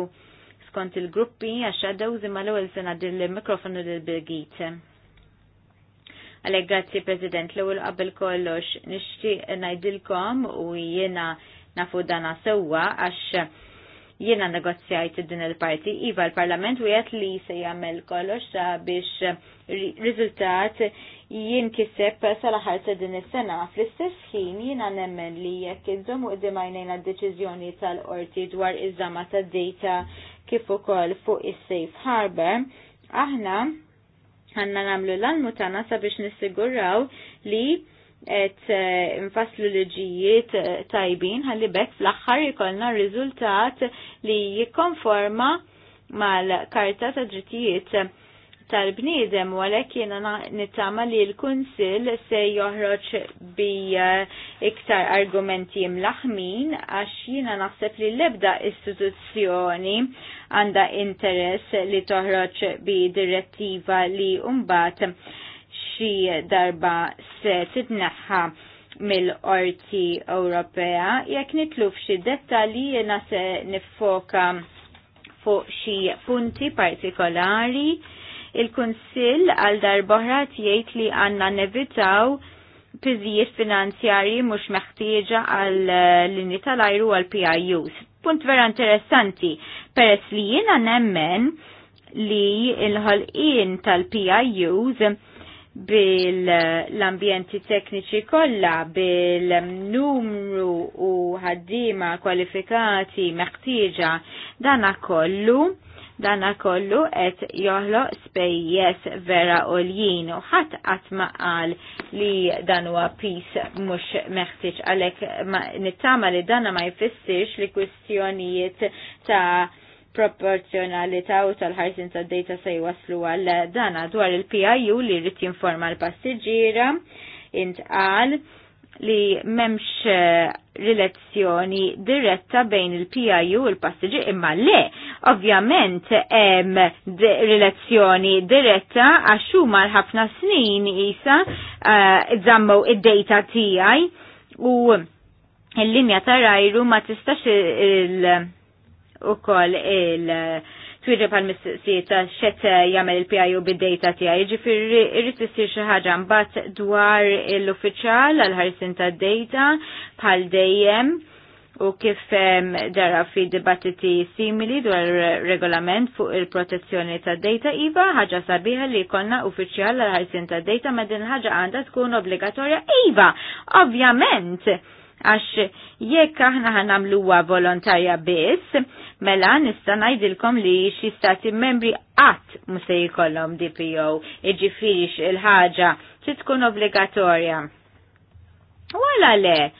skont il-gruppi għax għaddew imma l-ewwel sena din il mikrofon il bilgit Għalek grazzi President, l-ewwel qabel kollox nishtiq ngħidilkom u jiena nafu dana sewwa għax jiena negozjajt din il-parti, iva l-Parlament wieħed li se jagħmel kollox biex riżultat jien sal-aħħar ta' din is-sena. Fl-istess ħin jiena nemmen li jekk iżommu qdimajnejna d-deċiżjoni tal-qorti dwar iż-żama tad-data kif ukoll fuq is-safe harbor, aħna għanna namlu l almutana tana sabiex nissiguraw li et infaslu eh, liġijiet eh, tajbin għalli bekk fl-axħar jkollna riżultat li jikkonforma mal-karta ta' drittijiet tal-bniedem u għalhekk jiena nittama li l-Kunsill se joħroġ bi eh, iktar argumenti mlaħmin għax jiena naħseb li l-ebda istituzzjoni għandha interess li toħroġ bi direttiva li mbagħad xi darba se titnaħħa mill-Qorti Ewropea, jekk nitluf xi dettalji jiena se nifoka fuq xi punti partikolari. Il-Kunsill għal darbohra jgħid li għandna nevitaw piżijiet finanzjarji mhux meħtieġa għal linji tal-ajru għal PIUs. Punt vera interessanti, peress li jiena nemmen li l-ħolqien tal-PIUs bil-ambjenti tekniċi kollha bil-numru u ħaddiema kwalifikati meħtieġa dana kollu dana kollu qed joħloq spejjeż vera oljin u ħadd qatt ma qal li dan huwa pis mhux meħtieġ għalhekk nittama li dana ma jfissirx li kwistjonijiet ta' proporzjonalità u tal-ħarsin tad data se jwaslu għal dana dwar il-PIU li rrit jinforma l-passiġġiera intqal li memx eh, relazzjoni diretta bejn il-PIU u l-passiġġier imma le, ovvjament hemm relazzjoni diretta għax huma l-ħafna snin isa żammu eh, id-data tiegħi u l-linja ta' rajru ma tistax il- u kol il- Twitter pal mistiqsijiet ta' xet jagħmel il-PIU bid-data tiegħi, jiġifieri irrid issir xi ħaġa mbagħad dwar l-uffiċjal għal ħarsin tad-data bħal dejjem u kif ehm, dara fi dibattiti simili dwar regolament fuq il-protezzjoni tad-data iva ħaġa sabiħa li konna uffiċjal għal ħarsin tad-data ma din ħaġa għandha tkun obbligatorja iva, ovvjament għax jekk aħna ħanamluwa volontarja biss, mela nista' ngħidilkom li xi stati membri qatt mhux jkollhom DPO, iġifieri il-ħaġa trid tkun obbligatorja. Wala le,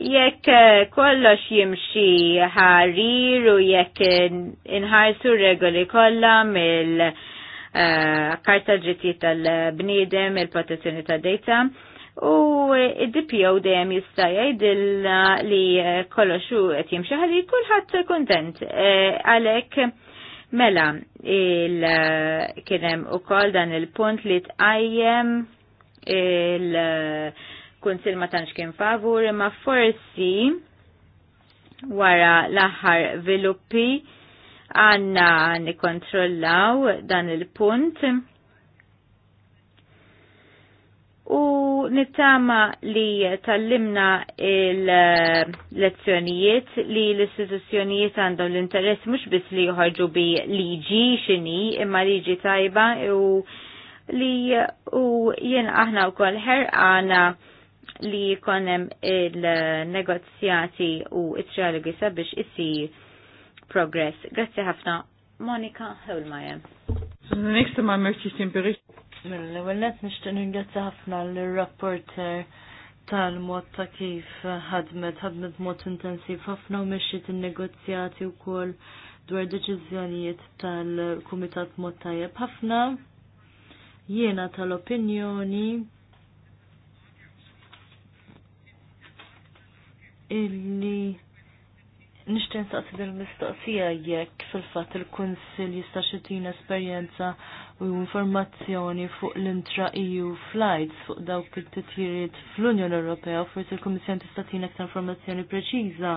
jekk eh, kollox jimxi ħarir u jekk inħarsu regoli kollha mill eh, karta ġittijiet tal-bniedem, il-protezzjoni tad-dejta, U id-DPO dejjem jista' jgħidilna li kollox u qed jimxi ħalli kulħadd kuntent. E, għalhekk mela il kien hemm ukoll dan il-punt li tqajjem il kunsil ma tantx kien favur ma forsi wara l-aħħar viluppi għanna nikkontrollaw dan il-punt u nittama li tallimna il-lezzjonijiet li l-istituzzjonijiet għandhom l-interess mux bis li juħarġu bi liġi xini imma liġi tajba u li u jien aħna u kol għana li konem il-negozjati u it-trialogi sabiex issi progress. Grazie ħafna. Monika Hewlmajer. Zunächst einmal möchte ich den Bericht mill-ewwel qed nixtieq ningrazzja ħafna lir-rapporter tal-mod ta' kif ħadmet, ħadmet mod intensiv ħafna u mexxiet in-negozjati wkoll dwar deċiżjonijiet tal-Kumitat mod tajjeb ħafna. Jiena tal-opinjoni illi nixtieq saqsi bil-mistoqsija jekk fil-fatt il-Kunsill jista' xitina esperjenza u informazzjoni fuq l-intra EU flights fuq dawk it-titjiriet fl-Unjoni Ewropea u forsi l-Kummissjoni tista' tina aktar informazzjoni preċiża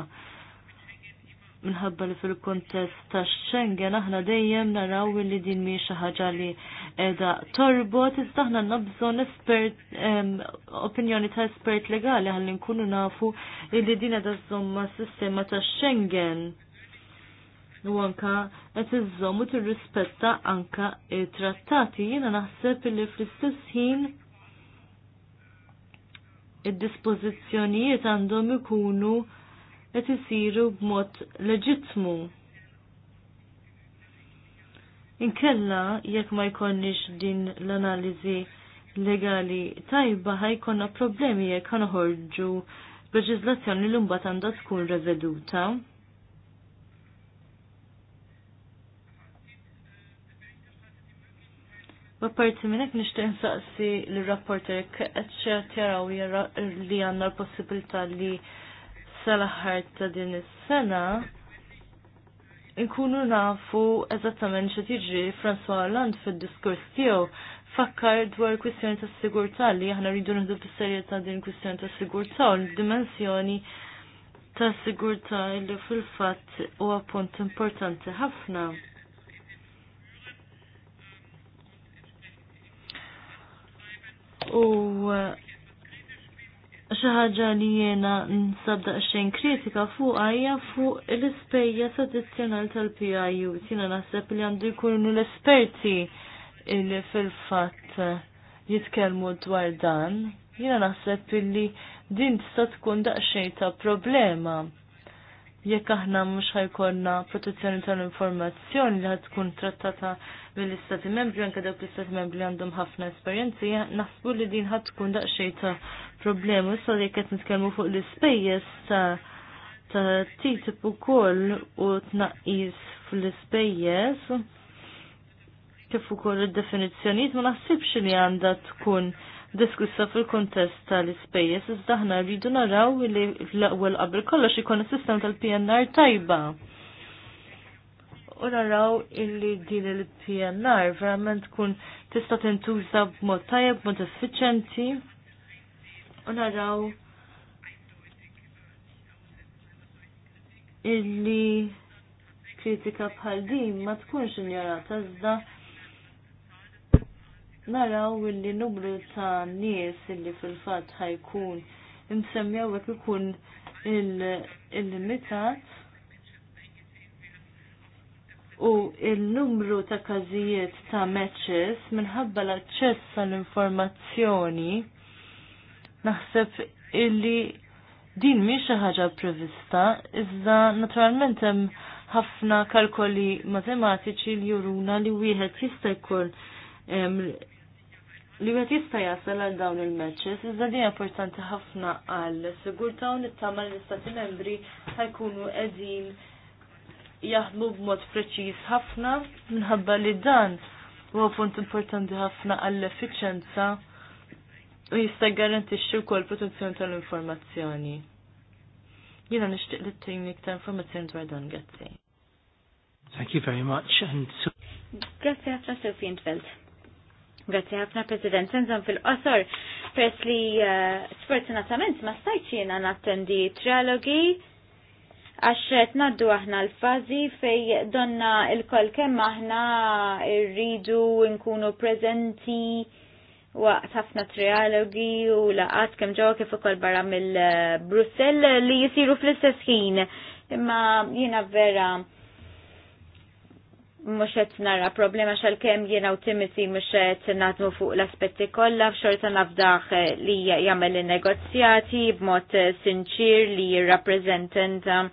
minħabba li fil-kontest ta' Schengen aħna dejjem naraw li din mi xi ħaġa li qiegħda torbot iżda aħna nabżon espert opinjoni ta' espert legali ħalli nkunu nafu li din edha zomma s-sistema ta' Schengen u anka qed iżżomm u tirrispetta anka trattati jiena naħseb li fl-istess ħin id-dispożizzjonijiet għandhom ikunu qed isiru b'mod leġittmu. Inkella jekk ma jkollniex din l-analiżi legali tajba ħajkonna problemi jekk ħanħorġu leġiżlazzjoni li imbagħad għandha tkun reveduta. U parti minnek hekk nixtieq insaqsi l-rapporter qed jaraw li għandna l-possibilità li sal-aħħar ta' din is-sena nkunu nafu eżattament xi jiġri François Hollande fid-diskurs tiegħu fakkar dwar kwistjoni ta' sigurtà li aħna rridu nħdu bis-serjetà din kwistjoni ta' sigurtà u l-dimensjoni ta' sigurtà li fil-fatt huwa punt importanti ħafna. u eh, ħaġa li jiena nsabda xejn kritika fuq hija fuq l-ispejja addizzjonali tal-PIU. Jiena naħseb li għandu jkunu l-esperti li fil-fatt jitkellmu dwar dan. Jiena naħseb li din tista' tkun daqsxejn ta' problema jekk aħna mhux ħajkonna protezzjoni tal-informazzjoni li tkun trattata mill-Istati Membri anke dawk l-Istati Membri għandhom ħafna esperjenzi, naħsbu li din ħadd tkun daqsxejn ta' problemi, issa jekk qed nitkellmu fuq l-ispejjeż ta' ta' TTIP ukoll u tnaqqis fl-ispejjeż kif ukoll id-definizzjonijiet ma naħsibx li għandha tkun diskussa fil-kontest tal-ispejjeż iżda aħna rridu naraw li fl-ewwel qabel kollox ikun is-sistema tal-PNR tajba. U naraw illi din il-PNR verament tkun tista' tintuża b'mod tajjeb, b'mod effiċenti. U naraw illi kritika bħal din ma tkunx injorata iżda naraw illi numru ta' nies illi fil-fatt ħajkun imsemmew hekk ikun il-limitat u il-numru ta' każijiet ta' meċċes minħabba l-aċċess għall-informazzjoni naħseb illi din mhi xi ħaġa prevista, iżda naturalment hemm ħafna kalkoli matematiċi li juruna li wieħed jista' jkun li wieħed jista' jasal għal dawn il-matches, iżda din importanti ħafna għal sigurtà u nittama l-istati membri ħajkunu qegħdin jaħdmu b'mod preċiż ħafna minħabba li dan huwa punt importanti ħafna għall effiċenza u jista' jgarantixxi wkoll protezzjoni tal-informazzjoni. Jiena nixtieq li tgħinni iktar informazzjoni dwar dan għazzi. Thank you very much and Grazie a Sofie Grazie ħafna President Senzon fil-qosor. Pres li eh, sfortunatament ma stajċ jiena nattendi trialogi għaxet naddu aħna l-fazi fej donna il-kol kemm aħna rridu nkunu prezenti waqt ħafna trialogi u laqat kemm ġewwa kif ukoll barra mill-Brussell eh, li jisiru fl-istess ħin. Imma jiena vera muxet nara problema xal kem jena u Timothy muxet nadmu fuq l-aspetti kolla fxorta nafdaħ li jgħamil negozjati b'mod sinċir li jirrapprezenta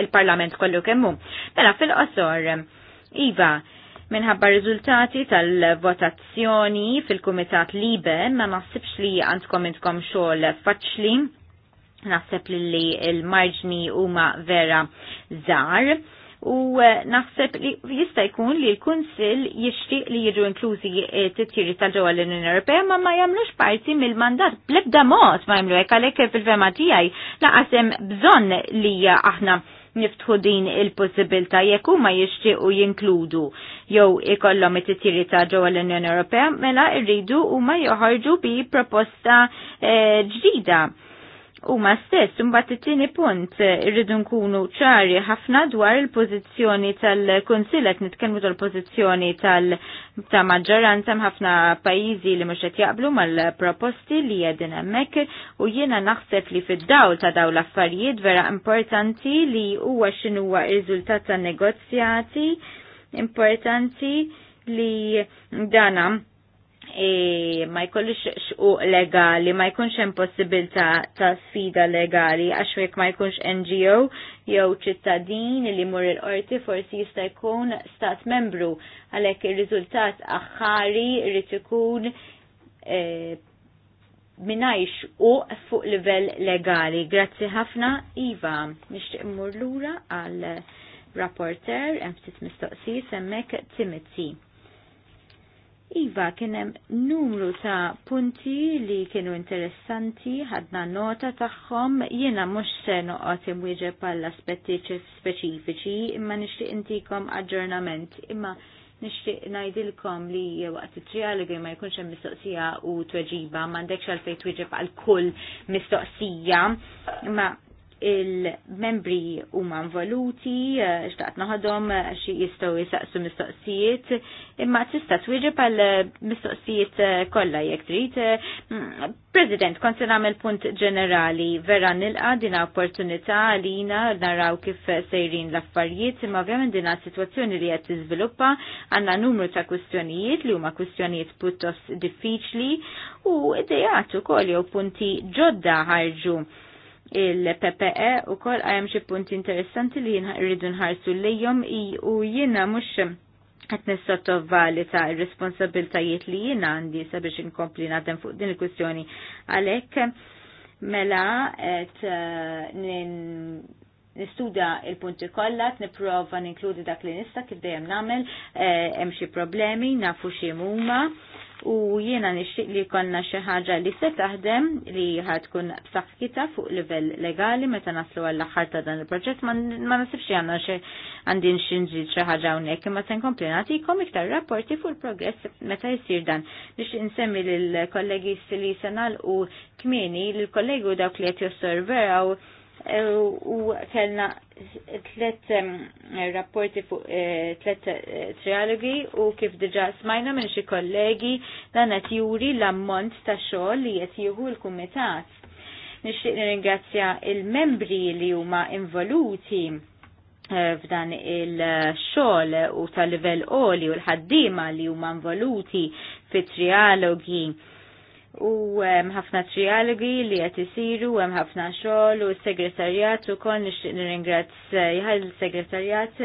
il-parlament kollu kemmu. Mela fil-qosor, Iva, minħabba riżultati tal-votazzjoni fil-Kumitat Libe ma naħsibx li għandkom intkom xogħol faċli, naħseb li l-marġni huma vera żgħar u eh, naħseb li jista' jkun li l-Kunsill jixtieq li jiġu inklużi eh, t-tiri tal-ġewwa l-Unjoni Ewropea ma ma jagħmlux parti mill-mandat bl-ebda mod ma jagħmlu hekk għalhekk fil-fema tiegħi laqas hemm bżonn li eh, aħna niftħu din il-possibilta jekk huma jixtiequ jinkludu jew ikollhom it-titjiri ta' ġewwa l-Unjoni Ewropea mela rridu huma joħorġu bi proposta ġdida. U ma stess, mbagħad it-tieni punt eh, irridu nkunu ċari ħafna dwar il-pożizzjoni tal-Kunsill qed nitkellmu tal-pożizzjoni tal ta' maġġoranza ħafna pajjiżi li mhux qed jaqblu mal-proposti li jedin hemmhekk u jiena naħseb li fid-dawl ta' dawn l-affarijiet vera importanti li huwa x'inhuwa r-riżultat tan-negozjati importanti li dana E, ma jkollix xquq legali, ma jkunx hemm possibilità ta' sfida legali għax jekk ma jkunx NGO jew ċittadin li mur il-qorti forsi jista' jkun stat membru għalhekk ir-riżultat aħħari rrid ikun e, minajx u fuq livell legali. Grazzi ħafna, Iva, nixtieq mmur lura għal rapporter, hemm ftit mistoqsi semmek Timothy. Iva, kienem numru ta' punti li kienu interessanti, ħadna nota tagħhom, jiena mhux se noqgħod imwieġeb pal aspetti speċifiċi, imma nixtieq intikom aġġornament, imma nixtieq ngħidilkom li waqt it-trialogi ma jkunx hemm mistoqsija u tweġiba, m'għandekx għalfejn twieġeb għal kull mistoqsija, imma il-membri huma involuti, eh, xtaqt naħadhom eh, xi jistgħu jisaqsu mistoqsijiet, imma tista' twieġeb għal eh, mistoqsijiet kollha jekk trid. Mm, President, kont se nagħmel punt ġenerali vera nilqa dina opportunità għalina naraw kif sejrin l-affarijiet, imma ovvjament dina situazzjoni li qed tiżviluppa għandna numru ta' kwistjonijiet li huma kwistjonijiet puttost diffiċli u idejat ukoll jew punti ġodda ħarġu il-PPE u kol għajem xie punti interessanti li jien rridu nħarsu lejjom u jina mux għet nissottovali ta' responsabiltajiet li jina għandi sabiex inkompli nadem fuq din il-kwestjoni għalek mela għet nistuda il-punti kollha, nipprova ninkludi dak li nista' kif dejjem nagħmel eh, hemm xi problemi, nafu xi huma u jiena nixtieq li jkollna xi ħaġa li se taħdem li ħadkun b'saħħitha fuq livell legali meta naslu għall aħħar ta' dan il-proġett ma nasibx li għandna xi għandin xi nġid xi ħaġa hawnhekk imma se nkompli nagħtikom iktar rapporti fuq il-progress meta jsir dan. biex insemmi lill kollegi li se nagħlqu kmieni lill kollegi u dawk li qed josserveraw Eh, u kellna tlet rapporti fuq eh, tlet eh, trialogi u kif diġa smajna minn xi kollegi dan qed juri l-ammont ta' xogħol li qed jieħu l-kumitat. Nixtieq nirringrazzja il-membri li huma involuti f'dan il-xogħol u tal-livell qoli u l-ħaddiema li huma involuti fit-trialogi u hemm ħafna trialogi li qed isiru hemm ħafna xogħol u s-segretarjat ukoll nixtieq nirringrazzja l-segretarjat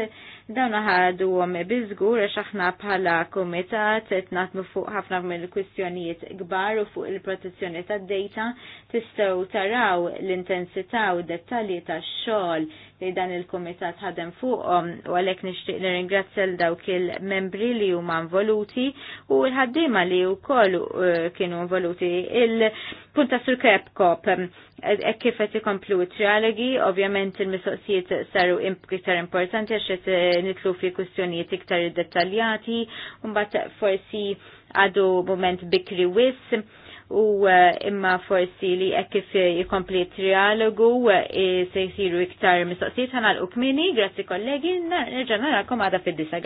dawn ħadu għom għax aħna bħala komitat qed naħdmu fuq ħafna mill-kwistjonijiet kbar u fuq il-protezzjoni tad-data tistgħu taraw l-intensità u dettalji tax-xogħol li dan il-Kumitat ħadem fuqhom u għalhekk nixtieq nirringrazzja l dawk il-membri li huma involuti u l-ħaddiema li wkoll eh, kienu involuti il-punta sur Kepkop eh, kif qed ikomplu trialogi, ovvjament il-mistoqsijiet saru iktar importanti għax qed eh, nitlu fi kwistjonijiet iktar iddettaljati u mbagħad forsi għadu moment bikri wis u eh, imma forsi li hekk kif jikompli trialogu eh, se jsiru iktar mistoqsijiet ħanalqu kmini, grazzi kollegi, nerġa' narakom għada fid-disa